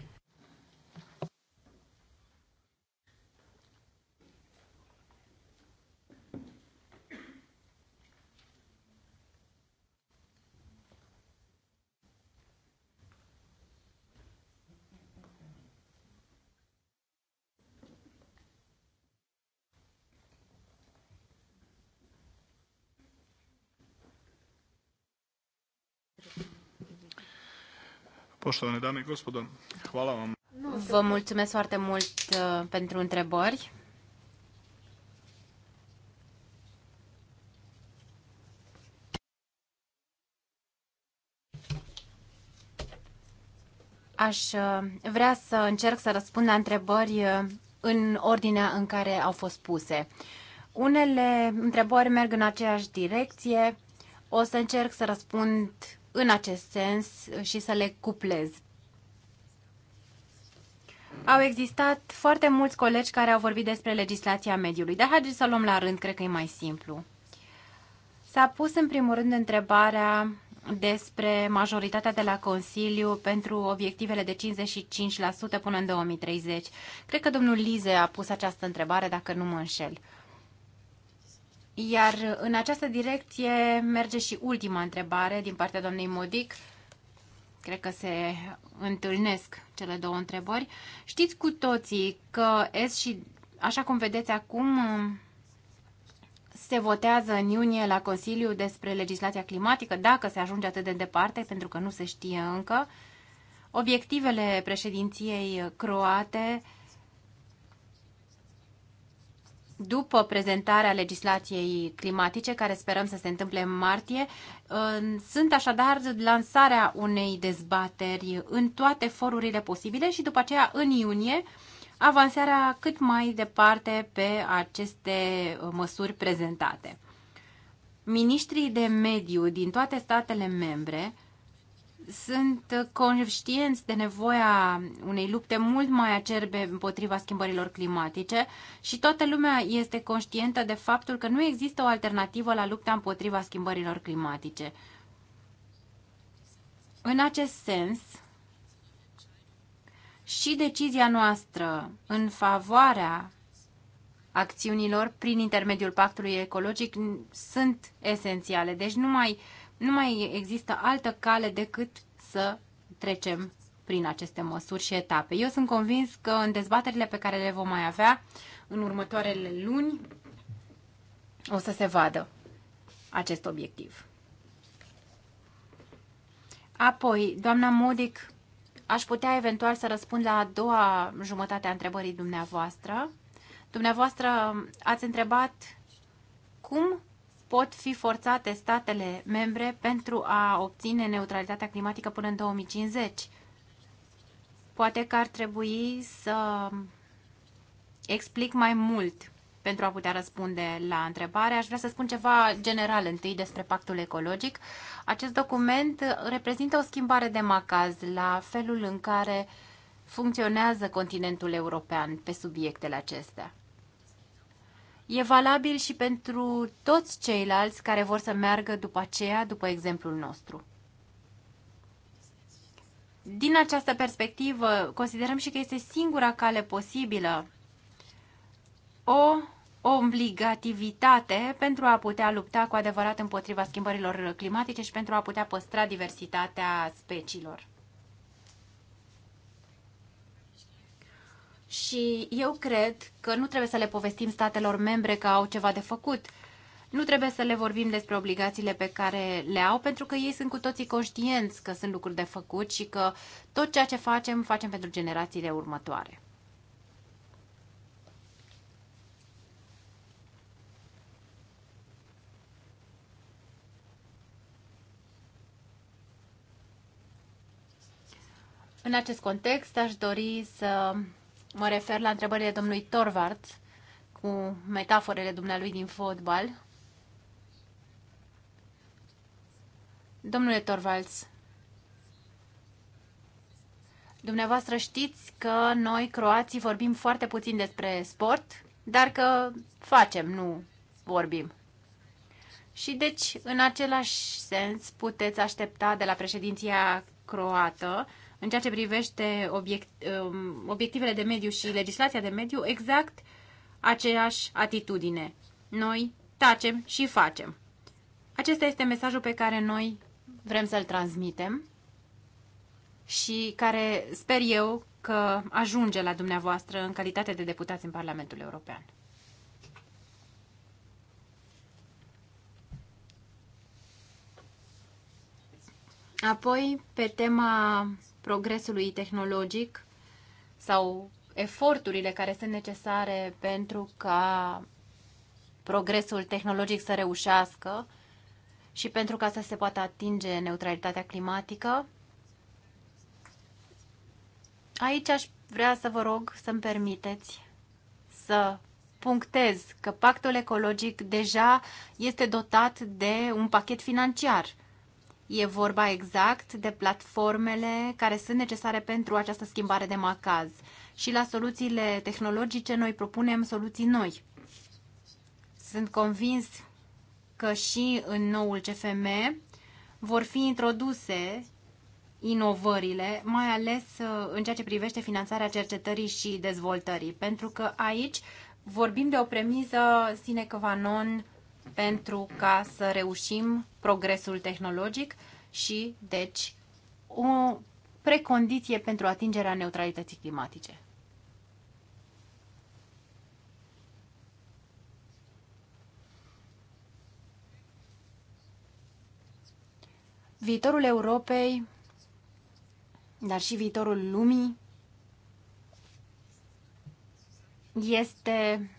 S1: dame Vă mulțumesc foarte mult uh, pentru întrebări. Aș uh, vrea să încerc să răspund la întrebări uh, în ordinea în care au fost puse. Unele întrebări merg în aceeași direcție. O să încerc să răspund în acest sens și să le cuplez. Au existat foarte mulți colegi care au vorbit despre legislația mediului, dar haideți să o luăm la rând, cred că e mai simplu. S-a pus în primul rând întrebarea despre majoritatea de la Consiliu pentru obiectivele de 55% până în 2030. Cred că domnul Lize a pus această întrebare, dacă nu mă înșel. Iar în această direcție merge și ultima întrebare din partea doamnei Modic. Cred că se întâlnesc cele două întrebări. Știți cu toții că S și, așa cum vedeți acum, se votează în iunie la Consiliu despre legislația climatică, dacă se ajunge atât de departe, pentru că nu se știe încă. Obiectivele președinției croate după prezentarea legislației climatice, care sperăm să se întâmple în martie, sunt așadar lansarea unei dezbateri în toate forurile posibile și după aceea în iunie avansarea cât mai departe pe aceste măsuri prezentate. Ministrii de mediu din toate statele membre sunt conștienți de nevoia unei lupte mult mai acerbe împotriva schimbărilor climatice și toată lumea este conștientă de faptul că nu există o alternativă la lupta împotriva schimbărilor climatice. În acest sens, și decizia noastră în favoarea acțiunilor prin intermediul pactului ecologic sunt esențiale. Deci numai uh, nu mai există altă cale decât să trecem prin aceste măsuri și etape. Eu sunt convins că în dezbaterile pe care le vom mai avea în următoarele luni o să se vadă acest obiectiv. Apoi, doamna Modic, aș putea eventual să răspund la a doua jumătate a întrebării dumneavoastră. Dumneavoastră ați întrebat cum pot fi forțate statele membre pentru a obține neutralitatea climatică până în 2050. Poate că ar trebui să explic mai mult pentru a putea răspunde la întrebare. Aș vrea să spun ceva general întâi despre pactul ecologic. Acest document reprezintă o schimbare de macaz la felul în care funcționează continentul european pe subiectele acestea e valabil și pentru toți ceilalți care vor să meargă după aceea, după exemplul nostru. Din această perspectivă, considerăm și că este singura cale posibilă o obligativitate pentru a putea lupta cu adevărat împotriva schimbărilor climatice și pentru a putea păstra diversitatea speciilor. Și eu cred că nu trebuie să le povestim statelor membre că au ceva de făcut. Nu trebuie să le vorbim despre obligațiile pe care le au, pentru că ei sunt cu toții conștienți că sunt lucruri de făcut și că tot ceea ce facem, facem pentru generațiile următoare. În acest context, aș dori să Mă refer la întrebările domnului Torvart, cu metaforele dumnealui din fotbal. Domnule Torvalds, dumneavoastră știți că noi, croații, vorbim foarte puțin despre sport, dar că facem, nu vorbim. Și deci, în același sens, puteți aștepta de la președinția croată în ceea ce privește obiect, um, obiectivele de mediu și legislația de mediu, exact aceeași atitudine. Noi tacem și facem. Acesta este mesajul pe care noi vrem să-l transmitem și care sper eu că ajunge la dumneavoastră în calitate de deputați în Parlamentul European. Apoi, pe tema progresului tehnologic sau eforturile care sunt necesare pentru ca progresul tehnologic să reușească și pentru ca să se poată atinge neutralitatea climatică. Aici aș vrea să vă rog să-mi permiteți să punctez că pactul ecologic deja este dotat de un pachet financiar – E vorba exact de platformele care sunt necesare pentru această schimbare de macaz. Și la soluțiile tehnologice noi propunem soluții noi. Sunt convins că și în noul CFM vor fi introduse inovările, mai ales uh, în ceea ce privește finanțarea cercetării și dezvoltării, pentru că aici vorbim de o premiză sine qua non pentru ca să reușim progresul tehnologic și, deci, o precondiție pentru atingerea neutralității climatice. Viitorul Europei, dar și viitorul lumii, este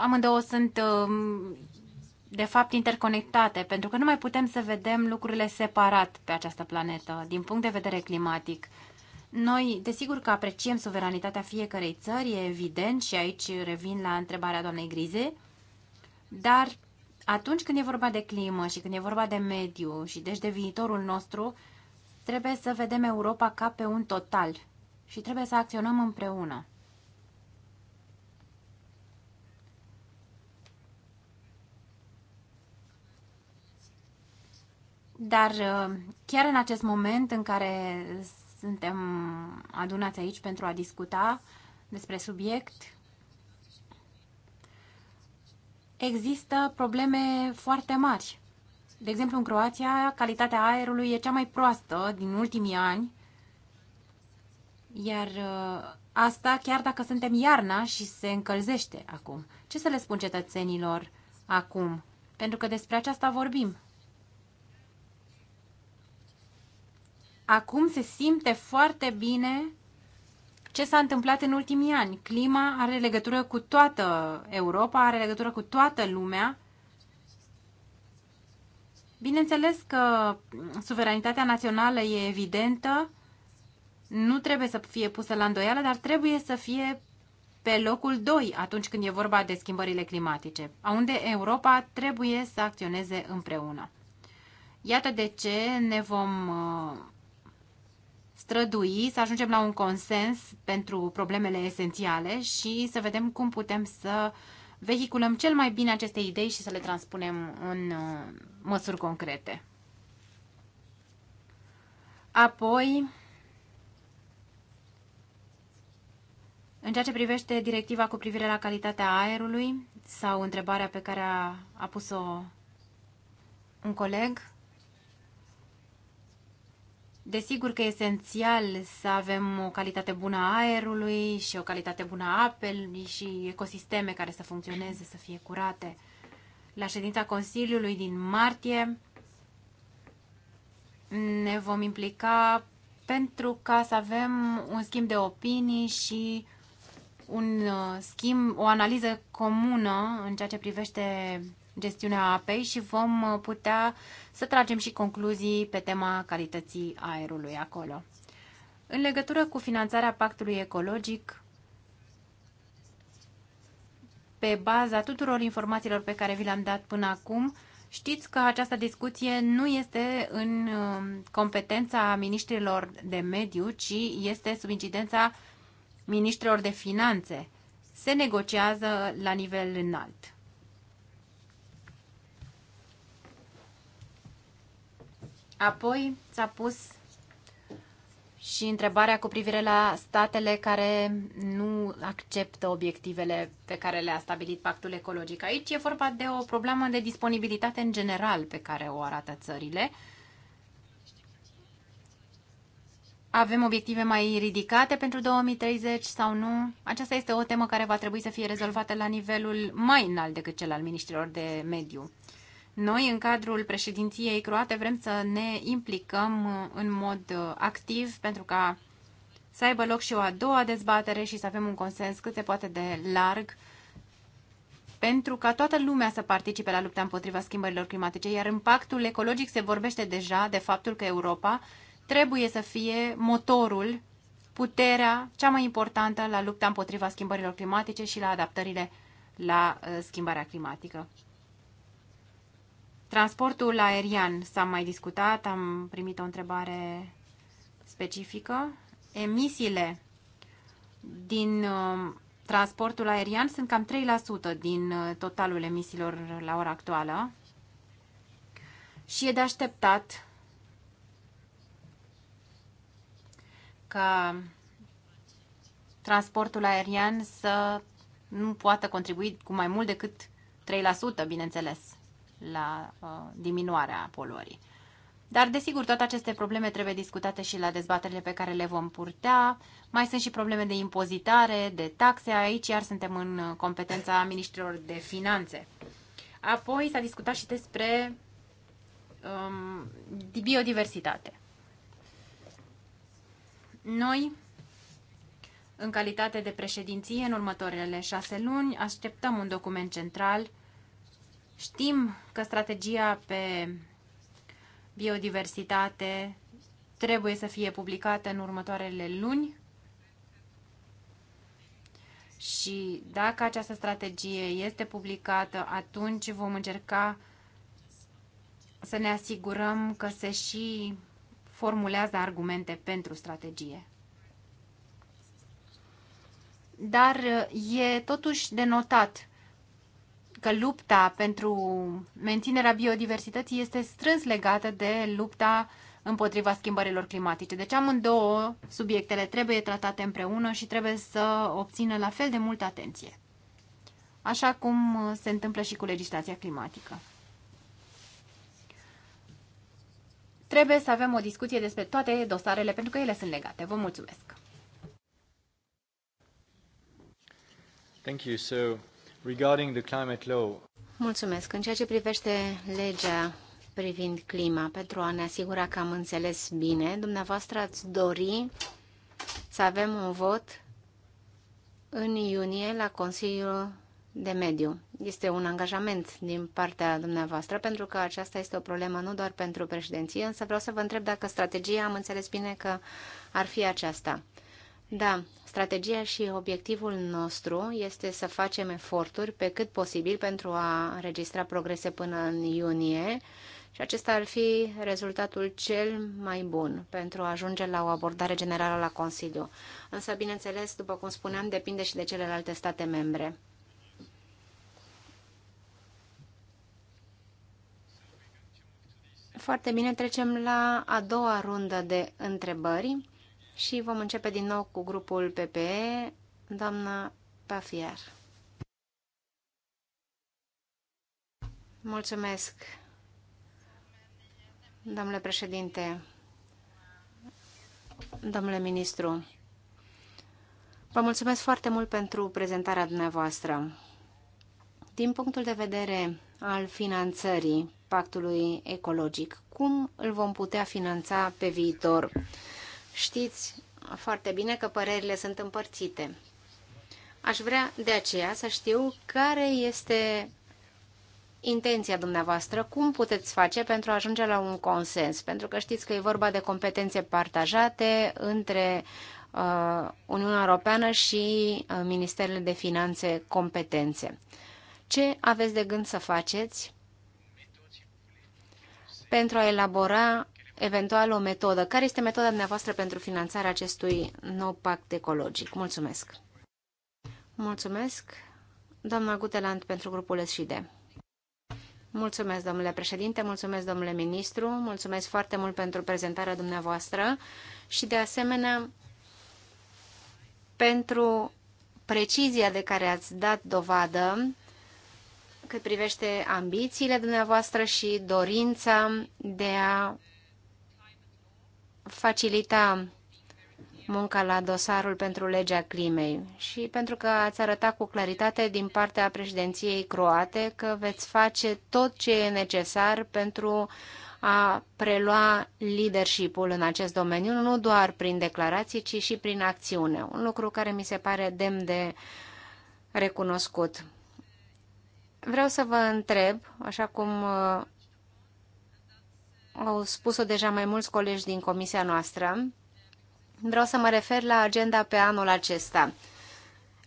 S1: amândouă sunt um, de fapt interconectate, pentru că nu mai putem să vedem lucrurile separat pe această planetă, din punct de vedere climatic. Noi, desigur că apreciem suveranitatea fiecărei țări, e evident, și aici revin la întrebarea doamnei Grize, dar atunci când e vorba de climă și când e vorba de mediu și deci de viitorul nostru, trebuie să vedem Europa ca pe un total și trebuie să acționăm împreună. Dar uh, chiar în acest moment în care suntem adunați aici pentru a discuta despre subiect, există probleme foarte mari. De exemplu, în Croația, calitatea aerului e cea mai proastă din ultimii ani, iar uh, asta chiar dacă suntem iarna și se încălzește acum. Ce să le spun cetățenilor acum? Pentru că despre aceasta vorbim. acum se simte foarte bine ce s-a întâmplat în ultimii ani. Clima are legătură cu toată Europa, are legătură cu toată lumea. Bineînțeles că suveranitatea națională e evidentă, nu trebuie să fie pusă la îndoială, dar trebuie să fie pe locul 2 atunci când e vorba de schimbările climatice, unde Europa trebuie să acționeze împreună. Iată de ce ne vom uh, strădui să ajungem la un consens pentru problemele esențiale și să vedem cum putem să vehiculăm cel mai bine aceste idei și să le transpunem în uh, măsuri concrete. Apoi, În ceea ce privește directiva cu privire la calitatea aerului sau întrebarea pe care a, a pus-o un coleg, Desigur că e esențial să avem o calitate bună a aerului și o calitate bună a apelui și ecosisteme care să funcționeze, să fie curate. La ședința Consiliului din martie ne vom implica pentru ca să avem un schimb de opinii și un uh, schimb, o analiză comună în ceea ce privește gestiunea apei și vom uh, putea să tragem și concluzii pe tema calității aerului acolo. În legătură cu finanțarea pactului ecologic, pe baza tuturor informațiilor pe care vi le-am dat până acum, știți că această discuție nu este în uh, competența ministrilor de mediu, ci este sub incidența ministrilor de finanțe. Se negociază la nivel înalt. Apoi s-a pus și întrebarea cu privire la statele care nu acceptă obiectivele pe care le-a stabilit pactul ecologic. Aici e vorba de o problemă de disponibilitate în general pe care o arată țările. Avem obiective mai ridicate pentru 2030 sau nu? Aceasta este o temă care va trebui să fie rezolvată la nivelul mai înalt decât cel al ministrilor de mediu. Noi, în cadrul președinției croate, vrem să ne implicăm în mod activ pentru ca să aibă loc și o a doua dezbatere și să avem un consens cât se poate de larg pentru ca toată lumea să participe la lupta împotriva schimbărilor climatice, iar impactul ecologic se vorbește deja de faptul că Europa trebuie să fie motorul, puterea cea mai importantă la lupta împotriva schimbărilor climatice și la adaptările la uh, schimbarea climatică. Transportul aerian s-a mai discutat, am primit o întrebare specifică. Emisiile din um, transportul aerian sunt cam 3% din uh, totalul emisiilor la ora actuală și e de așteptat ca transportul aerian să nu poată contribui cu mai mult decât 3%, bineînțeles la uh, diminuarea poluării. Dar, desigur, toate aceste probleme trebuie discutate și la dezbaterile pe care le vom purta. Mai sunt și probleme de impozitare, de taxe. Aici iar suntem în competența ministrilor de finanțe. Apoi s-a discutat și despre um, biodiversitate. Noi, în calitate de președinție, în următoarele șase luni, așteptăm un document central – Știm că strategia pe biodiversitate trebuie să fie publicată în următoarele luni și dacă această strategie este publicată, atunci vom încerca să ne asigurăm că se și formulează argumente pentru strategie. Dar e totuși denotat că lupta pentru menținerea biodiversității este strâns legată de lupta împotriva schimbărilor climatice. Deci amândouă subiectele trebuie tratate împreună și trebuie să obțină la fel de multă atenție. Așa cum se întâmplă și cu legislația climatică. Trebuie să avem o discuție despre toate dosarele pentru că ele sunt legate. Vă mulțumesc! Thank you. So Regarding the climate law.
S3: Mulțumesc. În ceea ce privește legea privind clima, pentru a ne asigura că am înțeles bine, dumneavoastră ați dori să avem un vot în iunie la Consiliul de Mediu. Este un angajament din partea dumneavoastră, pentru că aceasta este o problemă nu doar pentru președinție, însă vreau să vă întreb dacă strategia am înțeles bine că ar fi aceasta. Da, strategia și obiectivul nostru este să facem eforturi pe cât posibil pentru a înregistra progrese până în iunie și acesta ar fi rezultatul cel mai bun pentru a ajunge la o abordare generală la Consiliu. Însă, bineînțeles, după cum spuneam, depinde și de celelalte state membre. Foarte bine, trecem la a doua rundă de întrebări și vom începe din nou cu grupul PPE, doamna Pafiar. Mulțumesc, domnule președinte, domnule ministru. Vă mulțumesc foarte mult pentru prezentarea dumneavoastră. Din punctul de vedere al finanțării pactului ecologic, cum îl vom putea finanța pe viitor? Știți foarte bine că părerile sunt împărțite. Aș vrea de aceea să știu care este intenția dumneavoastră, cum puteți face pentru a ajunge la un consens, pentru că știți că e vorba de competențe partajate între uh, Uniunea Europeană și uh, Ministerele de Finanțe competențe. Ce aveți de gând să faceți pentru a elabora eventual o metodă. Care este metoda dumneavoastră pentru finanțarea acestui nou pact ecologic? Mulțumesc! Mulțumesc, doamna Guteland, pentru grupul SID. Mulțumesc, domnule președinte, mulțumesc, domnule ministru, mulțumesc foarte mult pentru prezentarea dumneavoastră și, de asemenea, pentru precizia de care ați dat dovadă cât privește ambițiile dumneavoastră și dorința de a facilita munca la dosarul pentru legea climei și pentru că ați arătat cu claritate din partea președinției croate că veți face tot ce e necesar pentru a prelua leadership-ul în acest domeniu, nu doar prin declarații, ci și prin acțiune. Un lucru care mi se pare demn de recunoscut. Vreau să vă întreb, așa cum uh, au spus-o deja mai mulți colegi din comisia noastră, vreau să mă refer la agenda pe anul acesta.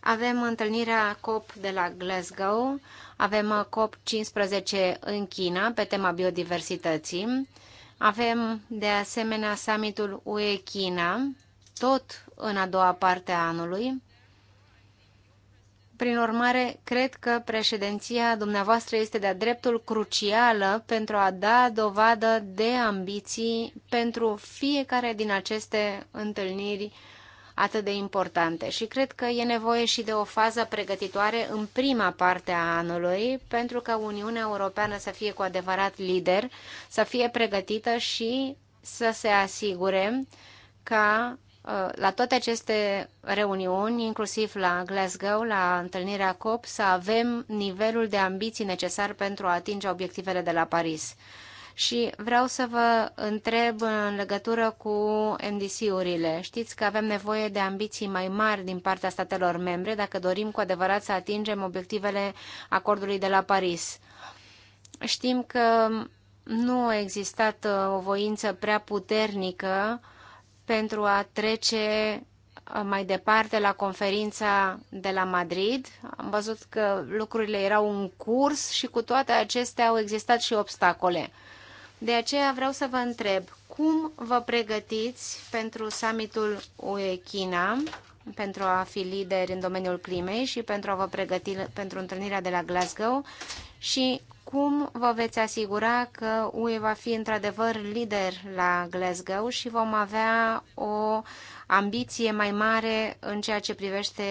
S3: Avem întâlnirea COP de la Glasgow, avem COP15 în China pe tema biodiversității, avem de asemenea summitul UE-China, tot în a doua parte a anului, prin urmare, cred că președinția dumneavoastră este de-a dreptul crucială pentru a da dovadă de ambiții pentru fiecare din aceste întâlniri atât de importante. Și cred că e nevoie și de o fază pregătitoare în prima parte a anului pentru ca Uniunea Europeană să fie cu adevărat lider, să fie pregătită și să se asigure ca Uh, la toate aceste reuniuni, inclusiv la Glasgow, la întâlnirea COP, să avem nivelul de ambiții necesar pentru a atinge obiectivele de la Paris. Și vreau să vă întreb în legătură cu MDC-urile. Știți că avem nevoie de ambiții mai mari din partea statelor membre dacă dorim cu adevărat să atingem obiectivele acordului de la Paris. Știm că nu a existat uh, o voință prea puternică uh, pentru a trece uh, mai departe la conferința de la Madrid. Am văzut că lucrurile erau în curs și cu toate acestea au existat și obstacole. De aceea vreau să vă întreb, cum vă pregătiți pentru summitul UE-China, pentru a fi lideri în domeniul climei și pentru a vă pregăti pentru întâlnirea de la Glasgow și cum vă veți asigura că UE va fi într-adevăr lider la Glasgow și vom avea o ambiție mai mare în ceea ce privește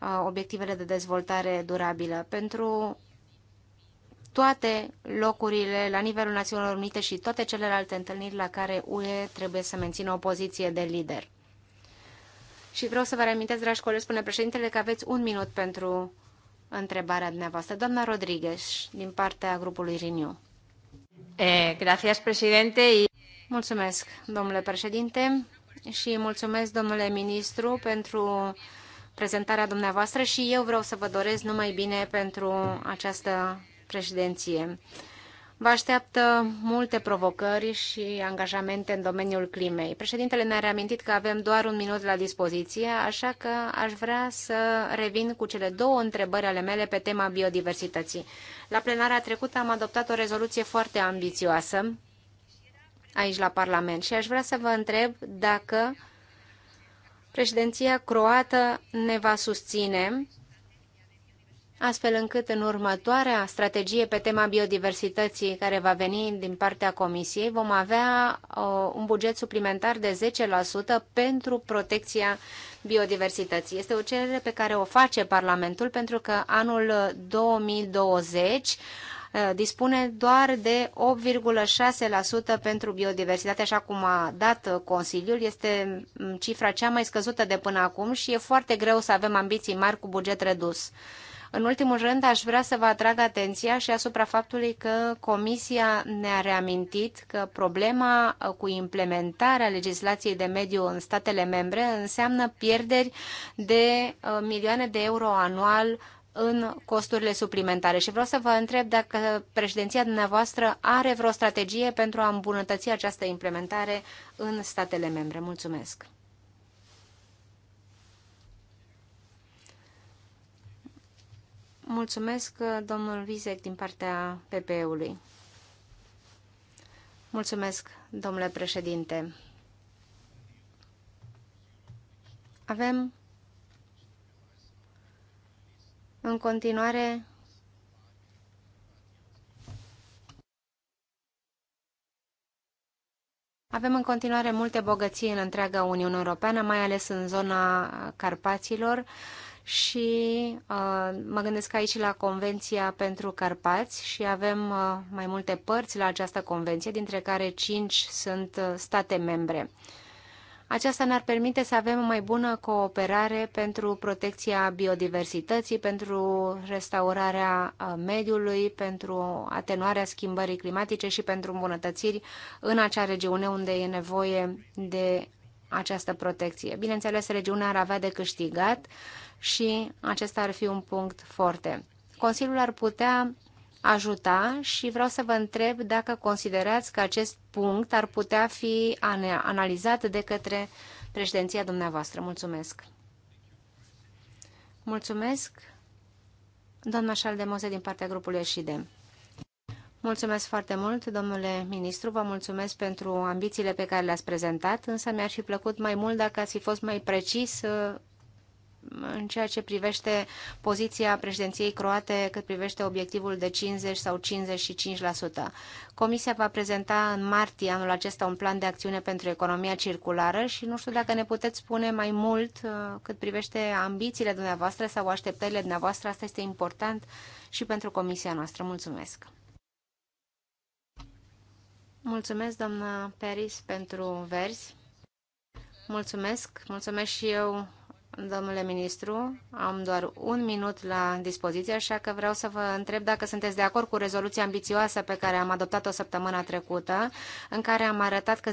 S3: uh, obiectivele de dezvoltare durabilă pentru toate locurile la nivelul Națiunilor Unite și toate celelalte întâlniri la care UE trebuie să mențină o poziție de lider. Și vreau să vă reamintesc, dragi colegi, spune președintele, că aveți un minut pentru întrebarea dumneavoastră. Doamna Rodriguez, din partea grupului Renew. Eh, gracias, președinte. Mulțumesc, domnule președinte, și mulțumesc, domnule ministru, pentru prezentarea dumneavoastră și eu vreau să vă doresc numai bine pentru această președinție. Vă așteaptă multe provocări și angajamente în domeniul climei. Președintele ne-a reamintit că avem doar un minut la dispoziție, așa că aș vrea să revin cu cele două întrebări ale mele pe tema biodiversității. La plenara trecută am adoptat o rezoluție foarte ambițioasă aici la Parlament și aș vrea să vă întreb dacă președinția croată ne va susține astfel încât în următoarea strategie pe tema biodiversității care va veni din partea Comisiei vom avea un buget suplimentar de 10% pentru protecția biodiversității. Este o cerere pe care o face Parlamentul pentru că anul 2020 eh, dispune doar de 8,6% pentru biodiversitate, așa cum a dat Consiliul. Este mm, cifra cea mai scăzută de până acum și e foarte greu să avem ambiții mari cu buget redus. În ultimul rând, aș vrea să vă atrag atenția și asupra faptului că Comisia ne-a reamintit că problema uh, cu implementarea legislației de mediu în statele membre înseamnă pierderi de uh, milioane de euro anual în costurile suplimentare. Și vreau să vă întreb dacă președinția dumneavoastră are vreo strategie pentru a îmbunătăți această implementare în statele membre. Mulțumesc! Mulțumesc, uh, domnul Vizec, din partea PPE-ului. Mulțumesc, domnule președinte. Avem în continuare Avem în continuare multe bogății în întreaga Uniune Europeană, mai ales în zona Carpaților. Uh, și uh, mă gândesc aici la Convenția pentru Carpați și avem uh, mai multe părți la această convenție, dintre care cinci sunt uh, state membre. Aceasta ne-ar permite să avem o mai bună cooperare pentru protecția biodiversității, pentru restaurarea uh, mediului, pentru atenuarea schimbării climatice și pentru îmbunătățiri în acea regiune unde e nevoie de această protecție. Bineînțeles, regiunea ar avea de câștigat și acesta ar fi un punct foarte. Consiliul ar putea ajuta și vreau să vă întreb dacă considerați că acest punct ar putea fi analizat de către președinția dumneavoastră. Mulțumesc! Mulțumesc, doamna Șaldemose, din partea grupului de. Mulțumesc foarte mult, domnule ministru, vă mulțumesc pentru ambițiile pe care le-ați prezentat, însă mi-ar fi plăcut mai mult dacă ați fi fost mai precis în ceea ce privește poziția președinției croate cât privește obiectivul de 50 sau 55%. Comisia va prezenta în martie anul acesta un plan de acțiune pentru economia circulară și nu știu dacă ne puteți spune mai mult uh, cât privește ambițiile dumneavoastră sau așteptările dumneavoastră. Asta este important și pentru comisia noastră. Mulțumesc! Mulțumesc, doamna Peris, pentru verzi. Mulțumesc, mulțumesc și eu domnule ministru. Am doar un minut la dispoziție, așa că vreau să vă întreb dacă sunteți de acord cu rezoluția ambițioasă pe care am adoptat-o săptămâna trecută, în care am arătat că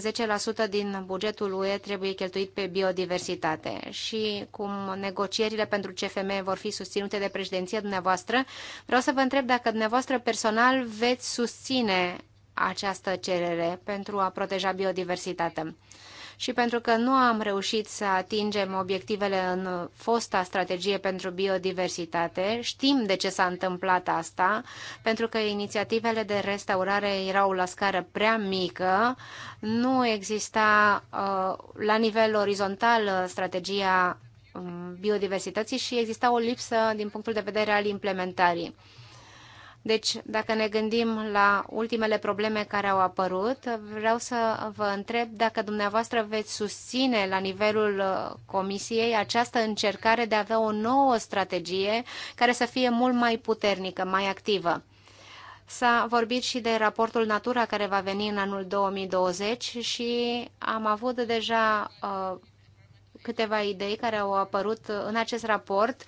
S3: 10% din bugetul UE trebuie cheltuit pe biodiversitate și cum negocierile pentru CFM vor fi susținute de președinția dumneavoastră. Vreau să vă întreb dacă dumneavoastră personal veți susține această cerere pentru a proteja biodiversitatea și pentru că nu am reușit să atingem obiectivele în fosta strategie pentru biodiversitate. Știm de ce s-a întâmplat asta, pentru că inițiativele de restaurare erau la scară prea mică, nu exista uh, la nivel orizontal uh, strategia um, biodiversității și exista o lipsă din punctul de vedere al implementării. Deci, dacă ne gândim la ultimele probleme care au apărut, vreau să vă întreb dacă dumneavoastră veți susține la nivelul uh, Comisiei această încercare de a avea o nouă strategie care să fie mult mai puternică, mai activă. S-a vorbit și de raportul Natura care va veni în anul 2020 și am avut deja uh, câteva idei care au apărut în acest raport uh,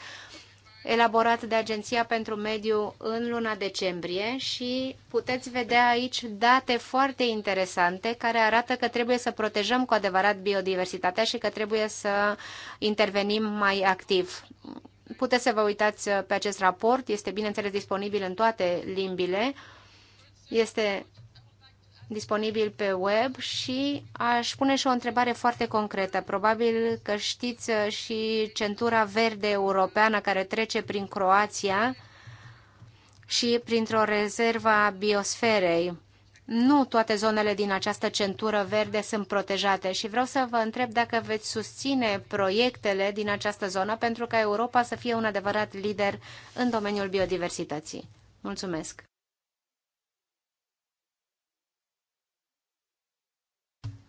S3: elaborat de Agenția pentru Mediu în luna decembrie și puteți vedea aici date foarte interesante care arată că trebuie să protejăm cu adevărat biodiversitatea și că trebuie să intervenim mai activ. Puteți să vă uitați pe acest raport, este bineînțeles disponibil în toate limbile. Este disponibil pe web și aș pune și o întrebare foarte concretă. Probabil că știți uh, și centura verde europeană care trece prin Croația și printr-o rezervă a biosferei. Nu toate zonele din această centură verde sunt protejate și vreau să vă întreb dacă veți susține proiectele din această zonă pentru ca Europa să fie un adevărat lider în domeniul biodiversității. Mulțumesc!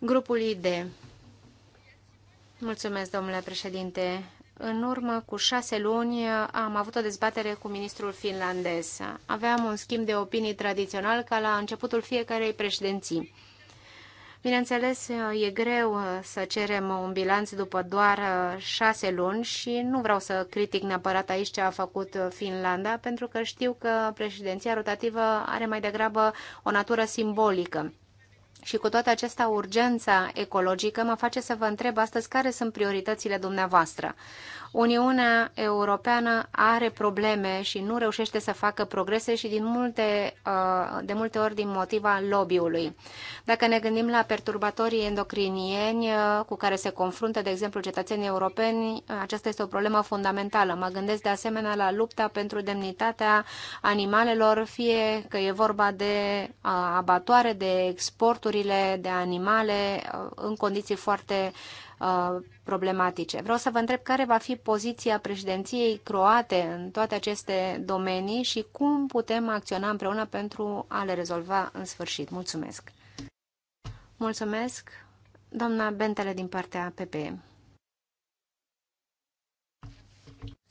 S3: Grupul ID. Mulțumesc, domnule președinte. În urmă cu șase luni am avut o dezbatere cu ministrul finlandez. Aveam un schimb de opinii tradițional ca la începutul fiecarei președinții. Bineînțeles, e greu să cerem un bilanț după doar șase luni și nu vreau să critic neapărat aici ce a făcut Finlanda, pentru că știu că președinția rotativă are mai degrabă o natură simbolică. Și cu toată acestea, urgența ecologică mă face să vă întreb astăzi care sunt prioritățile dumneavoastră. Uniunea Europeană are probleme și nu reușește să facă progrese și din multe, uh, de multe ori din motiva lobby-ului. Dacă ne gândim la perturbatorii endocrinieni uh, cu care se confruntă, de exemplu, cetățenii europeni, aceasta este o problemă fundamentală. Mă gândesc de asemenea la lupta pentru demnitatea animalelor, fie că e vorba de uh, abatoare, de exporturile de animale în condiții foarte Uh, problematice. Vreau să vă întreb care va fi poziția președinției croate în toate aceste domenii și cum putem acționa împreună pentru a le rezolva în sfârșit. Mulțumesc! Mulțumesc, doamna Bentele din partea
S1: PPM.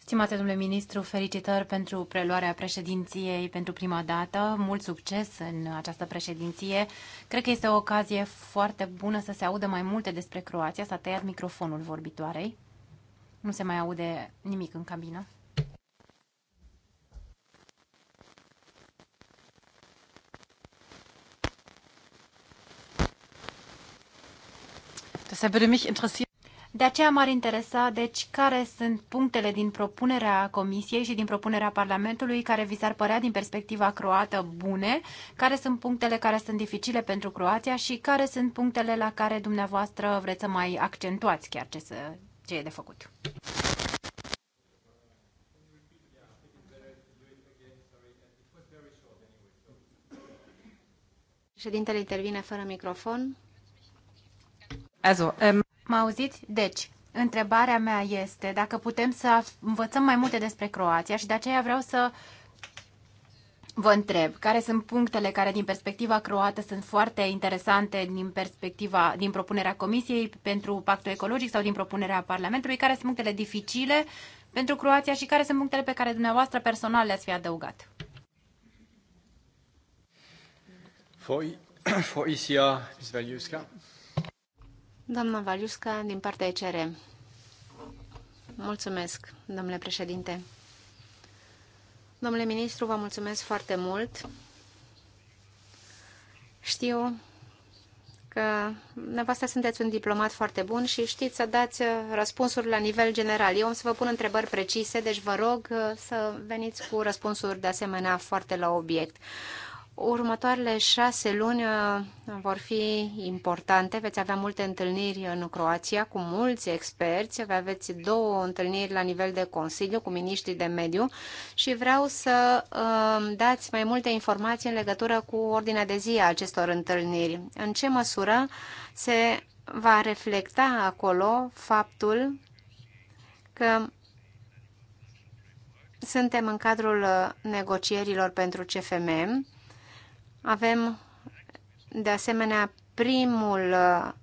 S1: Stimate domnule ministru, felicitări pentru preluarea președinției pentru prima dată. Mult succes în această președinție. Cred că este o ocazie foarte bună să se audă mai multe despre Croația. S-a tăiat microfonul vorbitoarei. Nu se mai aude nimic în cabină. Deshalb würde mich interessieren, de aceea m-ar interesa, deci, care sunt punctele din propunerea Comisiei și din propunerea Parlamentului care vi s-ar părea din perspectiva croată bune, care sunt punctele care sunt dificile pentru Croația și care sunt punctele la care dumneavoastră vreți să mai accentuați chiar ce, să, ce e de făcut. Ședintele intervine fără microfon. Also, um... Mă auziți? Deci, întrebarea mea este dacă putem să învățăm mai multe despre Croația și de aceea vreau să vă întreb care sunt punctele care din perspectiva croată sunt foarte interesante din perspectiva din propunerea Comisiei pentru pactul ecologic sau din propunerea Parlamentului, care sunt punctele dificile pentru Croația și care sunt punctele pe care dumneavoastră personal le-ați fi adăugat.
S3: Foi, foi, ICA,
S1: Doamna Valiusca, din
S3: partea ECR. Mulțumesc, domnule președinte. Domnule ministru, vă mulțumesc foarte mult. Știu că nevasta sunteți un diplomat foarte bun și știți să dați răspunsuri la nivel general. Eu am să vă pun întrebări precise, deci vă rog să veniți cu răspunsuri de asemenea foarte la obiect. Următoarele șase luni uh, vor fi importante. Veți avea multe întâlniri în Croația cu mulți experți. Aveți două întâlniri la nivel de Consiliu cu miniștrii de mediu și vreau să uh, dați mai multe informații în legătură cu ordinea de zi a acestor întâlniri. În ce măsură se va reflecta acolo faptul că suntem în cadrul uh, negocierilor pentru CFM avem, de asemenea, primul,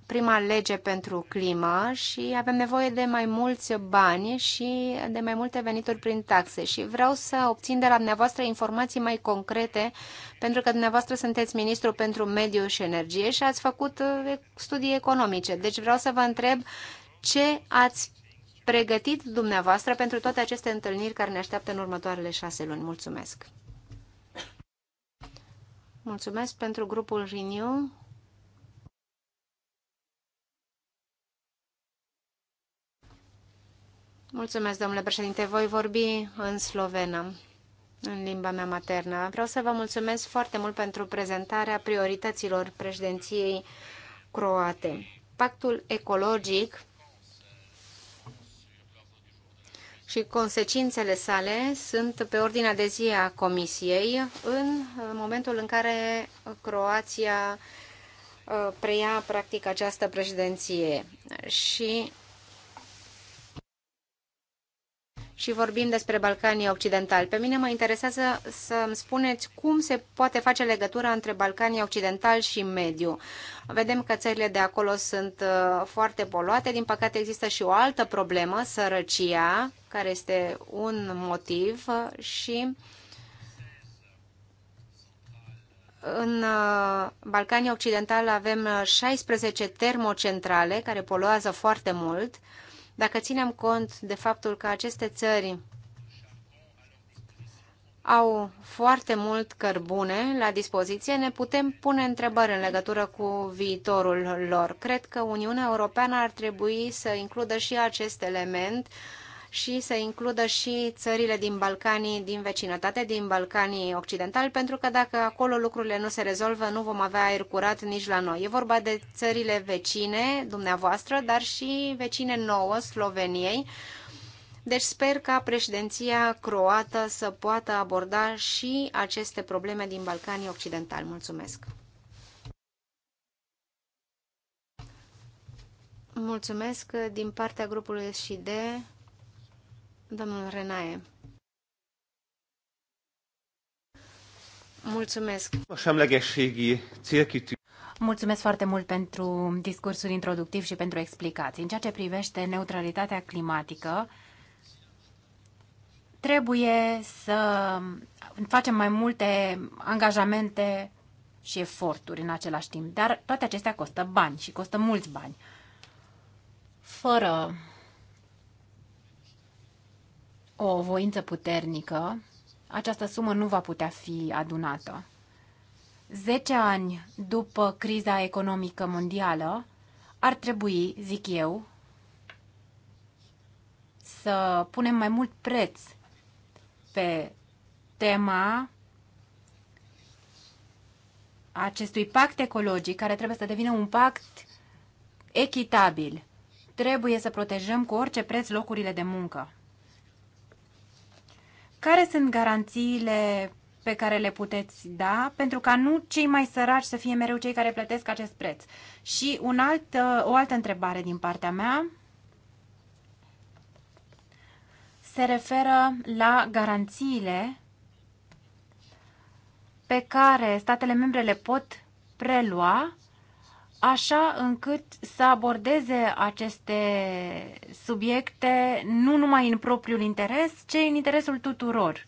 S3: prima lege pentru climă și avem nevoie de mai mulți bani și de mai multe venituri prin taxe și vreau să obțin de la dumneavoastră informații mai concrete pentru că dumneavoastră sunteți ministru pentru mediu și energie și ați făcut uh, studii economice. Deci vreau să vă întreb ce ați pregătit dumneavoastră pentru toate aceste întâlniri care ne așteaptă în următoarele șase luni. Mulțumesc! Mulțumesc pentru grupul Renew. Mulțumesc, domnule președinte. Voi vorbi în slovenă, în limba mea maternă. Vreau să vă mulțumesc foarte mult pentru prezentarea priorităților președinției croate. Pactul ecologic și consecințele sale sunt pe ordinea de zi a Comisiei în momentul în care Croația uh, preia practic această președinție. Și și vorbim despre Balcanii Occidentali. Pe mine mă interesează să îmi spuneți cum se poate face legătura între Balcanii Occidentali și mediu. Vedem că țările de acolo sunt uh, foarte poluate. Din păcate există și o altă problemă, sărăcia, care este un motiv uh, și în uh, Balcanii Occidentali avem 16 termocentrale care poluează foarte mult. Dacă ținem cont de faptul că aceste țări au foarte mult cărbune la dispoziție, ne putem pune întrebări în legătură cu viitorul lor. Cred că Uniunea Europeană ar trebui să includă și acest element și să includă și țările din Balcanii, din vecinătate, din Balcanii Occidentali, pentru că dacă acolo lucrurile nu se rezolvă, nu vom avea aer curat nici la noi. E vorba de țările vecine, dumneavoastră, dar și vecine nouă, Sloveniei, deci sper ca președinția croată să poată aborda și aceste probleme din Balcanii Occidentali. Mulțumesc! Mulțumesc din partea grupului SID. Domnul Renae.
S1: Mulțumesc. Mulțumesc foarte mult pentru discursul introductiv și pentru explicații. În ceea ce privește neutralitatea climatică, trebuie să facem mai multe angajamente și eforturi în același timp, dar toate acestea costă bani și costă mulți bani. Fără o voință puternică, această sumă nu va putea fi adunată. Zece ani după criza economică mondială, ar trebui, zic eu, să punem mai mult preț pe tema acestui pact ecologic, care trebuie să devină un pact echitabil. Trebuie să protejăm cu orice preț locurile de muncă. Care sunt garanțiile pe care le puteți da pentru ca nu cei mai săraci să fie mereu cei care plătesc acest preț? Și un alt, o altă întrebare din partea mea se referă la garanțiile pe care statele membre le pot prelua așa încât să abordeze aceste subiecte nu numai în propriul interes, ci în interesul tuturor.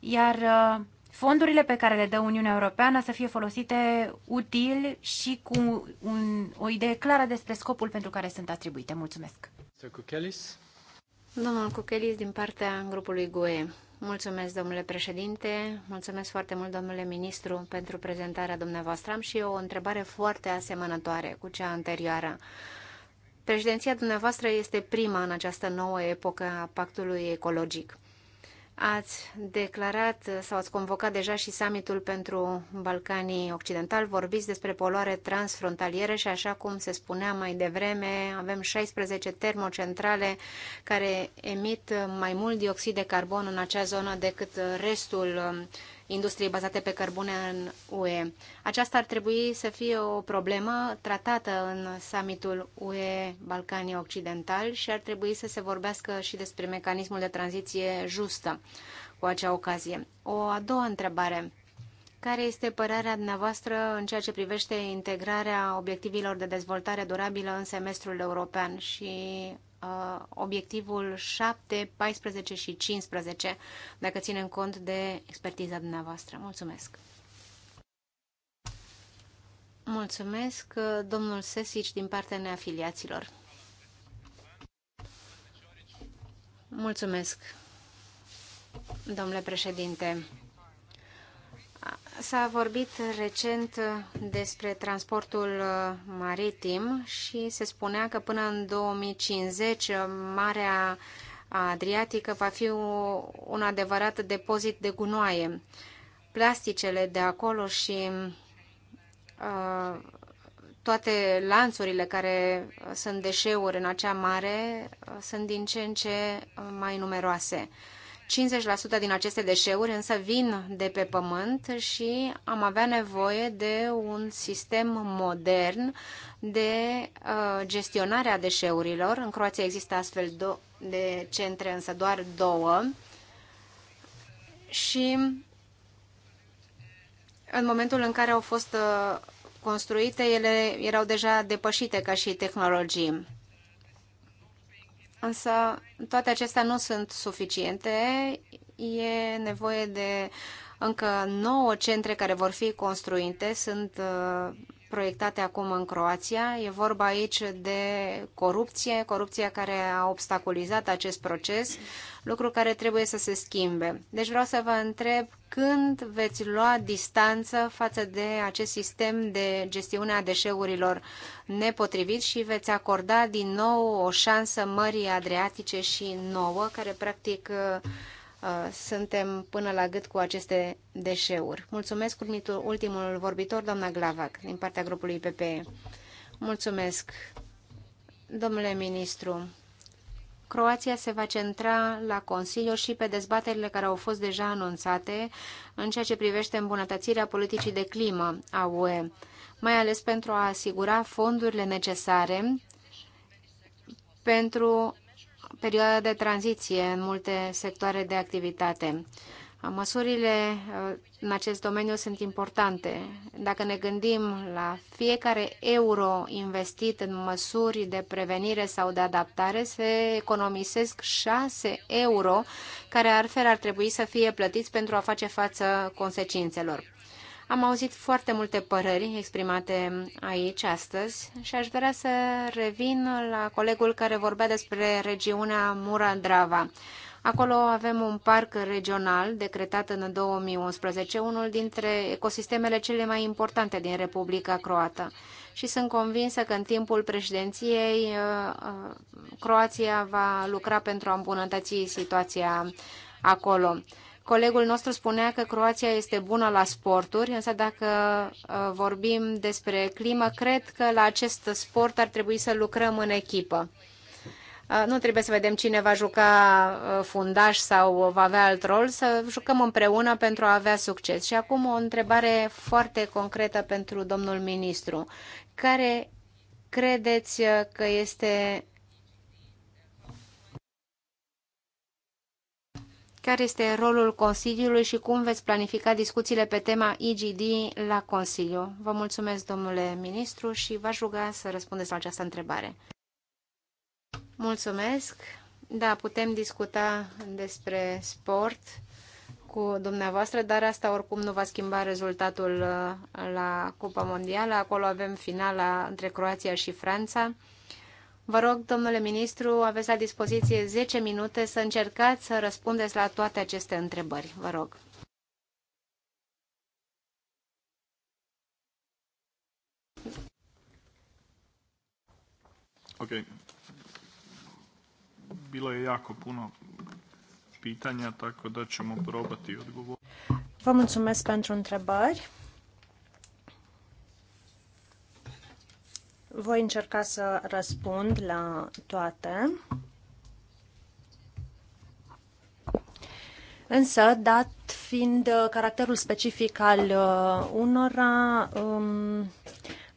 S1: Iar uh, fondurile pe care le dă Uniunea Europeană să fie folosite util și cu un, o idee clară despre scopul pentru care sunt atribuite. Mulțumesc! Domnul Cuchelis din partea grupului GUE.
S3: Mulțumesc, domnule președinte, mulțumesc foarte mult, domnule ministru, pentru prezentarea dumneavoastră. Am și eu o întrebare foarte asemănătoare cu cea anterioară. Președinția dumneavoastră este prima în această nouă epocă a pactului ecologic. Ați declarat sau ați convocat deja și summitul pentru Balcanii Occidental. Vorbiți despre poluare transfrontalieră și așa cum se spunea mai devreme, avem 16 termocentrale care emit mai mult dioxid de carbon în acea zonă decât restul industriei bazate pe cărbune în UE. Aceasta ar trebui să fie o problemă tratată în summitul UE Balcanii Occidentali și ar trebui să se vorbească și despre mecanismul de tranziție justă cu acea ocazie. O a doua întrebare. Care este părerea dumneavoastră în ceea ce privește integrarea obiectivelor de dezvoltare durabilă în semestrul european și Uh, obiectivul 7, 14 și 15, dacă ținem cont de expertiza dumneavoastră. Mulțumesc! Mulțumesc, uh, domnul Sesici, din partea neafiliaților. Mulțumesc, domnule președinte. S-a vorbit recent despre transportul uh, maritim și se spunea că până în 2050 uh, Marea Adriatică va fi un adevărat depozit de gunoaie. Plasticele de acolo și uh, toate lanțurile care sunt deșeuri în acea mare sunt din ce în ce mai numeroase. 50% din aceste deșeuri însă vin de pe pământ și am avea nevoie de un sistem modern de uh, gestionare a deșeurilor. În Croația există astfel de centre, însă doar două. Și în momentul în care au fost uh, construite, ele erau deja depășite ca și tehnologii. Însă toate acestea nu sunt suficiente. E nevoie de încă nouă centre care vor fi construite. Sunt uh, proiectate acum în Croația. E vorba aici de corupție, corupția care a obstaculizat acest proces, lucru care trebuie să se schimbe. Deci vreau să vă întreb când veți lua distanță față de acest sistem de gestiune a deșeurilor nepotrivit și veți acorda din nou o șansă Mării Adriatice și nouă, care practic Uh, suntem până la gât cu aceste deșeuri. Mulțumesc ultimul vorbitor, doamna Glavac, din partea grupului PPE. Mulțumesc, domnule ministru. Croația se va centra la Consiliu și pe dezbaterile care au fost deja anunțate în ceea ce privește îmbunătățirea politicii de climă a UE, mai ales pentru a asigura fondurile necesare pentru perioada de tranziție în multe sectoare de activitate. Măsurile uh, în acest domeniu sunt importante. Dacă ne gândim la fiecare euro investit în măsuri de prevenire sau de adaptare, se economisesc 6 euro care altfel ar trebui să fie plătiți pentru a face față consecințelor. Am auzit foarte multe păreri exprimate aici astăzi și aș vrea să revin la colegul care vorbea despre regiunea Muradrava. Acolo avem un parc regional decretat în 2011, unul dintre ecosistemele cele mai importante din Republica Croată. Și sunt convinsă că în timpul președinției uh, uh, Croația va lucra pentru a îmbunătăți situația acolo. Colegul nostru spunea că Croația este bună la sporturi, însă dacă uh, vorbim despre climă, cred că la acest sport ar trebui să lucrăm în echipă. Uh, nu trebuie să vedem cine va juca uh, fundaș sau va avea alt rol, să jucăm împreună pentru a avea succes. Și acum o întrebare foarte concretă pentru domnul ministru. Care credeți că este care este rolul Consiliului și cum veți planifica discuțiile pe tema IGD la Consiliu. Vă mulțumesc, domnule ministru, și v-aș ruga să răspundeți la această întrebare. Mulțumesc. Da, putem discuta despre sport cu dumneavoastră, dar asta oricum nu va schimba rezultatul uh, la Cupa Mondială. Acolo avem finala între Croația și Franța. Vă rog, domnule ministru, aveți la dispoziție 10 minute să încercați să răspundeți la toate aceste întrebări. Vă rog. Ok. Bilo je jako puno pitanja, tako da
S2: ćemo probati odgovoriti. Vă mulțumesc pentru întrebări. Voi încerca să răspund la toate. Însă, dat fiind uh, caracterul specific al uh, unora, um,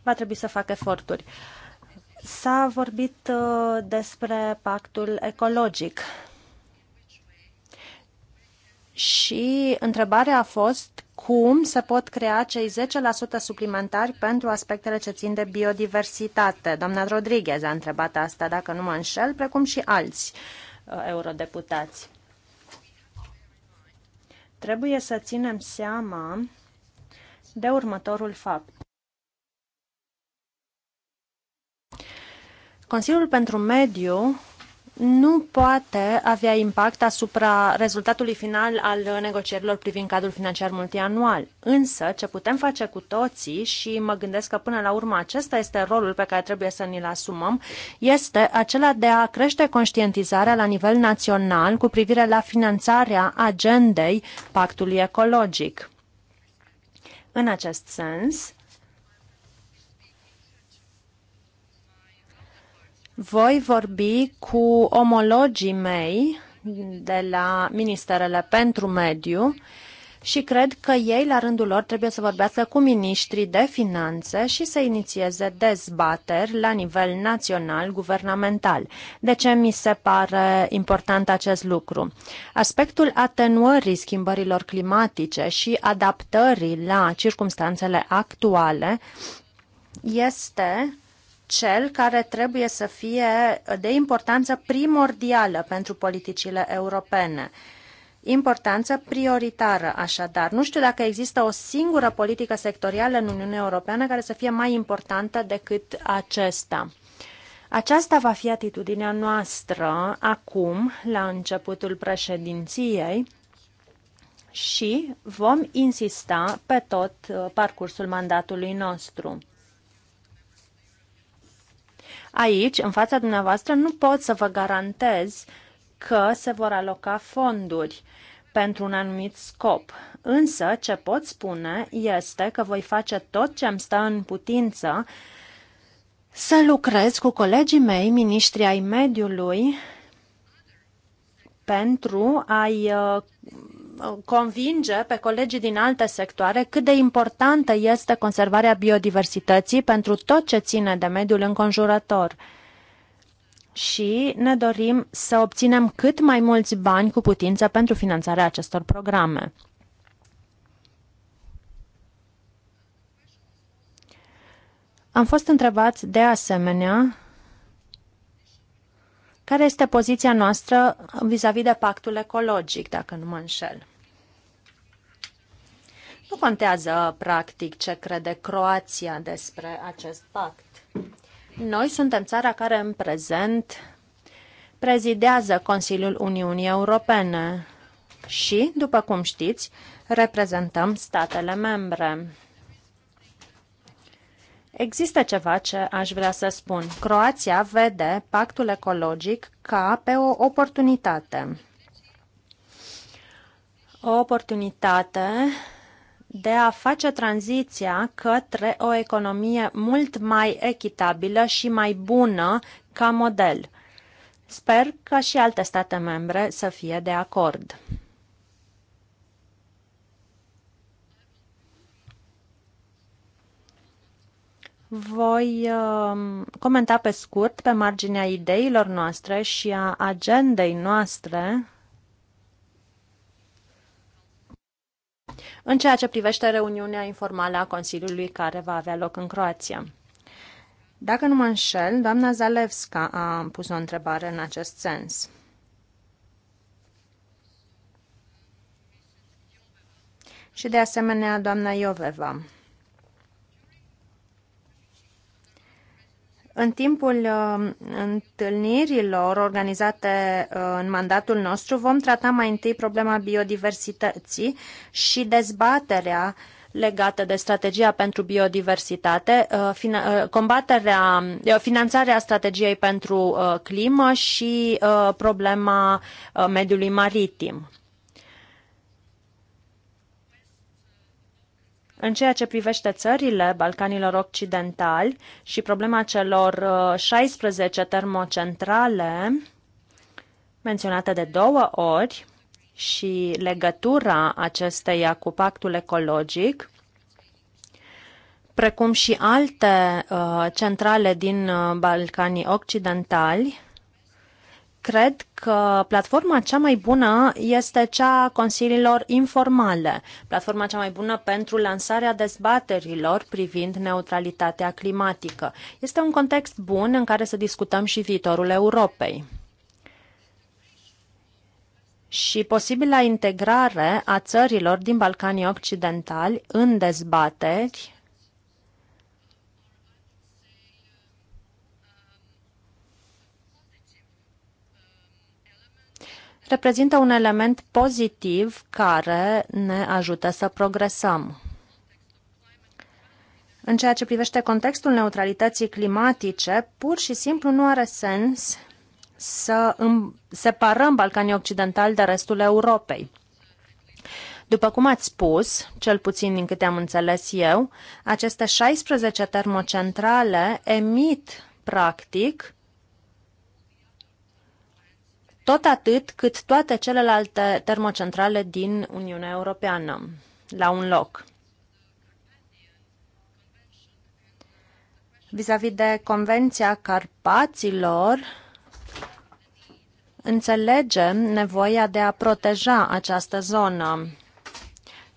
S2: va trebui să fac eforturi. S-a vorbit uh, despre pactul ecologic. Și întrebarea a fost cum se pot crea cei 10% suplimentari pentru aspectele ce țin de biodiversitate. Doamna Rodriguez a întrebat asta, dacă nu mă înșel, precum și alți uh, eurodeputați. Trebuie să ținem seama de următorul fapt. Consiliul pentru Mediu nu poate avea impact asupra rezultatului final al negocierilor privind cadrul financiar multianual. Însă, ce putem face cu toții, și mă gândesc că până la urmă acesta este rolul pe care trebuie să ni-l asumăm, este acela de a crește conștientizarea la nivel național cu privire la finanțarea agendei pactului ecologic. În acest sens, Voi vorbi cu omologii mei de la Ministerele pentru Mediu și cred că ei, la rândul lor, trebuie să vorbească cu miniștrii de finanțe și să inițieze dezbateri la nivel național, guvernamental. De ce mi se pare important acest lucru? Aspectul atenuării schimbărilor climatice și adaptării la circumstanțele actuale este cel care trebuie să fie de importanță primordială pentru politicile europene. Importanță prioritară, așadar. Nu știu dacă există o singură politică sectorială în Uniunea Europeană care să fie mai importantă decât acesta. Aceasta va fi atitudinea noastră acum, la începutul președinției, și vom insista pe tot uh, parcursul mandatului nostru. Aici, în fața dumneavoastră, nu pot să vă garantez că se vor aloca fonduri pentru un anumit scop. Însă, ce pot spune este că voi face tot ce am stă în putință să lucrez cu colegii mei, ministrii ai mediului, pentru a-i uh, convinge pe colegii din alte sectoare cât de importantă este conservarea biodiversității pentru tot ce ține de mediul înconjurător. Și ne dorim să obținem cât mai mulți bani cu putință pentru finanțarea acestor programe. Am fost întrebați de asemenea care este poziția noastră vis-a-vis -vis de pactul ecologic, dacă nu mă înșel. Nu contează, practic, ce crede Croația despre acest pact. Noi suntem țara care în prezent prezidează Consiliul Uniunii Europene și, după cum știți, reprezentăm statele membre. Există ceva ce aș vrea să spun. Croația vede pactul ecologic ca pe o oportunitate. O oportunitate de a face tranziția către o economie mult mai echitabilă și mai bună ca model. Sper ca și alte state membre să fie de acord. voi um, comenta pe scurt pe marginea ideilor noastre și a agendei noastre în ceea ce privește reuniunea informală a Consiliului care va avea loc în Croația. Dacă nu mă înșel, doamna Zalewska a pus o întrebare în acest sens. Și de asemenea, doamna Ioveva. În timpul uh, întâlnirilor organizate uh, în mandatul nostru vom trata mai întâi problema biodiversității și dezbaterea legată de strategia pentru biodiversitate, uh, combaterea, finanțarea strategiei pentru climă și problema mediului maritim. În ceea ce privește țările Balcanilor Occidentali și problema celor 16 uh, termocentrale menționate de două ori și legătura acesteia cu pactul ecologic, precum și alte uh, centrale din uh, Balcanii Occidentali, cred că platforma cea mai bună este cea a consiliilor informale, platforma cea mai bună pentru lansarea dezbaterilor privind neutralitatea climatică. Este un context bun în care să discutăm și viitorul Europei și posibila integrare a țărilor din Balcanii Occidentali în dezbateri reprezintă un element pozitiv care ne ajută să progresăm. În ceea ce privește contextul neutralității climatice, pur și simplu nu are sens să separăm Balcanii Occidentali de restul Europei. După cum ați spus, cel puțin din câte am înțeles eu, aceste 16 termocentrale emit, practic, tot atât cât toate celelalte termocentrale din Uniunea Europeană, la un loc. Vis-a-vis -vis de Convenția Carpaților, înțelegem nevoia de a proteja această zonă.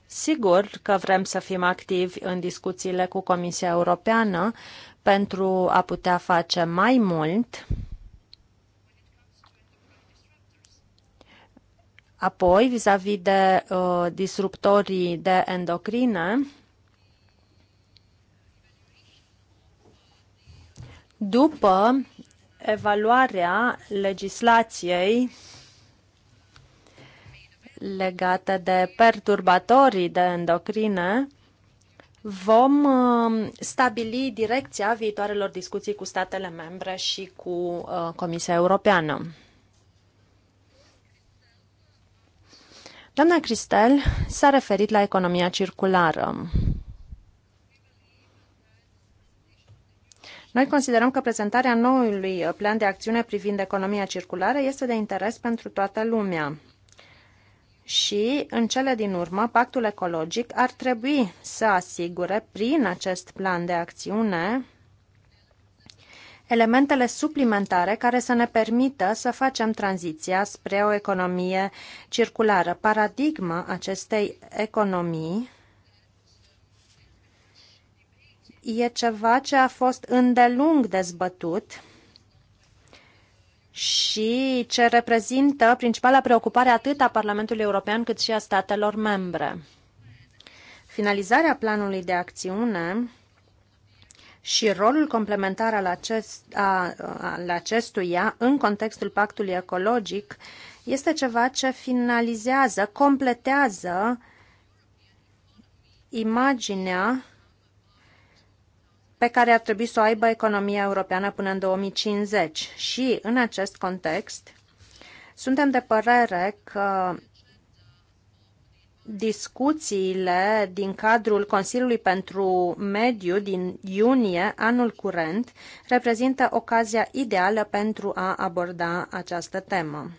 S2: Sigur că vrem să fim activi în discuțiile cu Comisia Europeană pentru a putea face mai mult Apoi, vis-a-vis -vis de uh, disruptorii de endocrine, după evaluarea legislației legate de perturbatorii de endocrine, vom uh, stabili direcția viitoarelor discuții cu statele membre și cu uh, Comisia Europeană. Doamna Cristel s-a referit la economia circulară. Noi considerăm că prezentarea noului plan de acțiune privind economia circulară este de interes pentru toată lumea. Și, în cele din urmă, pactul ecologic ar trebui să asigure, prin acest plan de acțiune, elementele suplimentare care să ne permită să facem tranziția spre o economie circulară. Paradigma acestei economii e ceva ce a fost îndelung dezbătut și ce reprezintă principala preocupare atât a Parlamentului European cât și a statelor membre. Finalizarea planului de acțiune și rolul complementar al, acest, a, al acestuia în contextul pactului ecologic este ceva ce finalizează, completează imaginea pe care ar trebui să o aibă economia europeană până în 2050. Și în acest context, suntem de părere că discuțiile din cadrul Consiliului pentru Mediu din iunie anul curent reprezintă ocazia ideală pentru a aborda această temă.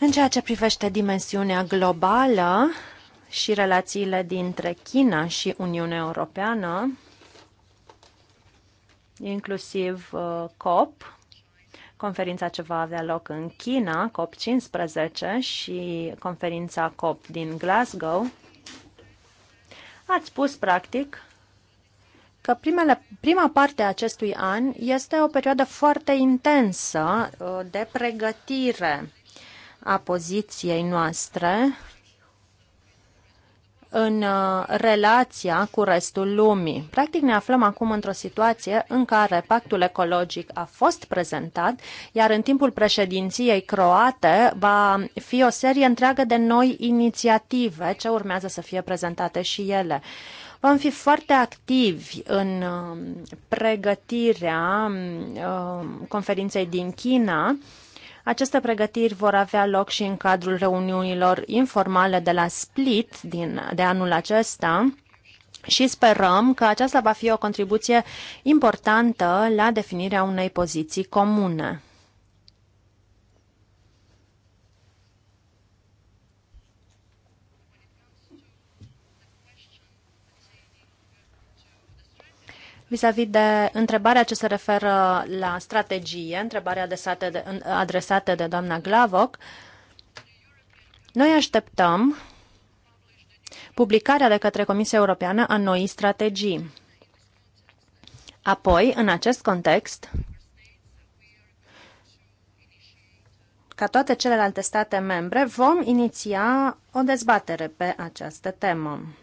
S2: În ceea ce privește dimensiunea globală, și relațiile dintre China și Uniunea Europeană, inclusiv uh, COP, conferința ce va avea loc în China, COP15 și conferința COP din Glasgow, ați spus practic că primele, prima parte a acestui an este o perioadă foarte intensă uh, de pregătire a poziției noastre în uh, relația cu restul lumii. Practic ne aflăm acum într-o situație în care pactul ecologic a fost prezentat, iar în timpul președinției croate va fi o serie întreagă de noi inițiative ce urmează să fie prezentate și ele. Vom fi foarte activi în um, pregătirea um, conferinței din China, aceste pregătiri vor avea loc și în cadrul reuniunilor informale de la Split din, de anul acesta, și sperăm că aceasta va fi o contribuție importantă la definirea unei poziții comune. Vis-a-vis de întrebarea ce se referă la strategie, întrebarea adresată de, adresată de doamna Glavoc, noi așteptăm publicarea de către Comisia Europeană a noii strategii. Apoi, în acest context, ca toate celelalte state membre, vom iniția o dezbatere pe această temă.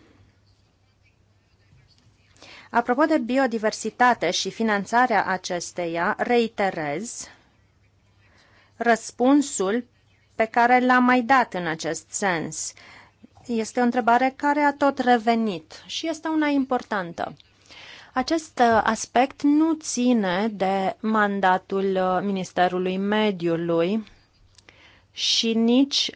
S2: Apropo de biodiversitate și finanțarea acesteia, reiterez răspunsul pe care l-am mai dat în acest sens. Este o întrebare care a tot revenit și este una importantă. Acest uh, aspect nu ține de mandatul uh, Ministerului Mediului și nici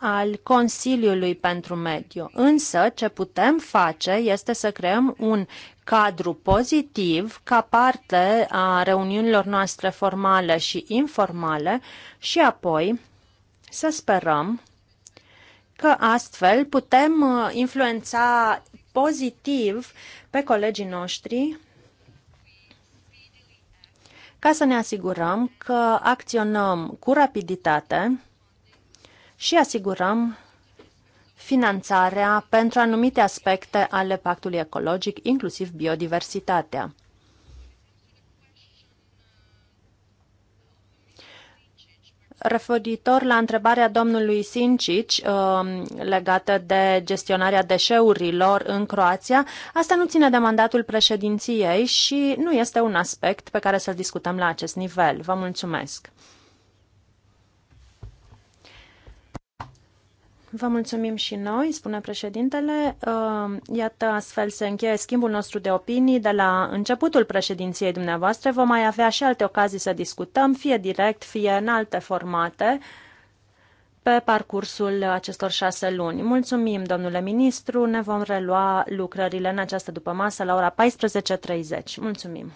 S2: al Consiliului pentru Mediu. Însă, ce putem face este să creăm un cadru pozitiv ca parte a reuniunilor noastre formale și informale și apoi să sperăm că astfel putem uh, influența pozitiv pe colegii noștri ca să ne asigurăm că acționăm cu rapiditate și asigurăm finanțarea pentru anumite aspecte ale pactului ecologic, inclusiv biodiversitatea. Referitor la întrebarea domnului Sincic um, legată de gestionarea deșeurilor în Croația, asta nu ține de mandatul președinției și nu este un aspect pe care să-l discutăm la acest nivel. Vă mulțumesc! Vă mulțumim și noi, spune președintele. Ehm, iată, astfel se încheie schimbul nostru de opinii de la începutul președinției dumneavoastră. Vom mai avea și alte ocazii să discutăm, fie direct, fie în alte formate, pe parcursul acestor șase luni. Mulțumim, domnule ministru. Ne vom relua lucrările în această dupămasă la ora 14.30. Mulțumim!